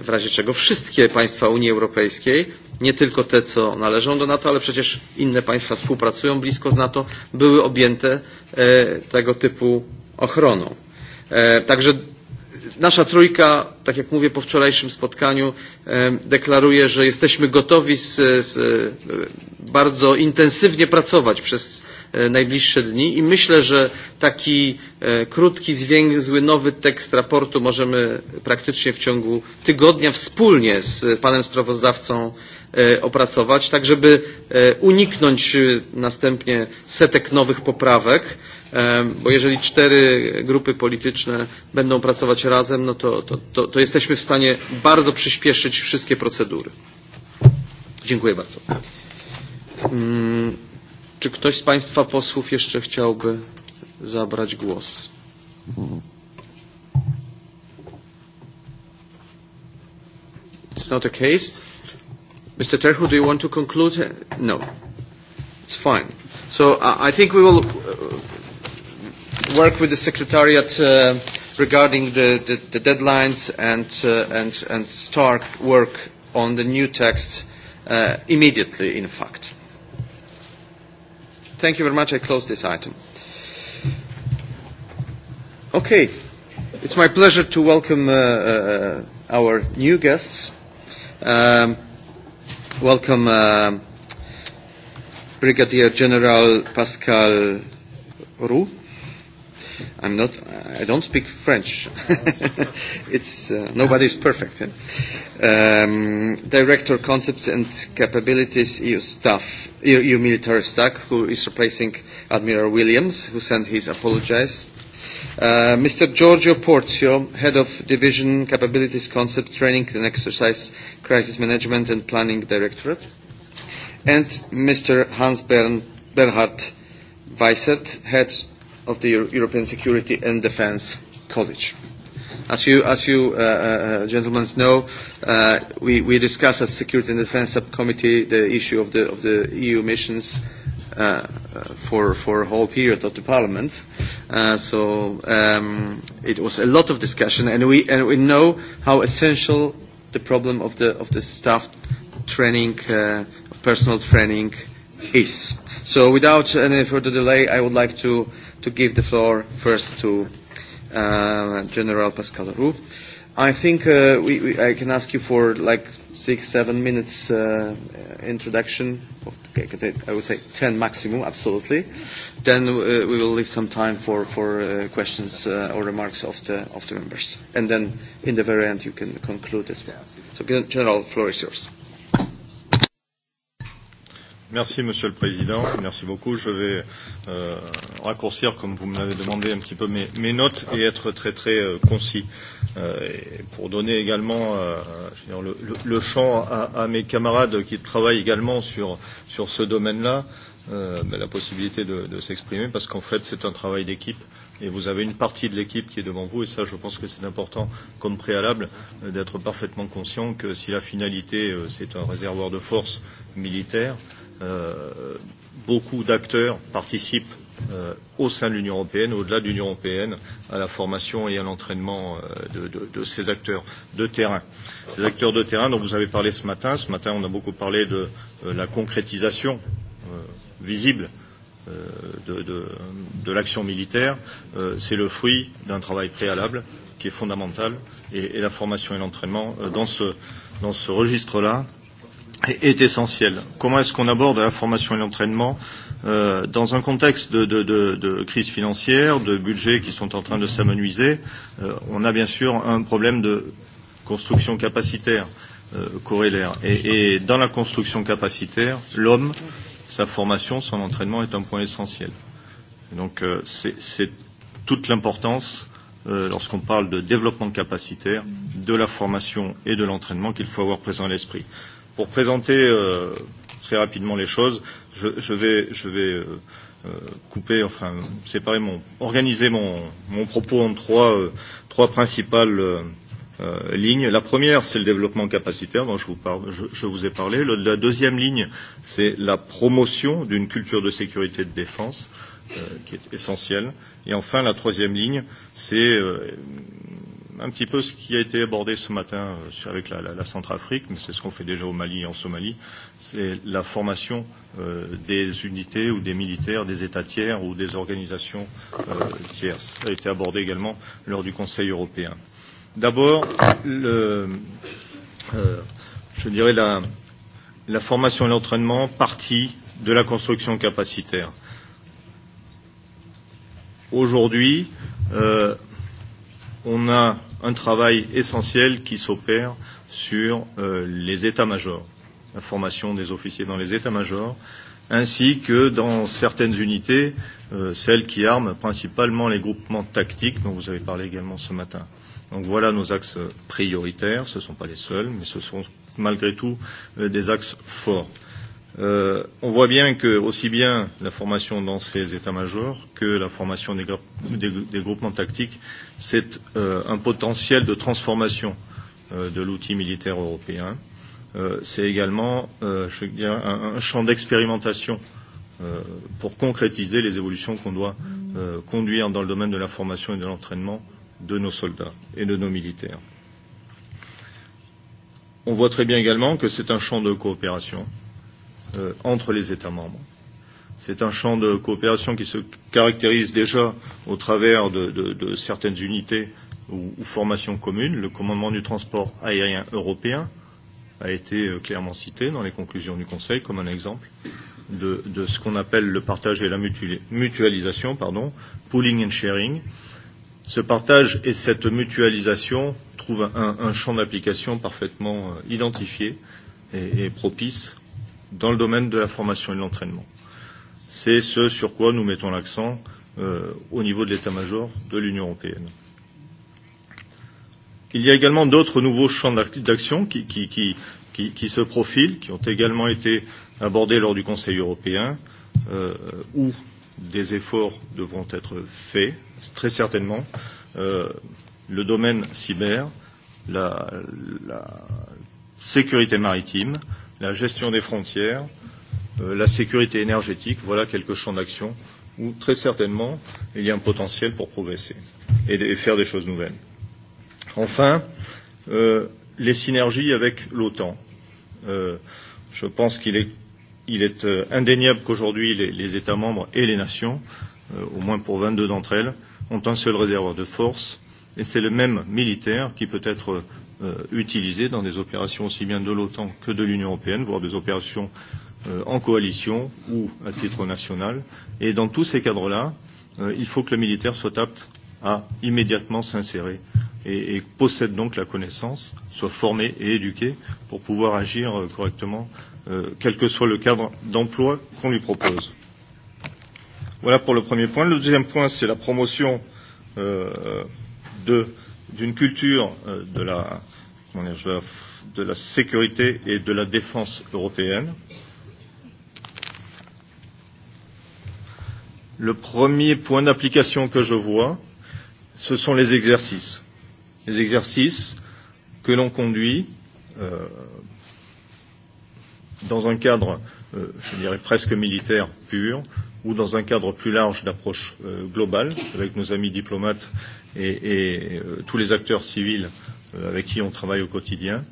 w razie czego wszystkie państwa Unii Europejskiej, nie tylko te, co należą do NATO, ale przecież inne państwa współpracują blisko z NATO, były objęte tego typu ochroną. Także Nasza trójka, tak jak mówię po wczorajszym spotkaniu, deklaruje, że jesteśmy gotowi z, z, bardzo intensywnie pracować przez najbliższe dni i myślę, że taki krótki, zwięzły, nowy tekst raportu możemy praktycznie w ciągu tygodnia wspólnie z panem sprawozdawcą opracować, tak żeby uniknąć następnie setek nowych poprawek bo jeżeli cztery grupy polityczne będą pracować razem, no to, to, to, to jesteśmy w stanie bardzo przyspieszyć wszystkie procedury. Dziękuję bardzo. Czy ktoś z Państwa posłów jeszcze chciałby zabrać głos? It's not the case. Mr. Terhu, do you want to conclude? No. It's fine. So uh, I think we will Uh, work with the Secretariat uh, regarding the, the, the deadlines and, uh, and, and start work on the new text uh, immediately, in fact. Thank you very much. I close this item. Okay. It's my pleasure to welcome uh, uh, our new guests. Um, welcome uh, Brigadier General Pascal Roux I'm not, I don't speak French. it's, uh, nobody's perfect. Eh? Um, director concepts and capabilities, EU staff, EU, EU military staff, who is replacing Admiral Williams, who sent his apologies. Uh, Mr. Giorgio Porzio, head of division capabilities concept training and exercise crisis management and planning directorate. And Mr. Hans Bern, Bernhard Weissert, head of the Euro- European Security and Defence College. As you, as you uh, uh, gentlemen know, uh, we, we discussed as Security and Defence Subcommittee the issue of the, of the EU missions uh, for, for a whole period of the Parliament. Uh, so um, it was a lot of discussion, and we, and we know how essential the problem of the, of the staff training, uh, personal training is. So without any further delay, I would like to to give the floor first to uh, General Pascal Roux. I think uh, we, we, I can ask you for like six, seven minutes uh, introduction. I would say ten maximum, absolutely. Then uh, we will leave some time for for uh, questions uh, or remarks of the of the members, and then in the very end you can conclude as well. So, General, the floor is yours. Merci, Monsieur le Président. Merci beaucoup. Je vais euh, raccourcir, comme vous me l'avez demandé, un petit peu mes, mes notes et être très très euh, concis euh, et pour donner également euh, dire, le, le, le champ à, à mes camarades qui travaillent également sur sur ce domaine-là, euh, la possibilité de, de s'exprimer parce qu'en fait c'est un travail d'équipe et vous avez une partie de l'équipe qui est devant vous, et ça, je pense que c'est important comme préalable d'être parfaitement conscient que si la finalité, c'est un réservoir de force militaire, beaucoup d'acteurs participent euh, au sein de l'Union européenne, au-delà de l'Union européenne, à la formation et à l'entraînement de, de, de ces acteurs de terrain. Ces acteurs de terrain dont vous avez parlé ce matin, ce matin on a beaucoup parlé de euh, la concrétisation euh, visible euh, de, de, de l'action militaire, euh, c'est le fruit d'un travail préalable qui est fondamental et, et la formation et l'entraînement euh, dans ce, dans ce registre-là est essentiel. Comment est-ce qu'on aborde la formation et l'entraînement euh, dans un contexte de, de, de, de crise financière, de budgets qui sont en train de s'amenuiser euh, On a bien sûr un problème de construction capacitaire euh, corrélaire. Et, et dans la construction capacitaire, l'homme, sa formation, son entraînement est un point essentiel. Et donc euh, c'est toute l'importance euh, lorsqu'on parle de développement capacitaire, de la formation et de l'entraînement qu'il faut avoir présent à l'esprit pour présenter euh, très rapidement les choses, je, je vais, je vais euh, couper, enfin séparer mon, organiser mon, mon propos en trois, euh, trois principales euh, euh, lignes. La première, c'est le développement capacitaire dont je vous, parle, je, je vous ai parlé. Le, la deuxième ligne, c'est la promotion d'une culture de sécurité et de défense euh, qui est essentielle. Et enfin, la troisième ligne, c'est euh, un petit peu ce qui a été abordé ce matin avec la, la, la Centrafrique, mais c'est ce qu'on fait déjà au Mali et en Somalie, c'est la formation euh, des unités ou des militaires des États tiers ou des organisations euh, tierces. Ça a été abordé également lors du Conseil européen. D'abord, euh, je dirais la, la formation et l'entraînement partie de la construction capacitaire. Aujourd'hui, euh, on a un travail essentiel qui s'opère sur euh, les états-majors, la formation des officiers dans les états-majors, ainsi que dans certaines unités, euh, celles qui arment principalement les groupements tactiques dont vous avez parlé également ce matin. Donc voilà nos axes prioritaires, ce ne sont pas les seuls, mais ce sont malgré tout euh, des axes forts. Euh, on voit bien que aussi bien la formation dans ces états-majors que la formation des, des, des groupements tactiques, c'est euh, un potentiel de transformation euh, de l'outil militaire européen. Euh, c'est également euh, je veux dire, un, un champ d'expérimentation euh, pour concrétiser les évolutions qu'on doit euh, conduire dans le domaine de la formation et de l'entraînement de nos soldats et de nos militaires. On voit très bien également que c'est un champ de coopération euh, entre les États membres. C'est un champ de coopération qui se caractérise déjà au travers de, de, de certaines unités ou, ou formations communes. Le commandement du transport aérien européen a été clairement cité dans les conclusions du Conseil comme un exemple de, de ce qu'on appelle le partage et la mutualisation, pardon, pooling and sharing. Ce partage et cette mutualisation trouvent un, un champ d'application parfaitement identifié et, et propice dans le domaine de la formation et de l'entraînement. C'est ce sur quoi nous mettons l'accent euh, au niveau de l'état-major de l'Union européenne. Il y a également d'autres nouveaux champs d'action qui, qui, qui, qui, qui se profilent, qui ont également été abordés lors du Conseil européen, euh, où des efforts devront être faits, très certainement. Euh, le domaine cyber, la, la sécurité maritime, la gestion des frontières, euh, la sécurité énergétique, voilà quelques champs d'action où très certainement il y a un potentiel pour progresser et, et faire des choses nouvelles. Enfin, euh, les synergies avec l'OTAN. Euh, je pense qu'il est, il est indéniable qu'aujourd'hui les, les États membres et les nations, euh, au moins pour 22 d'entre elles, ont un seul réservoir de force, et c'est le même militaire qui peut être euh, utilisés dans des opérations aussi bien de l'OTAN que de l'Union européenne, voire des opérations euh, en coalition ou à titre national. Et dans tous ces cadres-là, euh, il faut que le militaire soit apte à immédiatement s'insérer et, et possède donc la connaissance, soit formé et éduqué pour pouvoir agir euh, correctement, euh, quel que soit le cadre d'emploi qu'on lui propose. Voilà pour le premier point. Le deuxième point, c'est la promotion euh, de euh, d'une culture euh, de, la, dire, de la sécurité et de la défense européenne. Le premier point d'application que je vois, ce sont les exercices. Les exercices que l'on conduit euh, dans un cadre euh, je dirais presque militaire pur, ou dans un cadre plus large d'approche euh, globale, avec nos amis diplomates et, et euh, tous les acteurs civils euh, avec qui on travaille au quotidien,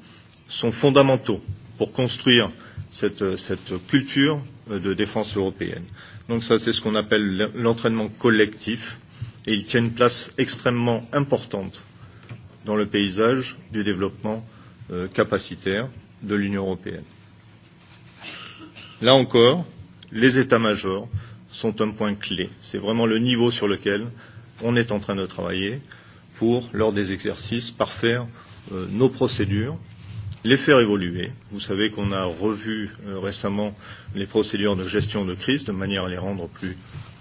sont fondamentaux pour construire cette, cette culture de défense européenne. Donc ça, c'est ce qu'on appelle l'entraînement collectif, et il tient une place extrêmement importante dans le paysage du développement euh, capacitaire de l'Union européenne. Là encore, les états-majors sont un point clé. C'est vraiment le niveau sur lequel on est en train de travailler pour, lors des exercices, parfaire euh, nos procédures, les faire évoluer. Vous savez qu'on a revu euh, récemment les procédures de gestion de crise de manière à les rendre plus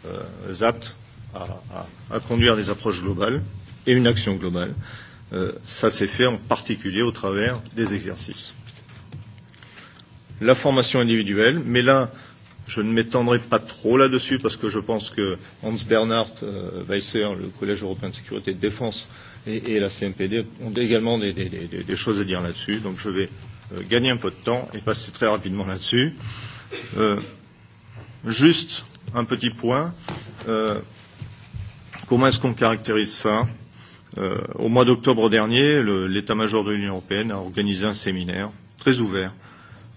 euh, aptes à, à, à conduire des approches globales et une action globale. Euh, ça s'est fait en particulier au travers des exercices la formation individuelle, mais là, je ne m'étendrai pas trop là-dessus parce que je pense que Hans Bernhard euh, Weisser, le Collège européen de sécurité et de défense et, et la CMPD ont également des, des, des, des choses à dire là-dessus. Donc je vais euh, gagner un peu de temps et passer très rapidement là-dessus. Euh, juste un petit point. Euh, comment est-ce qu'on caractérise ça euh, Au mois d'octobre dernier, l'état-major de l'Union européenne a organisé un séminaire très ouvert euh,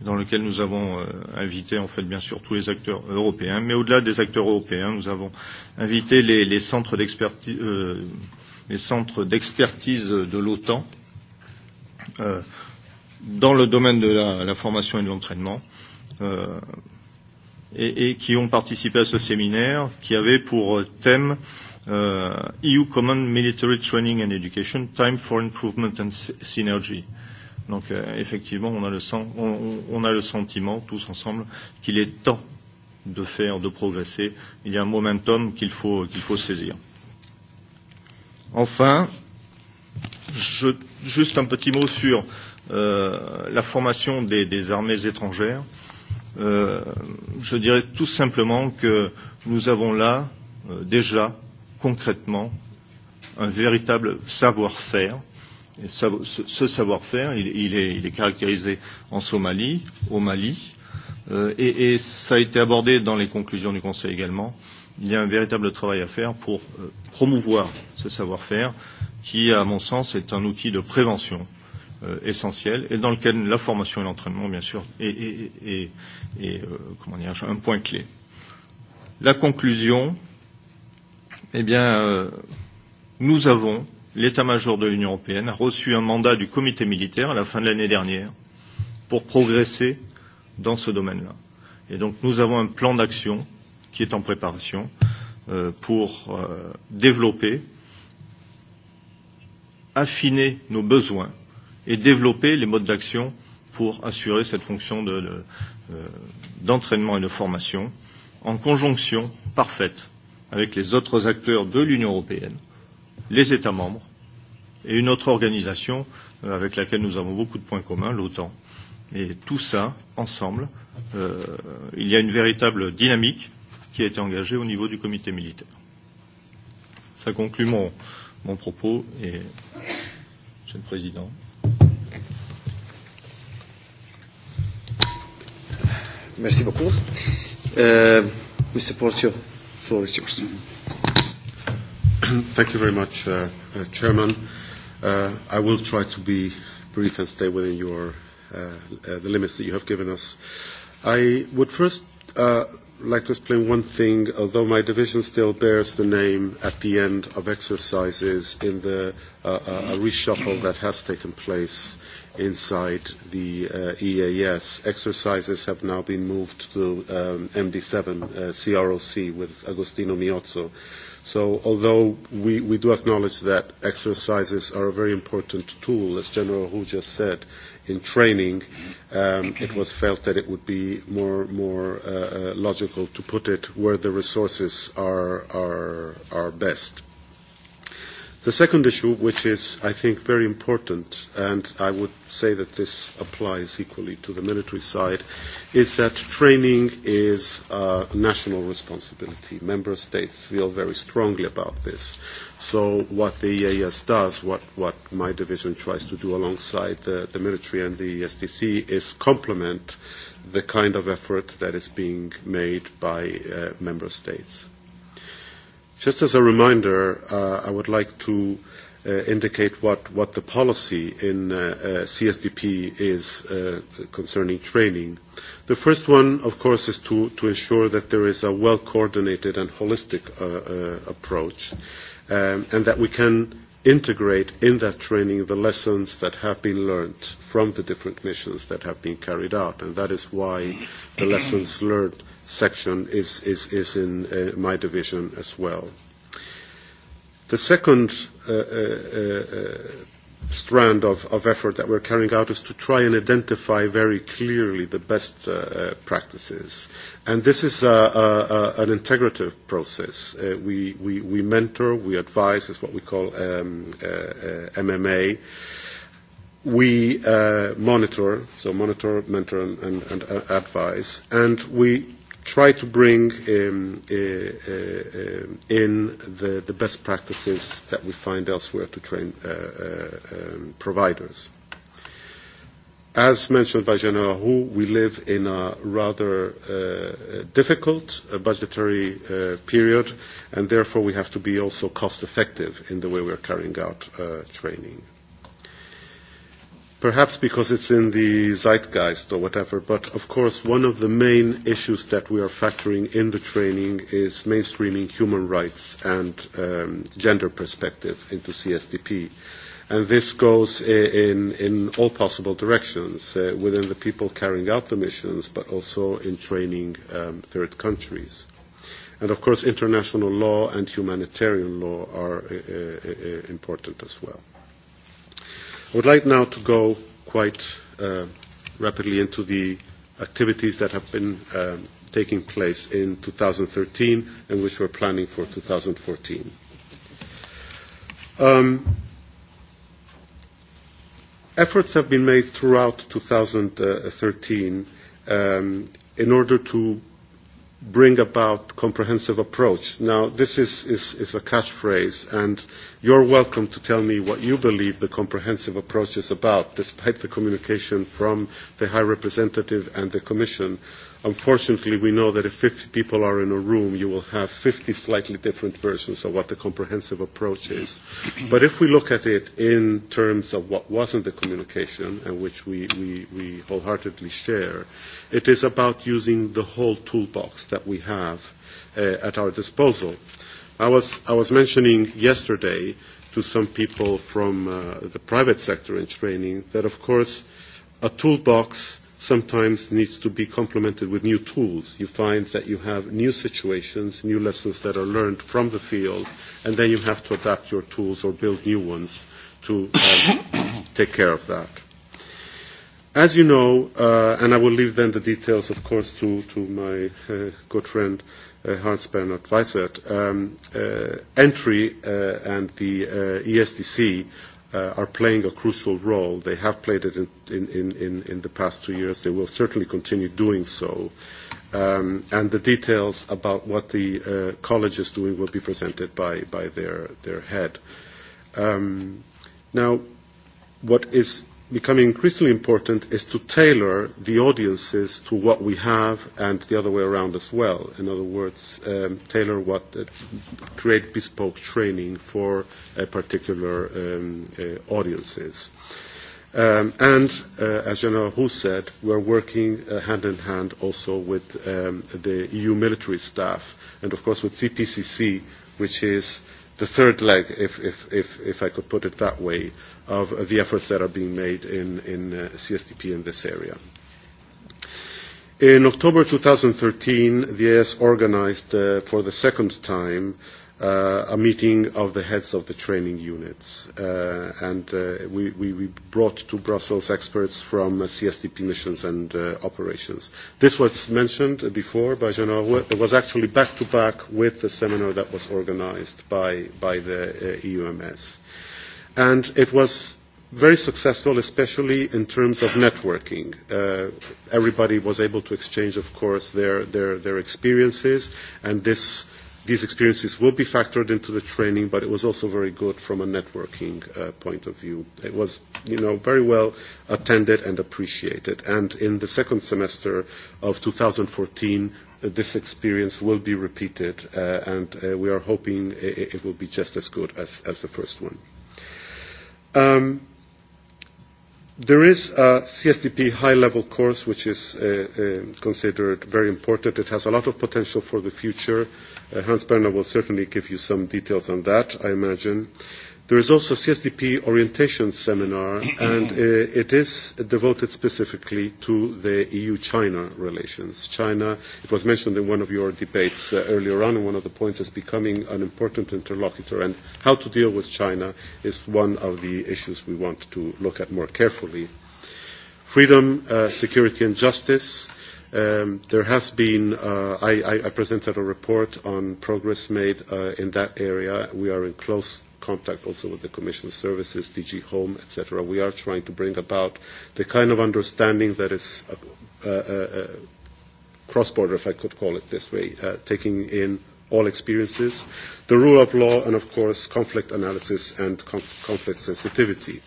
dans lequel nous avons euh, invité en fait bien sûr tous les acteurs européens, mais au-delà des acteurs européens, nous avons invité les, les centres d'expertise euh, les centres d'expertise de l'OTAN euh, dans le domaine de la, la formation et de l'entraînement euh, et, et qui ont participé à ce séminaire qui avait pour thème euh, EU Common Military Training and Education, Time for Improvement and Synergy. Euh, Donc euh, effectivement, on a, le sens, on, on a le sentiment tous ensemble qu'il est temps de faire, de progresser. Il y a un momentum qu'il faut, qu'il faut saisir. Enfin, je, juste un petit mot sur euh, la formation des, des armées étrangères. Euh, je dirais tout simplement que nous avons là euh, déjà concrètement un véritable savoir-faire euh, ce savoir-faire, il, il, est, il est caractérisé en Somalie, au Mali, euh, et, et ça a été abordé dans les conclusions du Conseil également. Il y a un véritable travail à faire pour euh, promouvoir ce savoir-faire, qui, à mon sens, est un outil de prévention euh, essentiel et dans lequel la formation et l'entraînement, bien sûr, est, est, est, est euh, comment dire, un point clé. La conclusion, eh bien, euh, nous avons l'état-major de l'Union européenne a reçu un mandat du comité militaire à la fin de l'année dernière pour progresser dans ce domaine-là. Et donc nous avons un plan d'action qui est en préparation euh, pour euh, développer, affiner nos besoins et développer les modes d'action pour assurer cette fonction d'entraînement de, de, euh, et de formation en conjonction parfaite avec les autres acteurs de l'Union européenne les États membres et une autre organisation avec laquelle nous avons beaucoup de points communs, l'OTAN. Et tout ça, ensemble, euh, il y a une véritable dynamique qui a été engagée au niveau du comité militaire. Ça conclut mon, mon propos et Monsieur le Président. Merci beaucoup. Euh, Mr. Portio, floor is yours. Thank you very much, uh, uh, Chairman. Uh, I will try to be brief and stay within your, uh, uh, the limits that you have given us. I would first uh, like to explain one thing, although my division still bears the name at the end of exercises in the uh, uh, reshuffle that has taken place inside the uh, EAS. Exercises have now been moved to um, MD7 uh, CROC with Agostino Miozzo So although we, we do acknowledge that exercises are a very important tool, as General Hu just said, in training, um, it was felt that it would be more, more uh, logical to put it where the resources are, are, are best. The second issue, which is, I think, very important, and I would say that this applies equally to the military side, is that training is a national responsibility. Member states feel very strongly about this. So what the EAS does, what, what my division tries to do alongside the, the military and the ESTC, is complement the kind of effort that is being made by uh, member states. Just as a reminder, uh, I would like to uh, indicate what, what the policy in uh, uh, CSDP is uh, concerning training. The first one, of course, is to, to ensure that there is a well-coordinated and holistic uh, uh, approach um, and that we can integrate in that training the lessons that have been learned from the different missions that have been carried out. And that is why the lessons learned section is, is, is in uh, my division as well. The second uh, uh, uh, strand of, of effort that we're carrying out is to try and identify very clearly the best uh, uh, practices. And this is a, a, a, an integrative process. Uh, we, we, we mentor, we advise, is what we call um, uh, uh, MMA. We uh, monitor, so monitor, mentor, and, and, and advise. And we try to bring um, uh, uh, in the, the best practices that we find elsewhere to train uh, uh, um, providers. As mentioned by General Hu, we live in a rather uh, difficult uh, budgetary uh, period, and therefore we have to be also cost effective in the way we are carrying out uh, training perhaps because it's in the zeitgeist or whatever, but of course one of the main issues that we are factoring in the training is mainstreaming human rights and um, gender perspective into CSDP. And this goes in, in all possible directions, uh, within the people carrying out the missions, but also in training um, third countries. And of course, international law and humanitarian law are uh, uh, important as well. I would like now to go quite uh, rapidly into the activities that have been um, taking place in 2013 and which we're planning for 2014. Um, efforts have been made throughout 2013 um, in order to bring about comprehensive approach. Now, this is, is, is a catchphrase, and you're welcome to tell me what you believe the comprehensive approach is about, despite the communication from the High Representative and the Commission Unfortunately, we know that if 50 people are in a room, you will have 50 slightly different versions of what the comprehensive approach is. But if we look at it in terms of what wasn't the communication, and which we, we, we wholeheartedly share, it is about using the whole toolbox that we have uh, at our disposal. I was, I was mentioning yesterday to some people from uh, the private sector in training that, of course, a toolbox sometimes needs to be complemented with new tools. You find that you have new situations, new lessons that are learned from the field, and then you have to adapt your tools or build new ones to um, take care of that. As you know, uh, and I will leave then the details, of course, to, to my uh, good friend uh, Hans Bernhard Weissert, um, uh, entry uh, and the uh, ESDC uh, are playing a crucial role. They have played it in, in, in, in the past two years. They will certainly continue doing so. Um, and the details about what the uh, college is doing will be presented by, by their, their head. Um, now, what is becoming increasingly important is to tailor the audiences to what we have and the other way around as well. In other words, um, tailor what, uh, create bespoke training for uh, particular um, uh, audiences. Um, and, uh, as General Hu said, we're working uh, hand in hand also with um, the EU military staff and, of course, with CPCC, which is the third leg, if, if, if, if I could put it that way, of the efforts that are being made in, in uh, CSTP in this area. In October 2013, the AS organized uh, for the second time uh, a meeting of the heads of the training units. Uh, and uh, we, we, we brought to Brussels experts from uh, CSDP missions and uh, operations. This was mentioned before by Jean Arouet. It was actually back-to-back with the seminar that was organized by, by the uh, EUMS and it was very successful, especially in terms of networking. Uh, everybody was able to exchange, of course, their, their, their experiences, and this, these experiences will be factored into the training, but it was also very good from a networking uh, point of view. It was, you know, very well attended and appreciated. And in the second semester of 2014, this experience will be repeated, uh, and uh, we are hoping it, it will be just as good as, as the first one. Um, there is a CSDP high-level course which is uh, uh, considered very important. It has a lot of potential for the future. Uh, Hans Berner will certainly give you some details on that, I imagine. Uh, There is also a CSDP orientation seminar, and uh, it is devoted specifically to the EU-China relations. China, it was mentioned in one of your debates uh, earlier on, and one of the points is becoming an important interlocutor, and how to deal with China is one of the issues we want to look at more carefully. Freedom, uh, security and justice, um, there has been, uh, I, I presented a report on progress made uh, in that area. We are in close contact also with the Commission services, DG Home, etc. We are trying to bring about the kind of understanding that is uh, uh, cross-border, if I could call it this way, uh, taking in all experiences, the rule of law, and of course, conflict analysis and conflict sensitivity.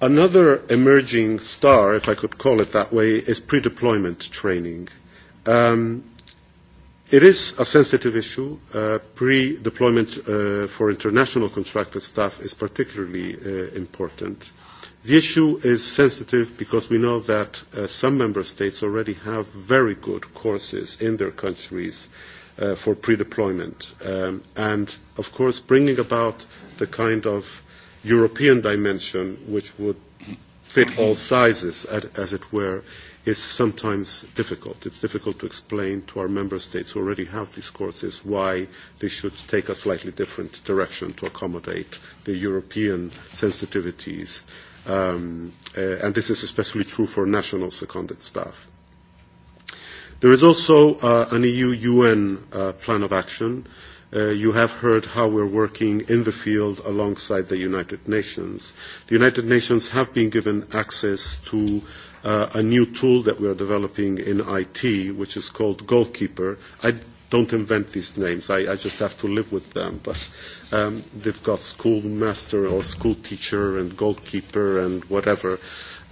Another emerging star, if I could call it that way, is pre-deployment training. Um, It is a sensitive issue. Uh, Pre-deployment uh, for international contracted staff is particularly uh, important. The issue is sensitive because we know that uh, some member states already have very good courses in their countries uh, for pre-deployment. Um, and, of course, bringing about the kind of European dimension which would fit all sizes, at, as it were, is sometimes difficult. It's difficult to explain to our member states who already have these courses why they should take a slightly different direction to accommodate the European sensitivities. Um, uh, and this is especially true for national seconded staff. There is also uh, an EU-UN uh, plan of action. Uh, you have heard how we're working in the field alongside the United Nations. The United Nations have been given access to uh, uh, a new tool that we are developing in IT, which is called Goalkeeper. I don't invent these names. I, I just have to live with them. But um, they've got schoolmaster or school teacher and goalkeeper and whatever.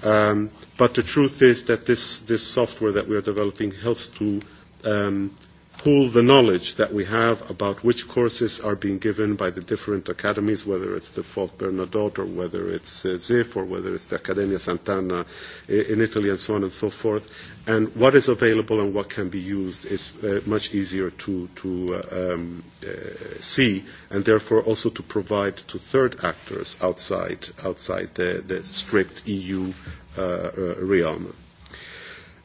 Um, but the truth is that this, this software that we are developing helps to um, pool the knowledge that we have about which courses are being given by the different academies, whether it's the Fort Bernadotte or whether it's uh, ZIF or whether it's the Accademia Sant'Anna in Italy and so on and so forth. And what is available and what can be used is uh, much easier to, to uh, um, uh, see and therefore also to provide to third actors outside, outside the, the strict EU uh, uh, realm.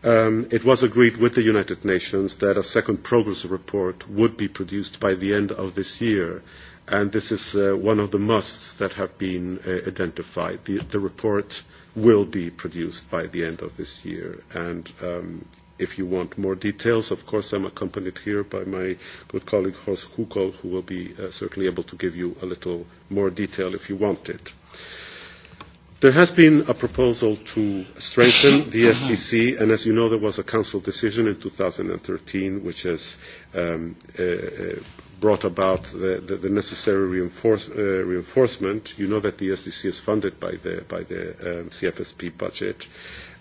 Um, it was agreed with the United Nations that a second progress report would be produced by the end of this year, and this is uh, one of the musts that have been uh, identified. The, the report will be produced by the end of this year, and um, if you want more details, of course, I'm accompanied here by my good colleague Horst Hukol, who will be uh, certainly able to give you a little more detail if you want it. There has been a proposal to strengthen the SDC, and as you know, there was a Council decision in 2013 which has um, uh, brought about the, the, the necessary reinforce, uh, reinforcement. You know that the SDC is funded by the, by the um, CFSP budget,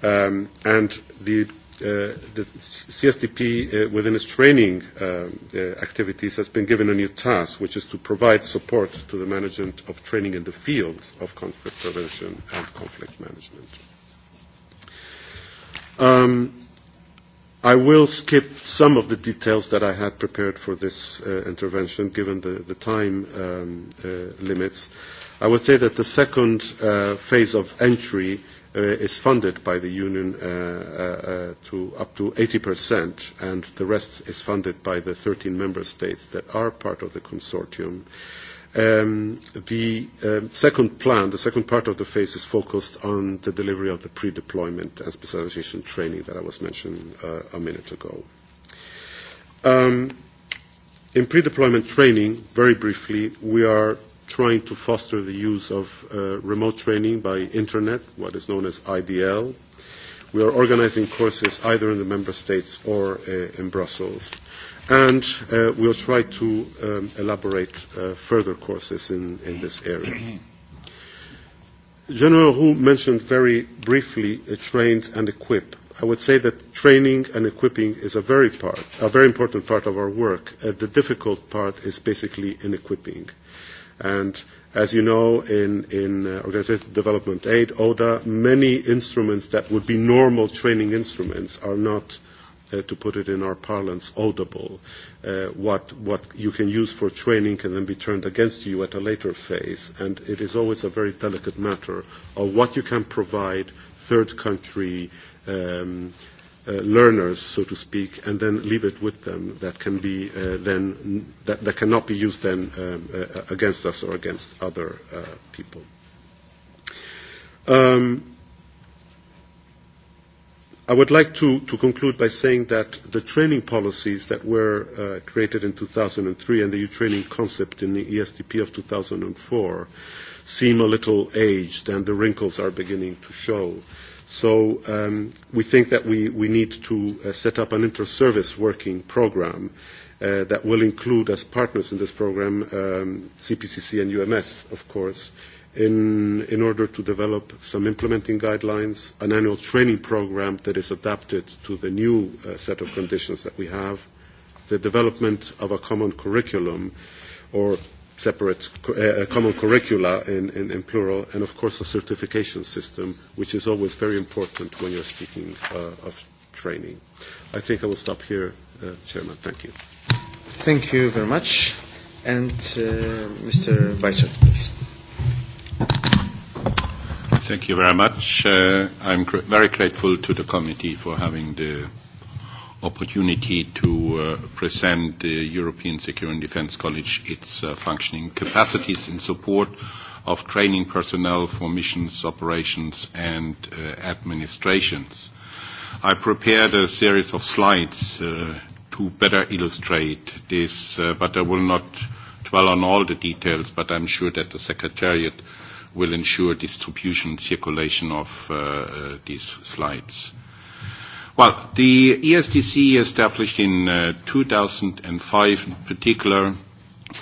um, and the the CSDP, uh, within its training uh, activities, has been given a new task, which is to provide support to the management of training in the field of conflict prevention and conflict management. Um, I will skip some of the details that I had prepared for this uh, intervention, given the, the time um, uh, limits. I would say that the second uh, phase of entry uh, is funded by the Union uh, uh, to up to 80%, and the rest is funded by the 13 member states that are part of the consortium. Um, the um, second plan, the second part of the phase, is focused on the delivery of the pre-deployment and specialization training that I was mentioning uh, a minute ago. Um, in pre-deployment training, very briefly, we are trying to foster the use of uh, remote training by internet, what is known as IDL. We are organizing courses either in the member states or uh, in Brussels. And uh, we'll try to um, elaborate uh, further courses in, in this area. General Roux mentioned very briefly uh, trained and equip. I would say that training and equipping is a very, part, a very important part of our work. Uh, the difficult part is basically in equipping. Uh, And as you know, in, in uh, organizational development aid, ODA, many instruments that would be normal training instruments are not uh, to put it in our parlance, Audible. Uh, what, what you can use for training can then be turned against you at a later phase, and it is always a very delicate matter of what you can provide third country um, uh, learners, so to speak, and then leave it with them that can be uh, then that, that cannot be used then um, uh, against us or against other uh, people. Um, I would like to, to conclude by saying that the training policies that were uh, created in 2003 and the e-training concept in the ESDP of 2004 seem a little aged and the wrinkles are beginning to show. Uh, So um, we think that we, we need to uh, set up an inter-service working program uh, that will include as partners in this program um, CPCC and UMS, of course, in, in order to develop some implementing guidelines, an annual training program that is adapted to the new uh, set of conditions that we have, the development of a common curriculum or separate uh, common curricula in, in, in plural, and of course a certification system, which is always very important when you're speaking uh, of training. I think I will stop here, uh, Chairman. Thank you. Thank you very much. And uh, Mr. Vice please. Thank you very much. Uh, I'm gr- very grateful to the committee for having the opportunity to uh, present the European Security and Defense College its uh, functioning capacities in support of training personnel for missions, operations and uh, administrations. I prepared a series of slides uh, to better illustrate this, uh, but I will not dwell on all the details, but I'm sure that the Secretariat will ensure distribution circulation of uh, uh, these slides. Uh, Well, the ESDC established in uh, 2005 in particular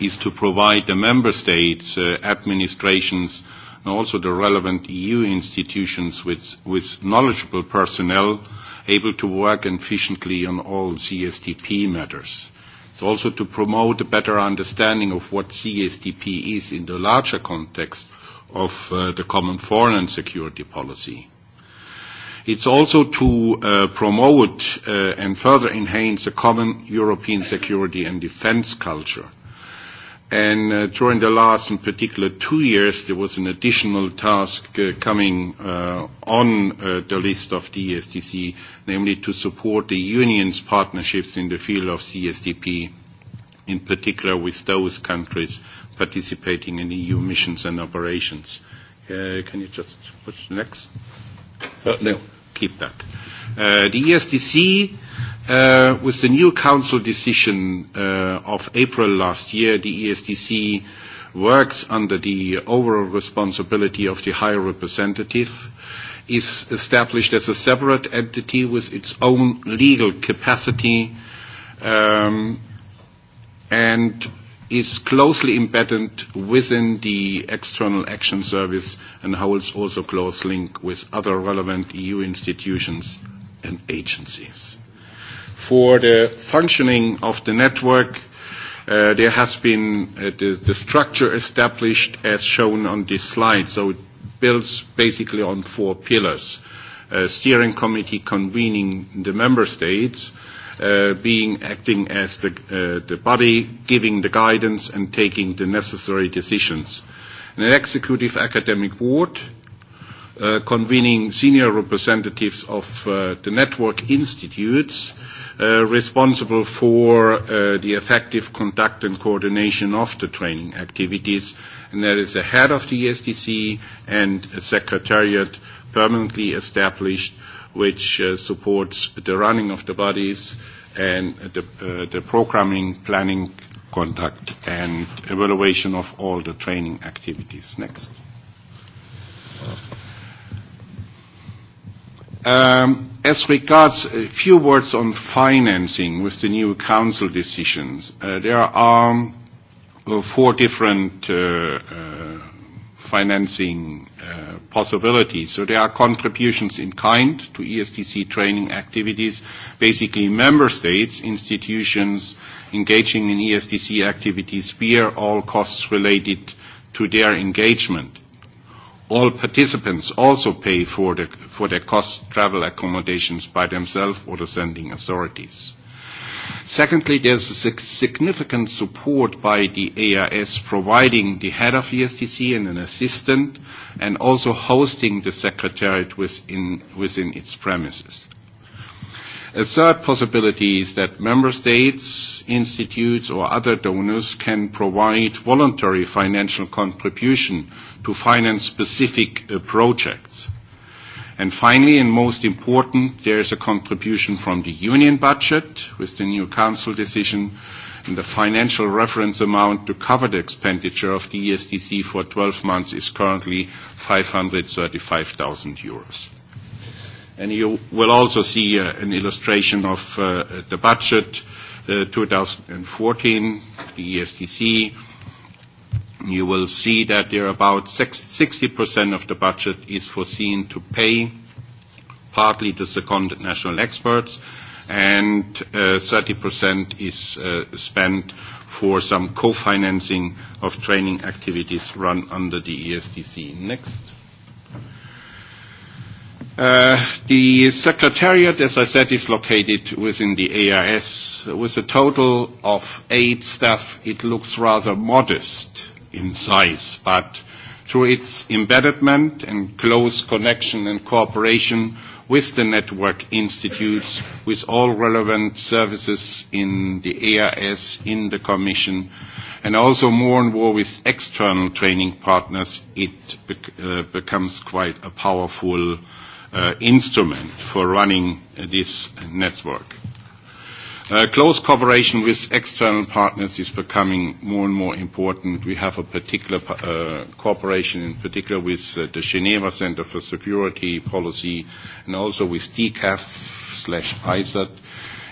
is to provide the member states, uh, administrations, and also the relevant EU institutions with, with knowledgeable personnel able to work efficiently on all CSDP matters. It's also to promote a better understanding of what CSDP is in the larger context of uh, the common foreign and security policy. It's also to uh, promote uh, and further enhance a common European security and defense culture. And uh, during the last, in particular, two years, there was an additional task uh, coming uh, on uh, the list of the ESDC, namely to support the Union's partnerships in the field of CSDP, in particular with those countries participating in EU missions and operations. Uh, can you just push next? Uh, no keep that. Uh, the ESDC, uh, with the new council decision uh, of April last year, the ESDC works under the overall responsibility of the High Representative, is established as a separate entity with its own legal capacity, um, and is closely embedded within the External Action Service and holds also close link with other relevant EU institutions and agencies. For the functioning of the network, uh, there has been uh, the, the structure established as shown on this slide. So it builds basically on four pillars. Uh, steering committee convening the member states, uh, uh, being acting as the, uh, the body giving the guidance and taking the necessary decisions. And an executive academic board uh, convening senior representatives of uh, the network institutes uh, responsible for uh, the effective conduct and coordination of the training activities. And that is a head of the ESDC and a secretariat permanently established uh, which uh, supports the running of the bodies and the, uh, the programming, planning, conduct, and evaluation of all the training activities. Next. Um, as regards a few words on financing with the new council decisions, uh, there are um, four different uh, uh, financing uh, possibilities. So there are contributions in kind to ESTC training activities. Basically, member states, institutions engaging in ESTC activities bear all costs related to their engagement. All participants also pay for, the, for their cost travel accommodations by themselves or the sending authorities. Secondly, there's a significant support by the AIS providing the head of ESTC and an assistant and also hosting the secretariat within, within its premises. A third possibility is that member states, institutes or other donors can provide voluntary financial contribution to finance specific uh, projects. And finally, and most important, there is a contribution from the union budget with the new council decision and the financial reference amount to cover the expenditure of the ESDC for 12 months is currently 535,000 euros. And you will also see uh, an illustration of uh, the budget uh, 2014, the ESDC, you will see that there are about 60% of the budget is foreseen to pay partly the seconded national experts, and uh, is uh, spent for some co-financing of training activities run under the ESDC. Next. The secretariat, as I said, is located within the AIS. With a total of eight staff, it looks rather modest in size, but through its embeddedment and close connection and cooperation with the network institutes, with all relevant services in the ARS, in the Commission, and also more and more with external training partners, it bec- uh, becomes quite a powerful uh, instrument for running uh, this network. Uh, close cooperation with external partners is becoming more and more important. We have a particular uh, cooperation in particular with uh, the Geneva Center for Security Policy and also with DCAF slash ISAT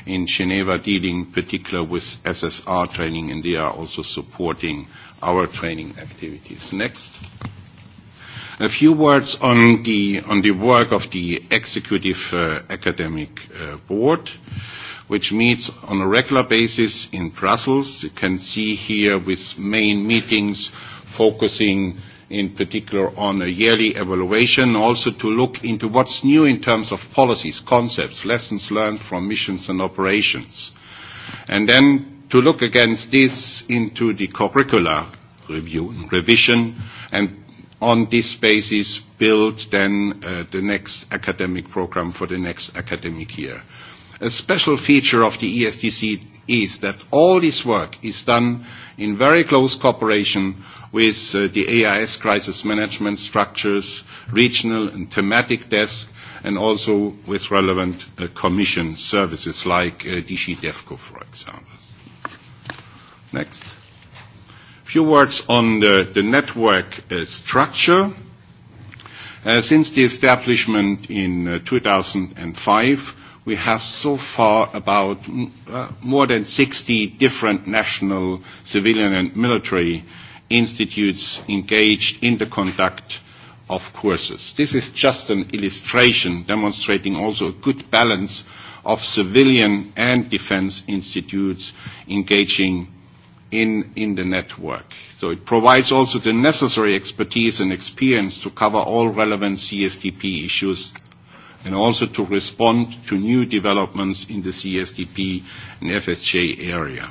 in Geneva dealing particular with SSR training and they are also supporting our training activities. Next. A few words on the, on the work of the Executive uh, Academic uh, Board. Uh, which meets on a regular basis in Brussels. You can see here with main meetings focusing in particular on a yearly evaluation, also to look into what's new in terms of policies, concepts, lessons learned from missions and operations. And then to look against this into the curricular review revision and on this basis build then uh, the next academic program for the next academic year. A special feature of the ESDC is that all this work is done in very close cooperation with uh, the AIS crisis management structures, regional and thematic desks, and also with relevant uh, commission services like uh, DG DEFCO, for example. Next. A few words on the, the network uh, structure. Uh, since the establishment in uh, 2005, we have so far about uh, more than 60 different national civilian and military institutes engaged in the conduct of courses. This is just an illustration demonstrating also a good balance of civilian and defense institutes engaging in, in the network. So it provides also the necessary expertise and experience to cover all relevant CSDP issues and also to respond to new developments in the CSDP and FSJ area.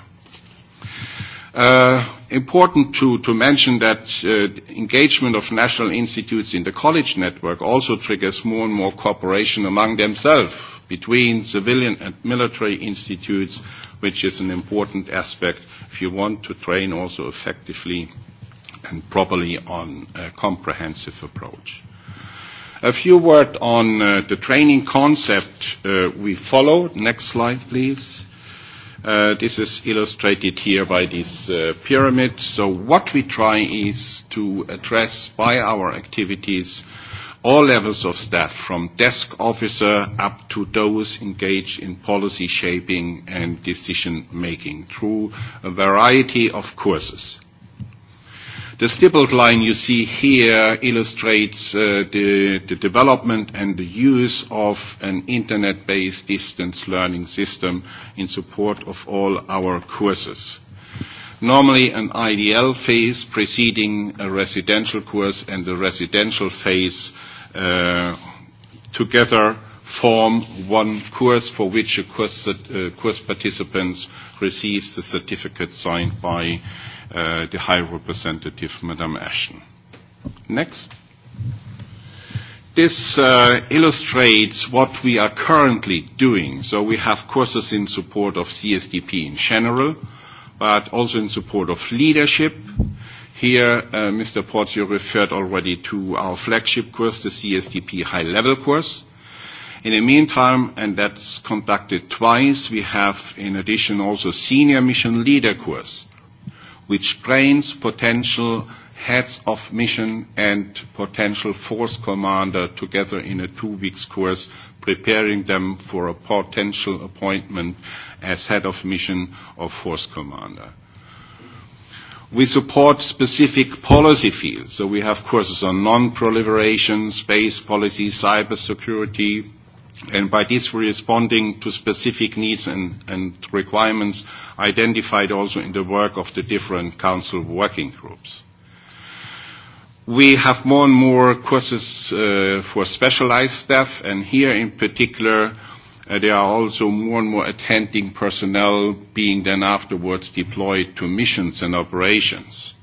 Uh, important to, to mention that uh, engagement of national institutes in the college network also triggers more and more cooperation among themselves between civilian and military institutes, which is an important aspect if you want to train also effectively and properly on a comprehensive approach. Uh, A few words on uh, the training concept uh, we follow. Next slide, please. Uh, this is illustrated here by this uh, pyramid. So what we try is to address by our activities all levels of staff, from desk officer up to those engaged in policy shaping and decision making through a variety of courses. The stippled line you see here illustrates uh, the, the development and the use of an internet-based distance learning system in support of all our courses. Normally an IDL phase preceding a residential course and the residential phase uh, together form one course for which a course, uh, course participants receives the certificate signed by uh, uh, the High Representative, Madame Ashton. Next. This uh, illustrates what we are currently doing. So we have courses in support of CSDP in general, but also in support of leadership. Here, uh, Mr. Portio referred already to our flagship course, the CSDP High Level course. In the meantime, and that's conducted twice, we have in addition also Senior Mission Leader course which trains potential heads of mission and potential force commander together in a two weeks course, preparing them for a potential appointment as head of mission or force commander. We support specific policy fields. So we have courses on non-proliferation, space policy, cybersecurity, and by this responding to specific needs and, and requirements identified also in the work of the different council working groups. We have more and more courses uh, for specialized staff, and here in particular, uh, there are also more and more attending personnel being then afterwards deployed to missions and operations.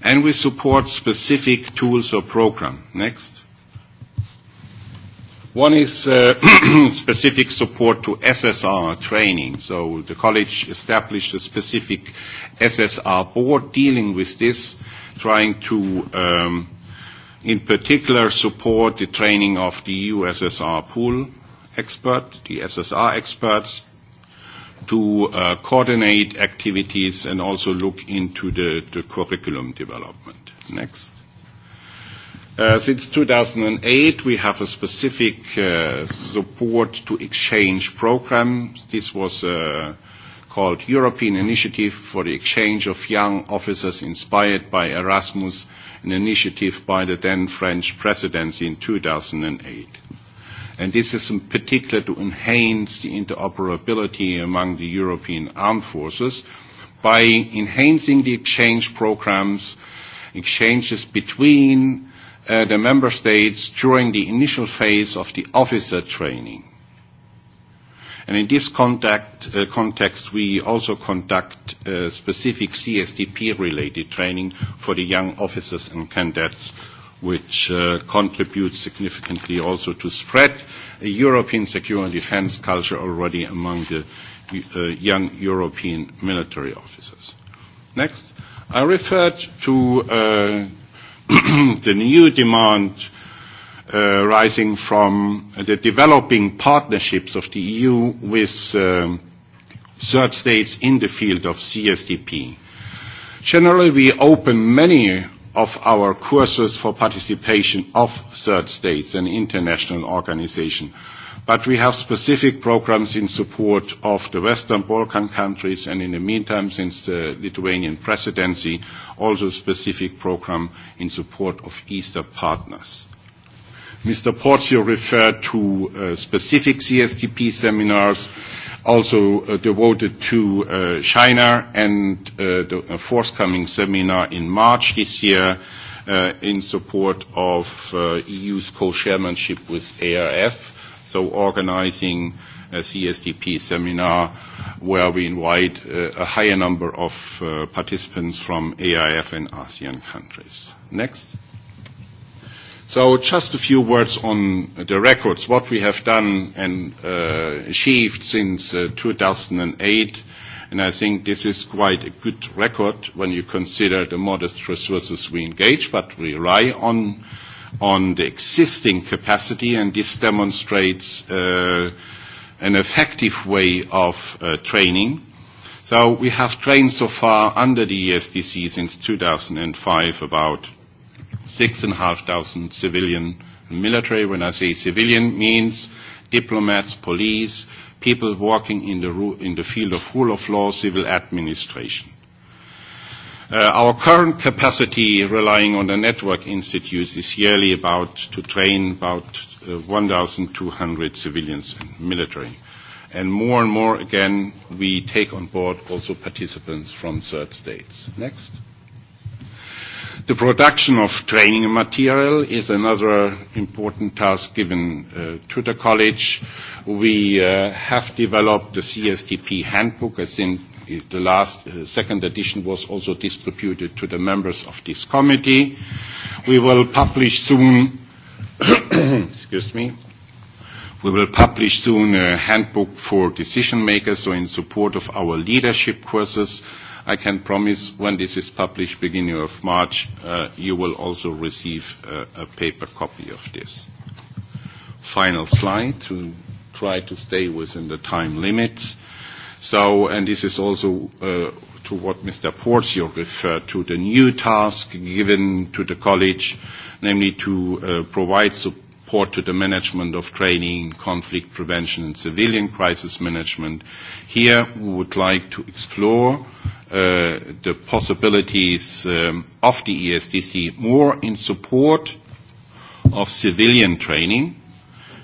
And we support specific tools or program. Next. One is uh, specific support to SSR training. So the college established a specific SSR board dealing with this, trying to, um, in particular, support the training of the EU SSR pool expert, the SSR experts, to uh, coordinate activities and also look into the, the curriculum development. Next since 2008, we have a specific uh, support to exchange program. This was uh, called European Initiative for the Exchange of Young Officers inspired by Erasmus, an initiative by the then French presidency in 2008. And this is in particular to enhance the interoperability among the European armed forces by enhancing the exchange programs, exchanges between uh, the member states during the initial phase of the officer training. And in this contact, uh, context, we also conduct uh, specific CSDP-related training for the young officers and candidates, which uh, contributes significantly also to spread a European secure and defense culture already among the uh, young European military officers. Next. I referred to uh, the new demand uh, rising from the developing partnerships of the EU with um, third states in the field of CSDP. Generally, we open many of our courses for participation of third states and international organizations But we have specific programs in support of the Western Balkan countries, and in the meantime, since the Lithuanian presidency, also a specific program in support of Eastern partners. Mr. Porzio referred to uh, specific CSTP seminars also uh, devoted to uh, China and uh, the forthcoming seminar in March this year uh, in support of uh, EU's co-chairmanship with ARF so organizing a CSDP seminar where we invite uh, a higher number of uh, participants from AIF and ASEAN countries. Next. So just a few words on the records, what we have done and uh, achieved since uh, 2008. And I think this is quite a good record when you consider the modest resources we engage, but we rely on on the existing capacity, and this demonstrates uh, an effective way of uh, training. So we have trained so far under the ESDC since 2005 about 6,500 civilian and military. When I say civilian, means diplomats, police, people working in the, in the field of rule of law, civil administration. Our current capacity relying on the network institutes is yearly about to train about 1,200 civilians and military. And More and more, again, we take on board also participants from third states. Next. The production of training material is another important task given uh, to the college. We uh, have developed the CSTP handbook, I think the last uh, second edition was also distributed to the members of this committee. We will publish soon. excuse me. We will publish soon a handbook for decision makers, so in support of our leadership courses. I can promise when this is published, beginning of March, uh, you will also receive a, a paper copy of this. Final slide to try to stay within the time limits. So, and this is also uh, to what Mr. Porzio referred to, the new task given to the college, namely to uh, provide support to the management of training, conflict prevention and civilian crisis management. Here we would like to explore uh, the possibilities um, of the ESDC more in support of civilian training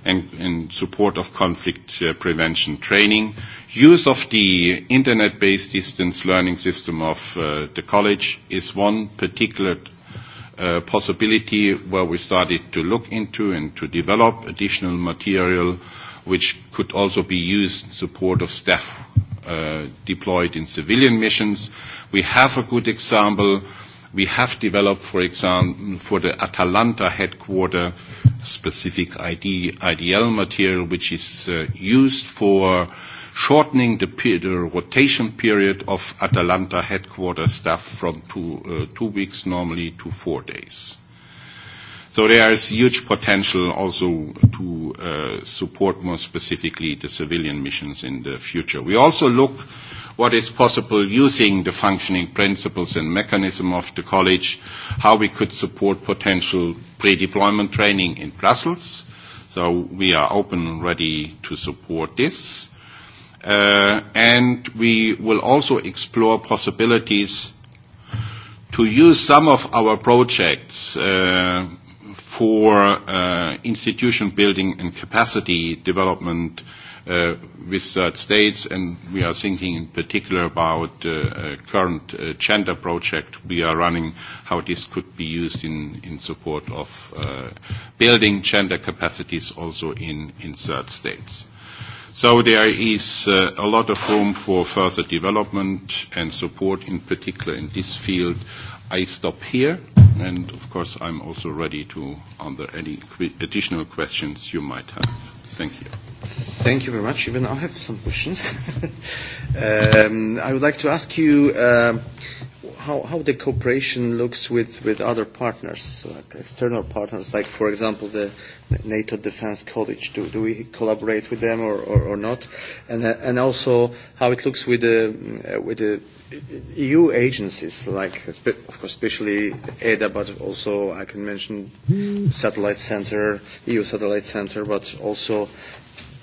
and in support of conflict uh, prevention training Use of the internet-based distance learning system of uh, the college is one particular uh, possibility where we started to look into and to develop additional material which could also be used in support of staff uh, deployed in civilian missions. We have a good example. We have developed, for example, for the Atalanta headquarter, specific ID, IDL material which is uh, used for shortening the, pe- the rotation period of Atalanta headquarters staff from two, uh, two weeks normally to four days. So there is huge potential also to uh, support more specifically the civilian missions in the future. We also look what is possible using the functioning principles and mechanism of the college, how we could support potential pre-deployment training in Brussels. So we are open and ready to support this. Uh, and we will also explore possibilities to use some of our projects uh, for uh, institution building and capacity development uh, with third states, and we are thinking in particular about the uh, current uh, gender project we are running, how this could be used in, in support of uh, building gender capacities also in, in third states. So there is uh, a lot of room for further development and support, in particular in this field. I stop here, and of course I'm also ready to answer any qu- additional questions you might have. Thank you. Thank you very much. Even I have some questions. um, I would like to ask you. Uh, how, how the cooperation looks with, with other partners, like external partners, like, for example, the NATO Defense College. Do, do we collaborate with them or, or, or not? And, uh, and also how it looks with the, uh, with the EU agencies, like of course, especially ADA, but also I can mention Satellite Center, EU Satellite Center, but also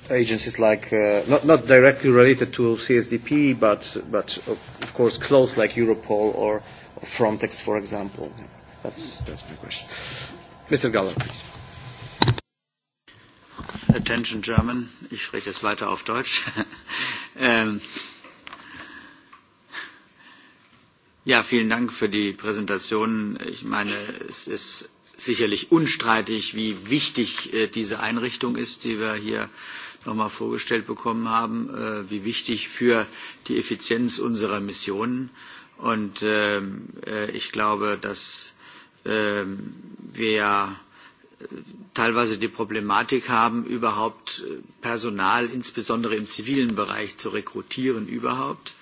agencies like, uh, not, not directly related to CSDP, but, but of course close like Europol or, Frontex, for example. That's, that's my question. Mr. Galler, please. Attention German. Ich spreche jetzt weiter auf Deutsch. ähm ja, vielen Dank für die Präsentation. Ich meine, es ist sicherlich unstreitig, wie wichtig äh, diese Einrichtung ist, die wir hier nochmal vorgestellt bekommen haben, äh, wie wichtig für die Effizienz unserer Missionen. Und äh, ich glaube, dass äh, wir ja teilweise die Problematik haben, überhaupt Personal, insbesondere im zivilen Bereich, zu rekrutieren überhaupt.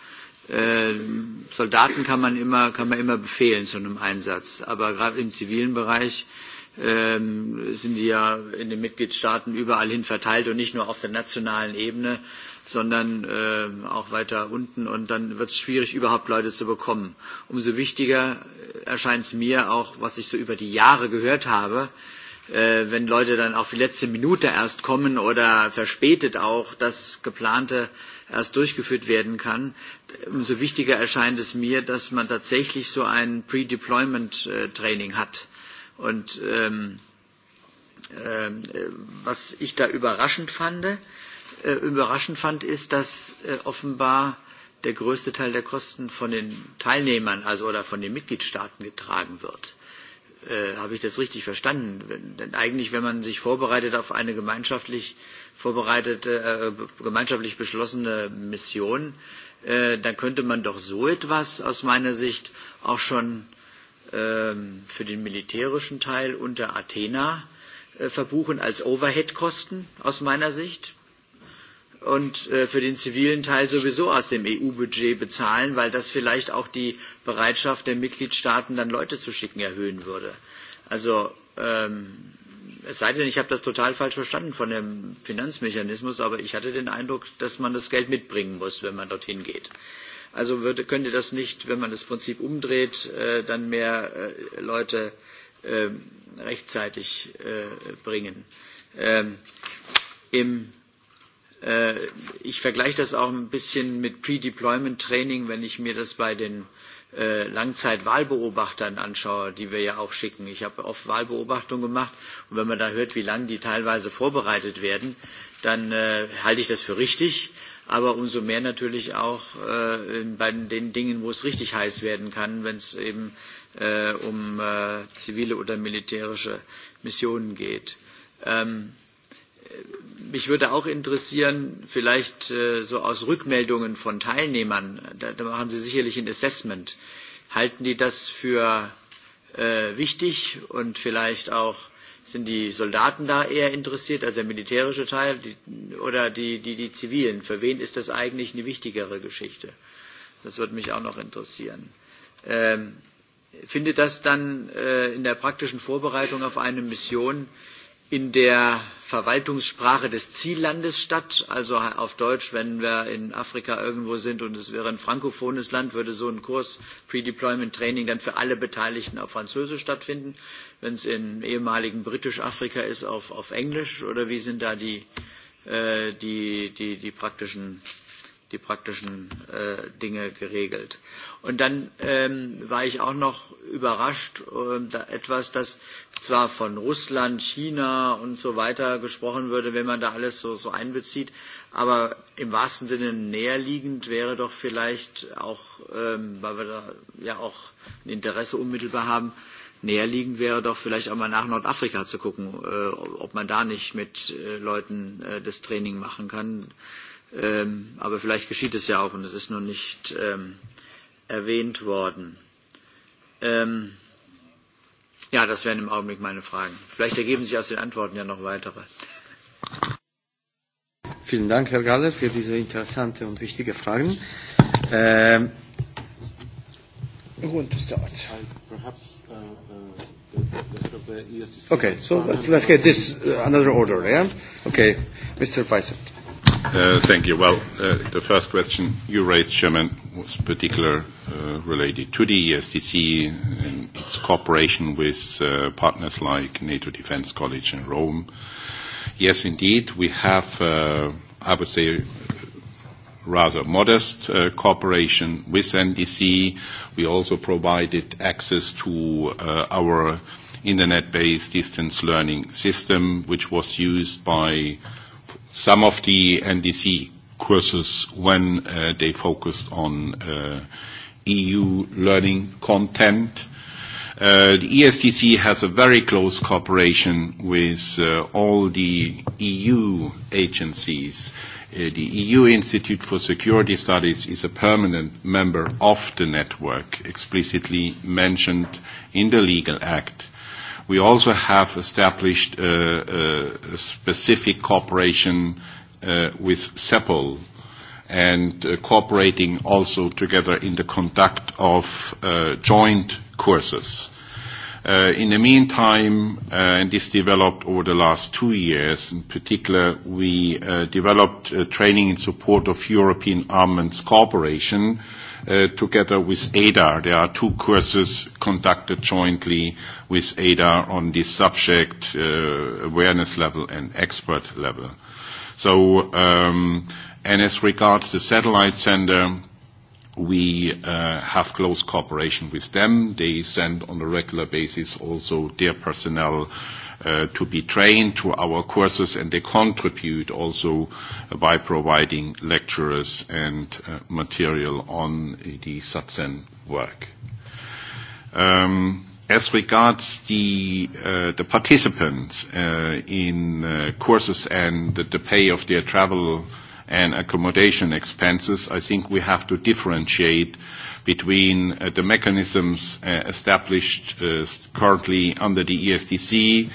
Soldaten kann man immer, kann man immer befehlen zu einem Einsatz, aber gerade im zivilen Bereich sind die ja in den Mitgliedstaaten überall hin verteilt und nicht nur auf der nationalen Ebene, sondern auch weiter unten. Und dann wird es schwierig, überhaupt Leute zu bekommen. Umso wichtiger erscheint es mir auch, was ich so über die Jahre gehört habe, wenn Leute dann auf die letzte Minute erst kommen oder verspätet auch das geplante erst durchgeführt werden kann, umso wichtiger erscheint es mir, dass man tatsächlich so ein Pre-Deployment-Training hat Und ähm, äh, was ich da überraschend fand, äh, überraschend fand, ist, dass äh, offenbar der größte Teil der Kosten von den Teilnehmern, also oder von den Mitgliedstaaten getragen wird. Äh, Habe ich das richtig verstanden? Wenn, denn eigentlich, wenn man sich vorbereitet auf eine gemeinschaftlich vorbereitete, äh, gemeinschaftlich beschlossene Mission, äh, dann könnte man doch so etwas aus meiner Sicht auch schon für den militärischen Teil unter Athena verbuchen als Overhead-Kosten aus meiner Sicht und äh, für den zivilen Teil sowieso aus dem EU-Budget bezahlen, weil das vielleicht auch die Bereitschaft der Mitgliedstaaten, dann Leute zu schicken, erhöhen würde. Also ähm, es sei denn, ich habe das total falsch verstanden von dem Finanzmechanismus, aber ich hatte den Eindruck, dass man das Geld mitbringen muss, wenn man dorthin geht. Also würde, könnte das nicht, wenn man das Prinzip umdreht, äh, dann mehr äh, Leute äh, rechtzeitig äh, bringen. Ähm, im, äh, ich vergleiche das auch ein bisschen mit Pre-Deployment-Training, wenn ich mir das bei den Langzeitwahlbeobachtern anschaue, die wir ja auch schicken. Ich habe oft Wahlbeobachtungen gemacht und wenn man da hört, wie lange die teilweise vorbereitet werden, dann äh, halte ich das für richtig, aber umso mehr natürlich auch äh, bei den Dingen, wo es richtig heiß werden kann, wenn es eben äh, um äh, zivile oder militärische Missionen geht. Ähm, mich würde auch interessieren, vielleicht so aus Rückmeldungen von Teilnehmern, da, machen Sie sicherlich ein Assessment, halten die das für wichtig und vielleicht auch sind die Soldaten da eher interessiert, also der militärische Teil die, oder die, die, die Zivilen? Für wen ist das eigentlich eine wichtigere Geschichte? Das würde mich auch noch interessieren. Ähm, findet das dann äh, in der praktischen Vorbereitung auf eine Mission äh, in der Verwaltungssprache des Ziellandes statt. Also auf Deutsch, wenn wir in Afrika irgendwo sind und es wäre ein frankophones Land, würde so ein Kurs Pre-Deployment Training dann für alle Beteiligten auf Französisch stattfinden. Wenn es im ehemaligen Britisch-Afrika ist, auf, auf Englisch oder wie sind da die, äh, die, die, die praktischen die praktischen äh, Dinge geregelt. Und dann ähm, war ich auch noch überrascht, äh, da etwas, das zwar von Russland, China und so weiter gesprochen würde, wenn man da alles so, so einbezieht, aber im wahrsten Sinne näherliegend wäre doch vielleicht auch, ähm, weil wir da ja auch ein Interesse unmittelbar haben, näher wäre doch vielleicht auch mal nach Nordafrika zu gucken, äh, ob man da nicht mit äh, Leuten äh, das Training machen kann. Äh, aber vielleicht geschieht es ja auch und es ist noch nicht erwähnt worden. ja, das wären im Augenblick meine Fragen. Vielleicht ergeben sich aus den Antworten ja noch weitere. Vielen Dank, Herr Galler, für diese interessante und wichtige Fragen. Ähm, to start? Perhaps uh, uh, the, the, the Okay, so let's, let's get this another order, yeah? Okay, Mr. Weissert thank you. Well, uh, the first question you raised, Chairman, was particular uh, related to the ESDC and its cooperation with uh, partners like NATO Defense College in Rome. Yes, indeed, we have, uh, I would say, rather modest uh, cooperation with NDC. We also provided access to uh, our internet-based distance learning system, which was used by some of the NDC courses when uh, they focused on uh, EU learning content. Uh, the ESTC has a very close cooperation with uh, all the EU agencies. Uh, the EU Institute for Security Studies is a permanent member of the network, explicitly mentioned in the legal act We also have established uh, uh, specific cooperation uh, with CEPOL and uh, cooperating also together in the conduct of uh, joint courses. Uh, in the meantime, uh, and this developed over the last two years in particular, we uh, developed uh, training in support of European Armaments Cooperation uh, uh, together with ADA. There are two courses conducted jointly with ADA on this subject, uh, awareness level and expert level. So, um, and as regards the satellite sender, we uh, have close cooperation with them. They send on a regular basis also their personnel uh, uh, to be trained to our courses and they contribute also by providing lecturers and uh, material on the satsen work. Um, as regards the, uh, the participants uh, in uh, courses and the, the pay of their travel and accommodation expenses, I think we have to differentiate between uh, the mechanisms uh, established uh, currently under the ESDC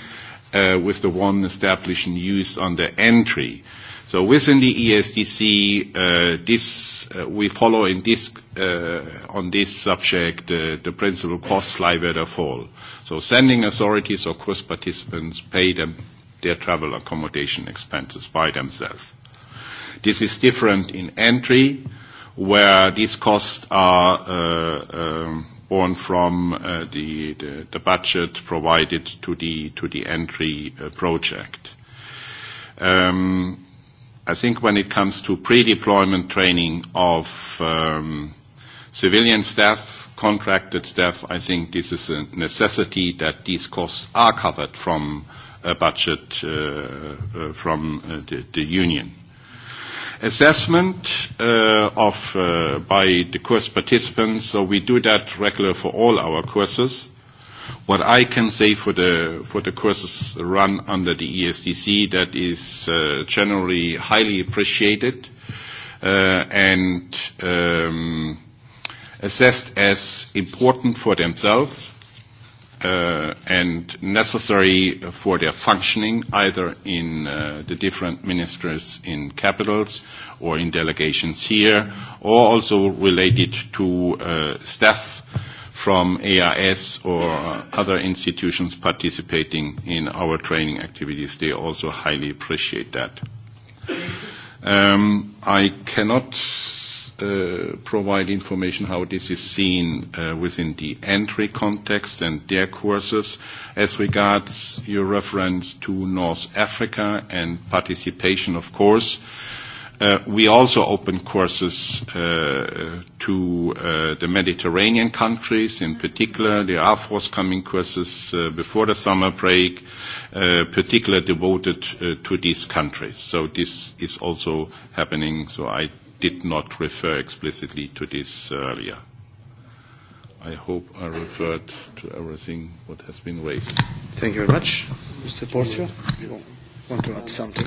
uh, with the one established and used on the entry. So within the ESDC, uh, this, uh, we follow in this, uh, on this subject uh, the principle costs lie where they fall. So sending authorities or course participants pay them their travel accommodation expenses by themselves. This is different in entry, where these costs are uh, um, born from uh, the, the, the budget provided to the, to the entry uh, project. Um, I think when it comes to pre-deployment training of um, civilian staff, contracted staff, I think this is a necessity that these costs are covered from a budget uh, uh, from uh, the, the union assessment uh, of uh, by the course participants. So we do that regular for all our courses. What I can say for the for the courses run under the ESDC that is uh, generally highly appreciated uh, and um, assessed as important for themselves uh, and necessary for their functioning, either in uh, the different ministries in capitals or in delegations here, or also related to uh, staff from AIS or other institutions participating in our training activities. They also highly appreciate that. Um, I cannot uh, provide information how this is seen uh, within the entry context and their courses. As regards your reference to North Africa and participation, of course, uh, we also open courses uh, to uh, the Mediterranean countries, in particular. There are forthcoming courses uh, before the summer break, uh, particularly devoted uh, to these countries. So this is also happening. So I did not refer explicitly to this earlier. I hope I referred to everything what has been raised. Thank you very much. Mr. Portia, you want to add something?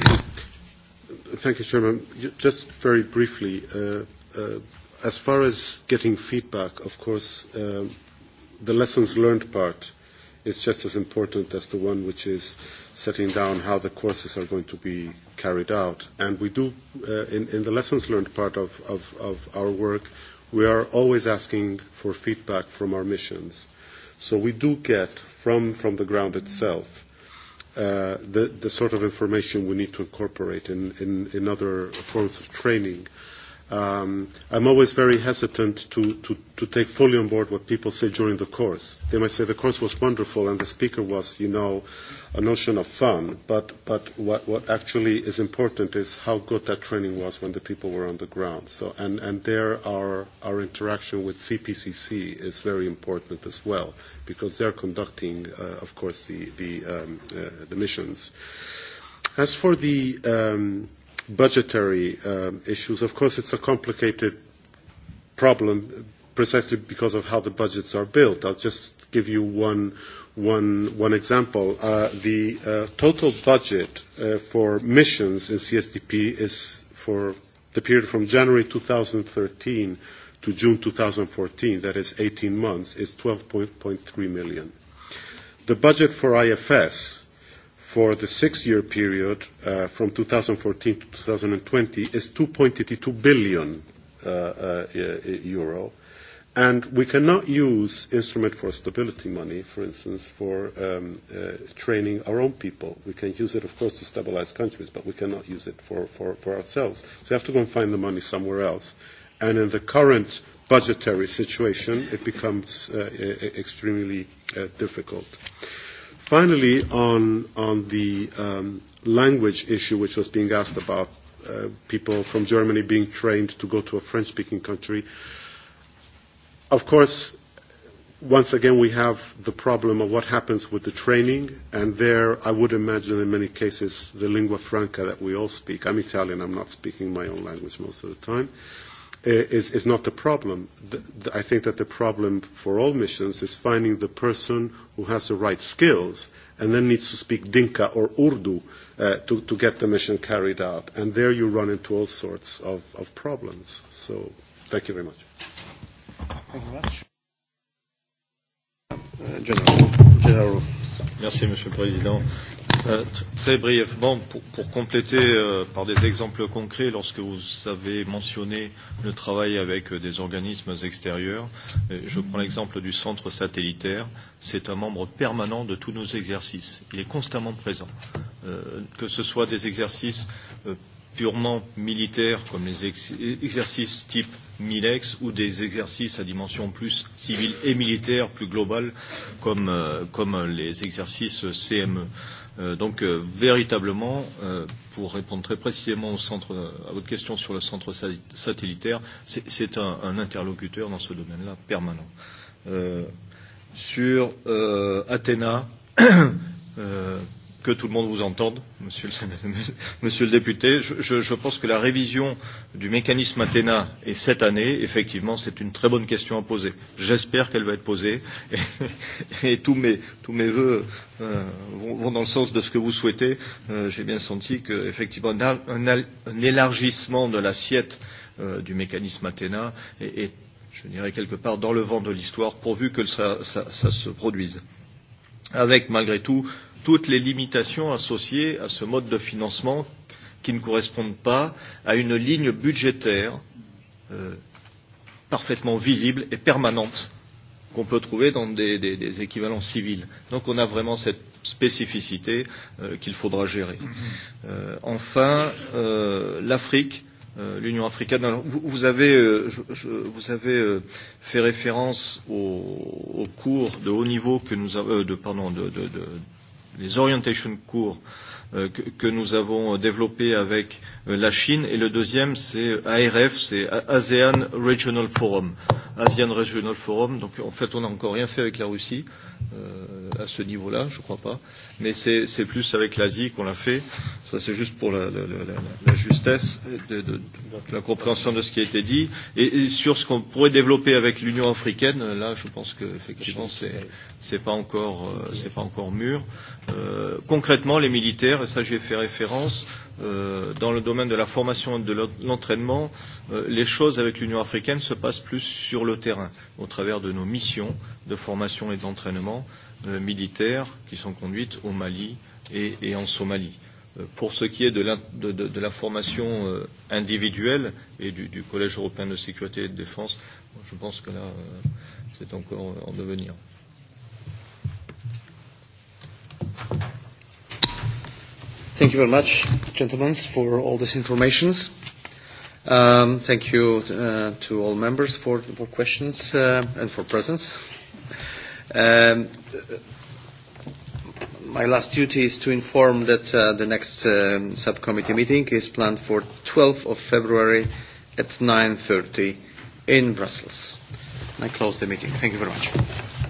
Thank you, Chairman. Just very briefly, uh, uh, as far as getting feedback, of course, uh, the lessons learned part – is just as important as the one which is setting down how the courses are going to be carried out. And we do, uh, in, in the lessons learned part of, of, of our work, we are always asking for feedback from our missions. So we do get from, from the ground itself uh, the, the sort of information we need to incorporate in, in, in other forms of training. Uh, um, I'm always very hesitant to, to, to take fully on board what people say during the course. They might say the course was wonderful and the speaker was, you know, a notion of fun, but, but what, what actually is important is how good that training was when the people were on the ground. So, and, and there our, our interaction with CPCC is very important as well, because they're conducting, uh, of course, the, the, um, uh, the missions. As for the... Um, budgetary um, issues. Of course, it's a complicated problem precisely because of how the budgets are built. I'll just give you one, one, one example. Uh, the uh, total budget uh, for missions in CSDP is for the period from January 2013 to June 2014, that is 18 months, is 12.3 million. The budget for IFS, for the six-year period uh, from 2014 to 2020 is 2.82 billion uh, uh, euro. And we cannot use instrument for stability money, for instance, for um, uh, training our own people. We can use it, of course, to stabilize countries, but we cannot use it for, for, for ourselves. So we have to go and find the money somewhere else. And in the current budgetary situation, it becomes uh, extremely uh, difficult. Finally, on, on the um, language issue which was being asked about uh, people from Germany being trained to go to a French-speaking country, of course, once again, we have the problem of what happens with the training, and there I would imagine in many cases the lingua franca that we all speak. I'm Italian, I'm not speaking my own language most of the time. Uh, is, is not the problem. The, the, I think that the problem for all missions is finding the person who has the right skills and then needs to speak Dinka or Urdu uh, to, to get the mission carried out. And there you run into all sorts of, of problems. So thank you very much. Thank you very much. Merci, Monsieur le Président. Euh, très brièvement, pour, pour compléter euh, par des exemples concrets, lorsque vous avez mentionné le travail avec euh, des organismes extérieurs, euh, je prends l'exemple du centre satellitaire. C'est un membre permanent de tous nos exercices. Il est constamment présent, euh, que ce soit des exercices euh, purement militaires comme les ex exercices type MILEX ou des exercices à dimension plus civile et militaire, plus globale, comme, euh, comme les exercices CME. Euh, donc euh, véritablement, euh, pour répondre très précisément au centre, à votre question sur le centre satellitaire, c'est un, un interlocuteur dans ce domaine-là permanent. Euh, sur euh, Athéna, euh, que tout le monde vous entende, monsieur le, monsieur le député. Je, je, je pense que la révision du mécanisme Athéna est cette année. Effectivement, c'est une très bonne question à poser. J'espère qu'elle va être posée et, et tous mes, tous mes vœux euh, vont, vont dans le sens de ce que vous souhaitez. Euh, J'ai bien senti qu'effectivement, un, un, un élargissement de l'assiette euh, du mécanisme Athéna est, est, je dirais, quelque part dans le vent de l'histoire, pourvu que ça, ça, ça se produise. Avec, malgré tout, euh, toutes les limitations associées à ce mode de financement qui ne correspondent pas à une ligne budgétaire euh, parfaitement visible et permanente qu'on peut trouver dans des, des, des équivalents civils. Donc on a vraiment cette spécificité euh, qu'il faudra gérer. Euh, enfin, euh, l'Afrique, euh, l'Union africaine. Alors, vous, vous avez, euh, je, je, vous avez euh, fait référence aux au cours de haut niveau que nous avons, euh, de, pardon, de, de, de, les orientations cours que nous avons développé avec la Chine et le deuxième c'est ARF, c'est ASEAN Regional Forum. ASEAN Regional Forum, donc en fait on n'a encore rien fait avec la Russie euh, à ce niveau-là, je crois pas, mais c'est plus avec l'Asie qu'on l'a fait. Ça c'est juste pour la, la, la, la justesse de, de, de, de la compréhension de ce qui a été dit et, et sur ce qu'on pourrait développer avec l'Union africaine. Là, je pense que effectivement c'est pas encore euh, pas encore mûr. Euh, concrètement, les militaires et ça j'ai fait référence, dans le domaine de la formation et de l'entraînement, les choses avec l'Union africaine se passent plus sur le terrain, au travers de nos missions de formation et d'entraînement militaires qui sont conduites au Mali et, et en Somalie. Pour ce qui est de, de, de, de la formation individuelle et du, du Collège européen de sécurité et de défense, je pense que là, c'est encore en devenir. Thank you. Thank you very much, gentlemen, for all this information. Um, thank you uh, to all members for, for questions uh, and for presence. Um, my last duty is to inform that uh, the next um, subcommittee meeting is planned for 12th of February at 9.30 in Brussels. I close the meeting. Thank you very much.